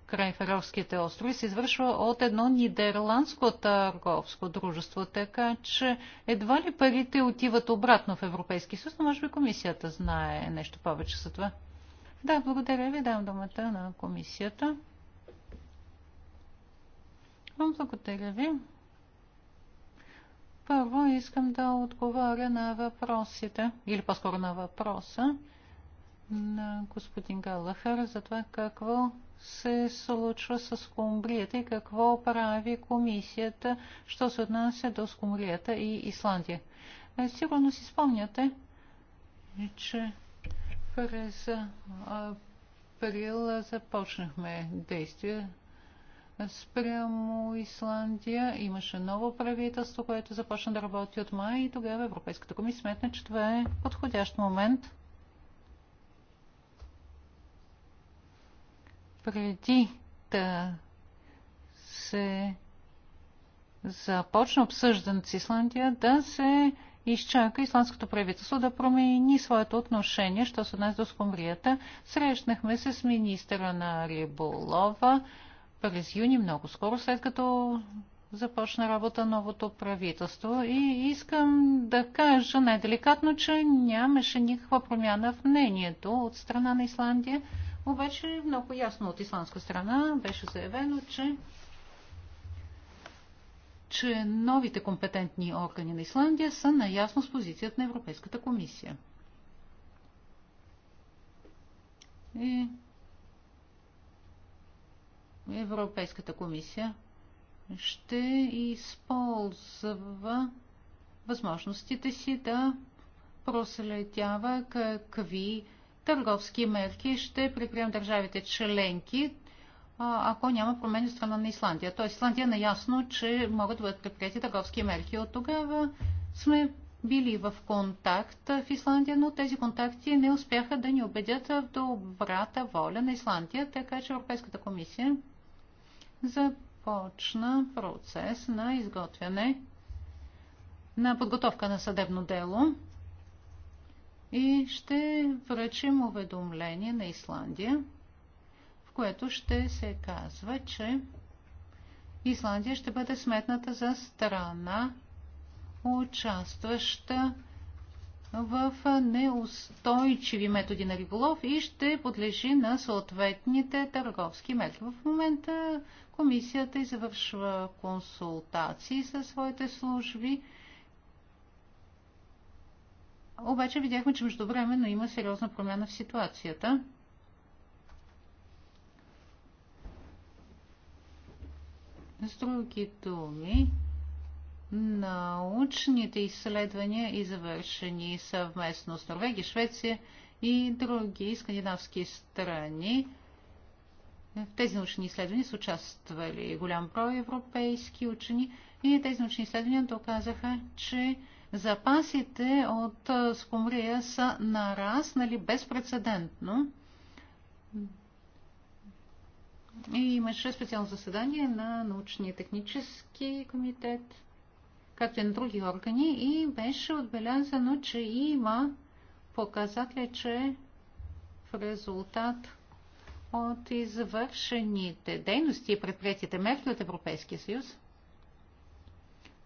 край Фарерските острови се извършва от едно нидерландско търговско дружество, така че едва ли парите отиват обратно в Европейски съюз, но може би комисията знае нещо повече за това. Да, благодаря ви. Дам думата на комисията. Благодаря ви. Първо искам да отговоря на въпросите, или по-скоро на въпроса на господин Галахър за това какво се случва с Кумбрията и какво прави комисията, що се отнася до Скумрията и Исландия. Е, сигурно си спомняте, че през април започнахме действия спрямо Исландия. Имаше ново правителство, което започна да работи от май и тогава Европейската комисия сметна, че това е подходящ момент – преди да се започна обсъждането с Исландия, да се изчака исландското правителство да промени своето отношение, що се днес до скумрията. Срещнахме се с министъра на Риболова през юни, много скоро след като започна работа новото правителство и искам да кажа най-деликатно, че нямаше никаква промяна в мнението от страна на Исландия обаче много ясно от исландска страна беше заявено, че че новите компетентни органи на Исландия са наясно с позицията на Европейската комисия. И Европейската комисия ще използва възможностите си да проследява какви търговски мерки ще предприемат държавите членки, ако няма промени страна на Исландия. Тоест Исландия е наясно, че могат да бъдат предприяти търговски мерки. От тогава сме били в контакт в Исландия, но тези контакти не успяха да ни убедят в добрата воля на Исландия, така че Европейската комисия започна процес на изготвяне на подготовка на съдебно дело и ще връчим уведомление на Исландия, в което ще се казва, че Исландия ще бъде сметната за страна, участваща в неустойчиви методи на риболов и ще подлежи на съответните търговски мерки. В момента комисията извършва консултации със своите служби обаче видяхме, че междувременно има сериозна промяна в ситуацията. С други думи, научните изследвания и завършени съвместно с Норвегия, Швеция и други скандинавски страни. В тези научни изследвания са участвали голям брой европейски учени и тези научни изследвания доказаха, че Запасите от скумрия са нараснали безпредседентно. И имаше специално заседание на научния технически комитет, както и на други органи, и беше отбелязано, че има показатели, че в резултат от извършените дейности и предприятите мерки от Европейския съюз,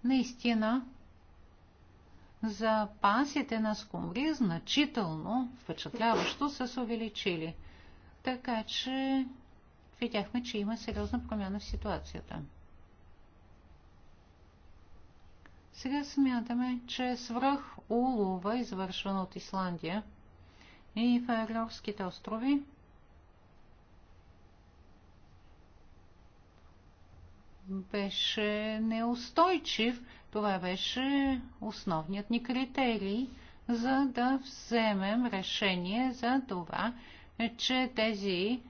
наистина запасите на скумбри значително, впечатляващо са се увеличили. Така че видяхме, че има сериозна промяна в ситуацията. Сега смятаме, че свръх улова, извършван от Исландия и Фарерските острови, беше неустойчив – това беше основният ни критерий, за да вземем решение за това, че тези,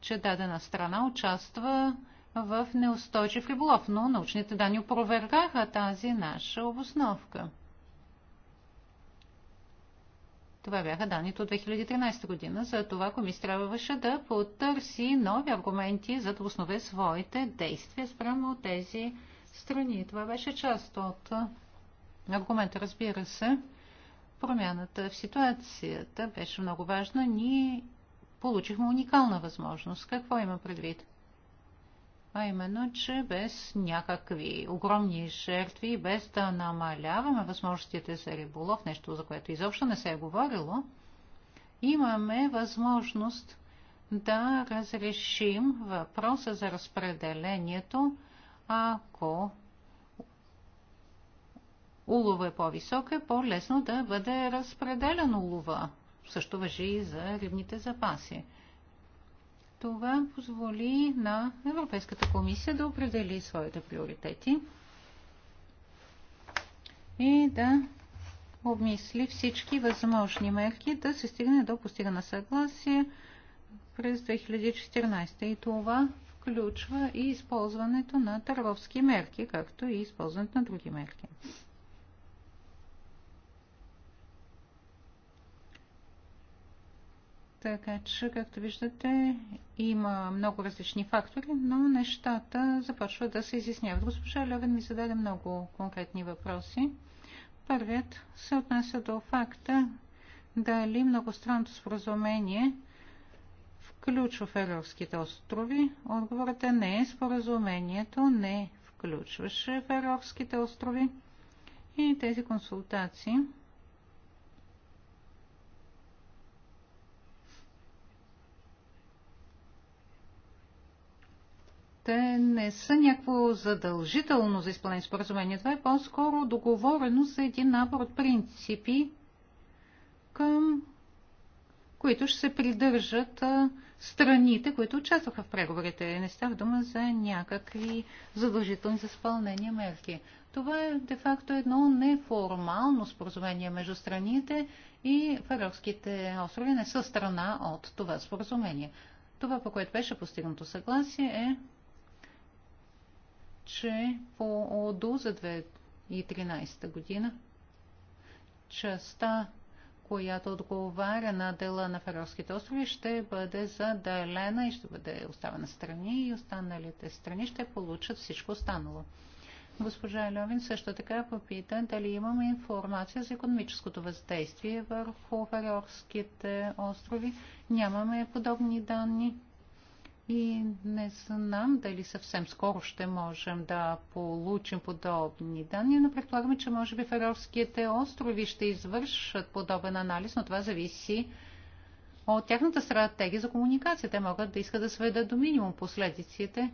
че дадена страна участва в неустойчив риболов, но научните данни опровергаха тази наша обосновка. Това бяха данните от 2013 година. За това комисия трябваше да потърси нови аргументи, за да основе своите действия спрямо тези страни. Това беше част от аргумента, разбира се. Промяната в ситуацията беше много важна. Ние получихме уникална възможност. Какво има предвид? А именно, че без някакви огромни жертви, без да намаляваме възможностите за риболов, нещо за което изобщо не се е говорило, имаме възможност да разрешим въпроса за разпределението ако улова е по-висок, е по-лесно да бъде разпределен улова. Също въжи и за рибните запаси. Това позволи на Европейската комисия да определи своите приоритети и да обмисли всички възможни мерки да се стигне до постигане на съгласие през 2014. И това включва и използването на търговски мерки, както и използването на други мерки. Така че, както виждате, има много различни фактори, но нещата започват да се изясняват. Госпожа Левен ми зададе много конкретни въпроси. Първият се отнася до факта дали многостранното споразумение – включва Ферорските острови? Отговорът е не. Споразумението не включваше Ферорските острови и тези консултации. те не са някакво задължително за изпълнение споразумение. Това е по-скоро договорено за един набор от принципи, към които ще се придържат страните, които участваха в преговорите. Не става дума за някакви задължителни за изпълнение мерки. Това е де-факто едно неформално споразумение между страните и Фарерските острови не са страна от това споразумение. Това, по което беше постигнато съгласие е, че по ОДУ за 2013 година частта която отговаря на дела на Фаровските острови, ще бъде заделена и ще бъде оставена страни и останалите страни ще получат всичко останало. Госпожа Льовин също така попита дали имаме информация за економическото въздействие върху Фаровските острови. Нямаме подобни данни. И не знам дали съвсем скоро ще можем да получим подобни данни, но предполагаме, че може би Фарорските острови ще извършат подобен анализ, но това зависи от тяхната стратегия за комуникация. Те могат да искат да сведат до минимум последиците,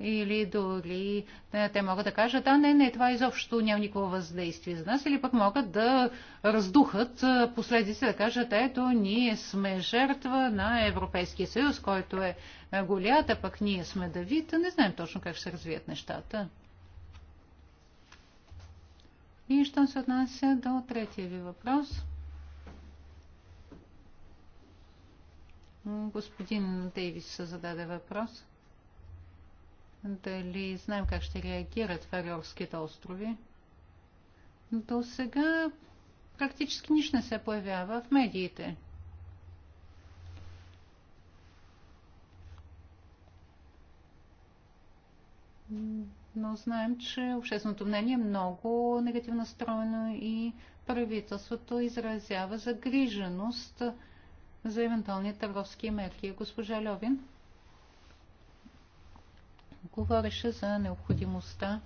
или дори е, те могат да кажат, а не, не, това изобщо няма никакво въздействие за нас. Или пък могат да раздухат е, последици, да кажат, ето, ние сме жертва на Европейския съюз, който е, е голят, а пък ние сме Давид. Не знаем точно как ще се развият нещата. И що се отнася до третия ви въпрос? Господин Дейвис зададе въпрос дали знаем как ще реагират Фарерските острови. До сега практически нищо не се появява в медиите. Но знаем, че общественото мнение е много негативно настроено и правителството изразява загриженост за евентуални търговски мерки. Госпожа Льовин говореше за необходимостта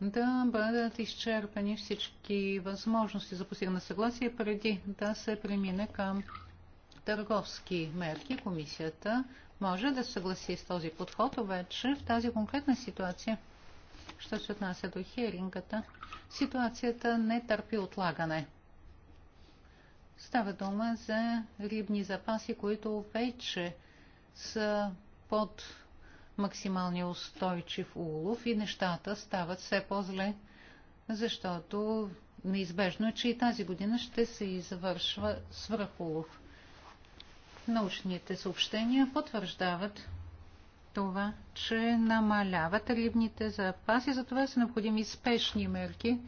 да бъдат изчерпани всички възможности за постигане на съгласие преди да се премине към търговски мерки. Комисията може да съгласи с този подход, обаче в тази конкретна ситуация, що се отнася до херингата, ситуацията не търпи отлагане. Става дума за рибни запаси, които вече са под максималния устойчив улов и нещата стават все по-зле, защото неизбежно е, че и тази година ще се извършва свръхулов. Научните съобщения потвърждават това, че намаляват рибните запаси, затова са необходими спешни мерки,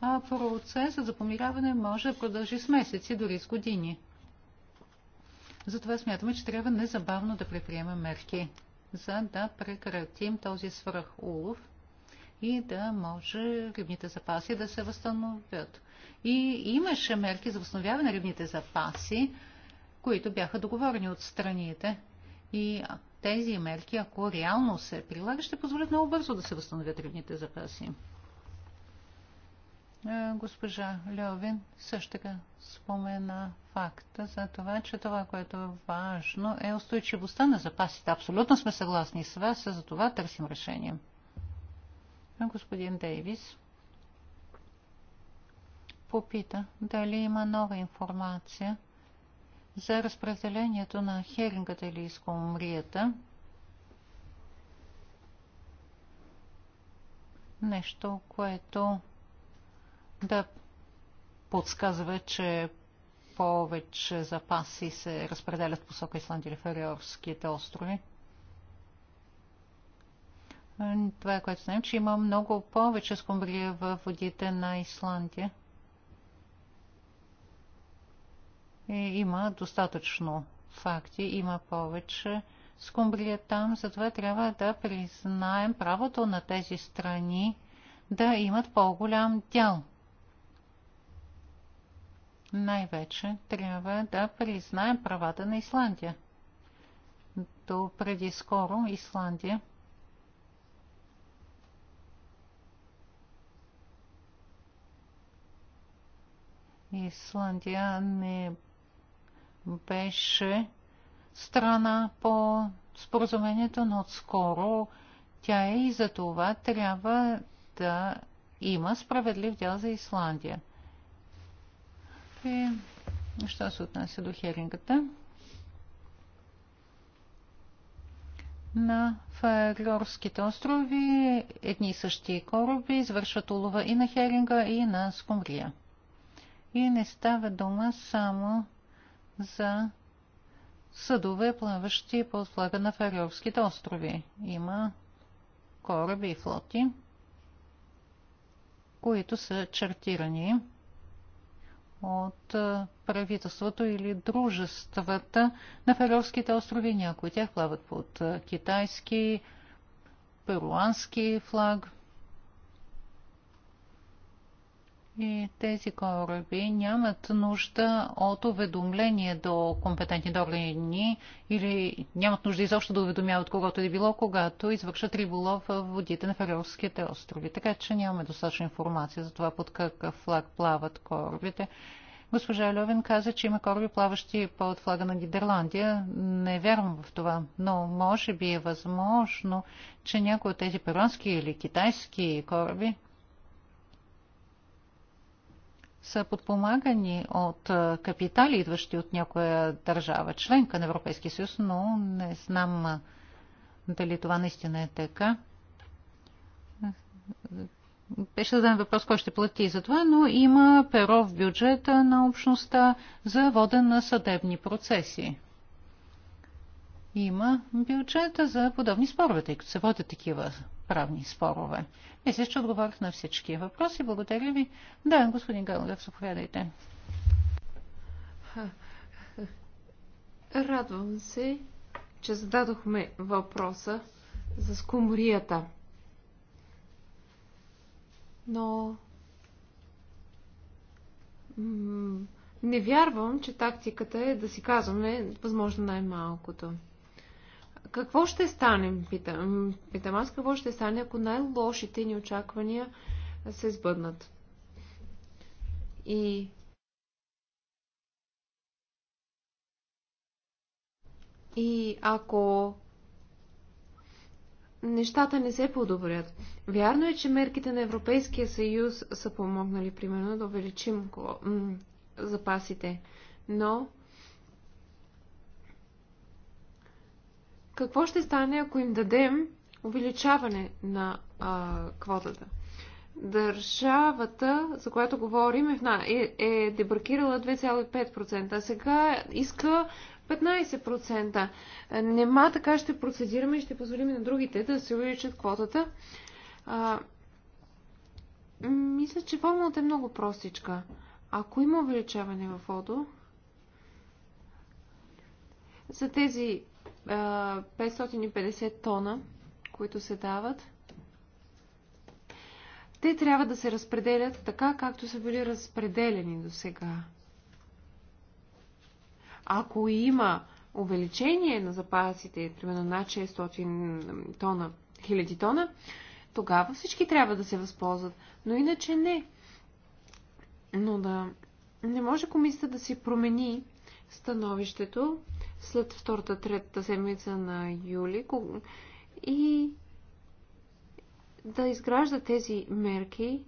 а процесът за помиряване може да продължи с месеци, дори с години. Затова смятаме, че трябва незабавно да предприемем мерки за да прекратим този свръхулов и да може рибните запаси да се възстановят. И имаше мерки за възстановяване на рибните запаси, които бяха договорени от страните. И тези мерки, ако реално се прилагат, ще позволят много бързо да се възстановят рибните запаси. Е, госпожа Льовин също така спомена факта за това, че това, което е важно, е устойчивостта на запасите. Абсолютно сме съгласни с вас, за това търсим решение. Господин Дейвис попита дали има нова информация за разпределението на херингата или изкомрията. Нещо, което да подсказва, че повече запаси се разпределят посока Исландия или Фариорските острови. Това е което знаем, че има много повече скумбрия в водите на Исландия. И има достатъчно факти, има повече скумбрия там, затова трябва да признаем правото на тези страни да имат по-голям дял най-вече трябва да признаем правата на Исландия. До преди скоро Исландия Исландия не беше страна по споразумението, но отскоро тя е и за това трябва да има справедлив дял за Исландия. И що се отнася до херингата? на Фаерлорските острови едни и същи кораби извършват улова и на херинга, и на скумрия. И не става дума само за съдове, плаващи под флага на Фаерлорските острови. Има кораби и флоти, които са чертирани от правителството или дружествата на Фаровските острови. Някои от тях плават под китайски, перуански флаг, И тези кораби нямат нужда от уведомление до компетентни органи или нямат нужда изобщо да уведомяват когото е било, когато извършат риболов в водите на Фарелските острови. Така че нямаме достатъчно информация за това под какъв флаг плават корабите. Госпожа Льовен каза, че има кораби плаващи под флага на Нидерландия. Не вярвам в това, но може би е възможно, че някои от тези перуански или китайски кораби са подпомагани от капитали, идващи от някоя държава, членка на Европейския съюз, но не знам дали това наистина е така. Беше зададен въпрос, кой ще плати за това, но има перо в бюджета на общността за воден на съдебни процеси. Има бюджета за подобни спорове, тъй като се водят такива правни спорове. Мисля, че отговорих на всички въпроси. Благодаря ви. Да, господин Галгар, заповядайте. Радвам се, че зададохме въпроса за скумрията. Но не вярвам, че тактиката е да си казваме възможно най-малкото какво ще стане, питам, питам аз, какво ще стане, ако най-лошите ни очаквания се сбъднат? И И ако нещата не се подобрят. Вярно е, че мерките на Европейския съюз са помогнали, примерно, да увеличим запасите, но Какво ще стане, ако им дадем увеличаване на а, квотата? Държавата, за която говорим, е, е, е дебаркирала 2,5%, а сега иска 15%. Нема така ще процедираме и ще позволим на другите да се увеличат квотата. А, мисля, че формулата е много простичка. Ако има увеличаване в ОДО, за тези 550 тона, които се дават, те трябва да се разпределят така, както са били разпределени до сега. Ако има увеличение на запасите, примерно на 600 тона, 1000 тона, тогава всички трябва да се възползват. Но иначе не. Но да. Не може комисията да си промени становището след втората, третата седмица на юли и да изгражда тези мерки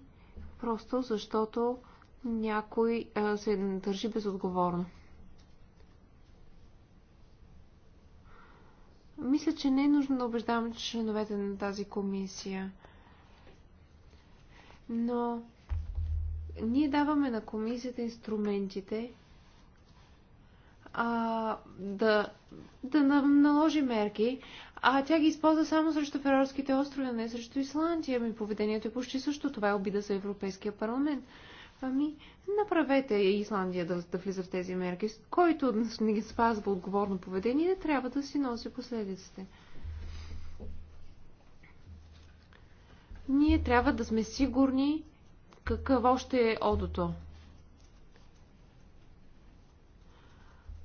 просто защото някой се държи безотговорно. Мисля, че не е нужно да убеждавам членовете на тази комисия. Но ние даваме на комисията инструментите, а, да, да наложи мерки, а тя ги използва само срещу Ферорските острови, а не срещу Исландия. Ми поведението е почти също. Това е обида за Европейския парламент. Ами, направете Исландия да, да влиза в тези мерки. Който не ги спазва отговорно поведение, трябва да си носи последиците. Ние трябва да сме сигурни какво ще е одото.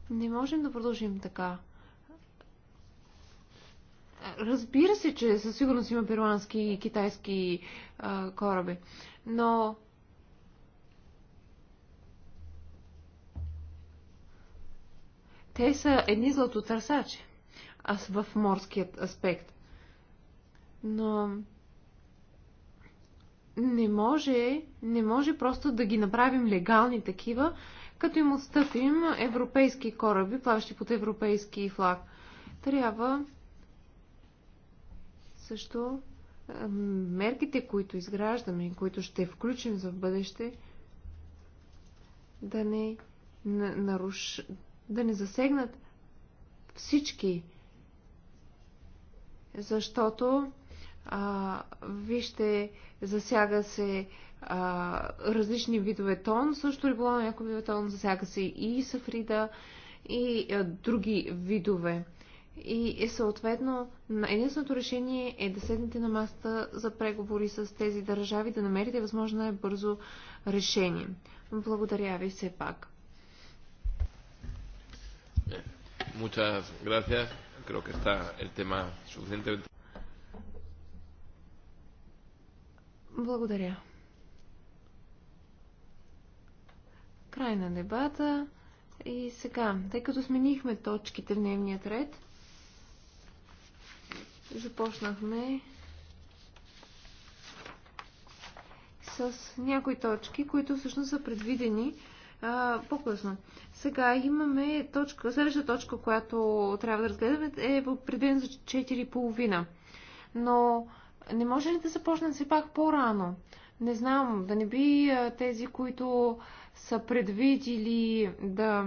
Не можем да продължим така. Разбира се, че със сигурност има перуански и китайски а, кораби, но те са едни златотърсачи аз в морският аспект. Но не може, не може просто да ги направим легални такива, като им отстъпим европейски кораби, плаващи под европейски флаг. Трябва също е, мерките, които изграждаме и които ще включим за в бъдеще, да не, наруш... да не засегнат всички. Защото, а, вижте, засяга се а, различни видове тон, също риболова на някои видове тон, засяга се и сафрида, и а, други видове. И е съответно, единственото решение е да седнете на масата за преговори с тези държави, да намерите възможно най-бързо решение. Благодаря ви все пак. Muchas gracias. Creo que está el tema suficientemente. Благодаря. Край на дебата. И сега, тъй като сменихме точките в дневния ред, започнахме с някои точки, които всъщност са предвидени по-късно. Сега имаме точка, следващата точка, която трябва да разгледаме, е предвидена за 4,5. Но не може ли да започнем все пак по-рано? Не знам, да не би тези, които са предвидили да,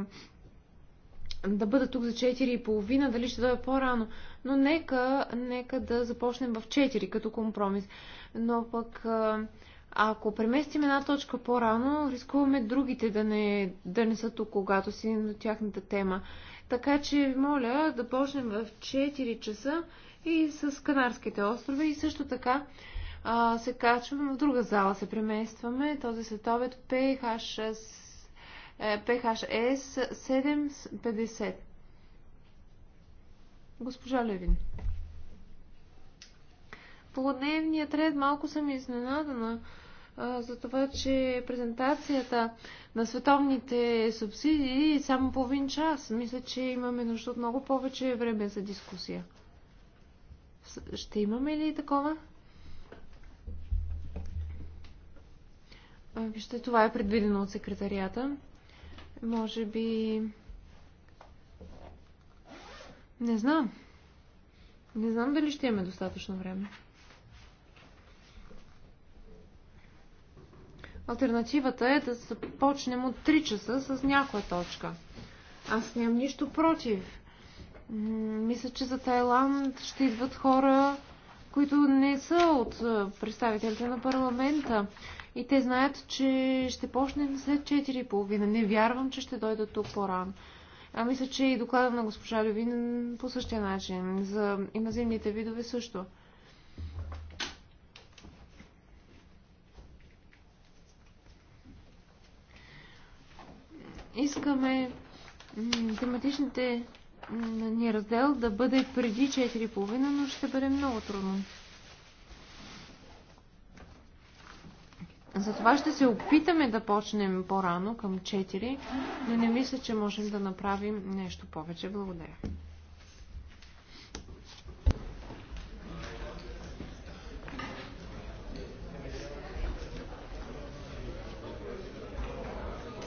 да бъда тук за половина, дали ще дойда по-рано. Но нека, нека да започнем в 4 като компромис. Но пък ако преместим една точка по-рано, рискуваме другите да не, да не са тук, когато си на тяхната тема. Така че, моля да почнем в 4 часа и с Канарските острови и също така а, се качваме в друга зала, се преместваме. Този следобед PHS, PHS 750. Госпожа Левин. Полудневният ред малко съм изненадана за това, че презентацията на световните субсидии е само половин час. Мисля, че имаме нужда от много повече време за дискусия. Ще имаме ли такова? Вижте, това е предвидено от секретарията. Може би... Не знам. Не знам дали ще имаме достатъчно време. Альтернативата е да започнем от 3 часа с някоя точка. Аз нямам нищо против. Мисля, че за Тайланд ще идват хора, които не са от представителите на парламента и те знаят, че ще почнем след 4.30. Не вярвам, че ще дойдат тук по-рано. А мисля, че и доклада на госпожа Лювин по същия начин. За инвазивните видове също. Искаме тематичните ни раздел да бъде преди 4.30, но ще бъде много трудно. Затова ще се опитаме да почнем по-рано, към 4, но не мисля, че можем да направим нещо повече. Благодаря.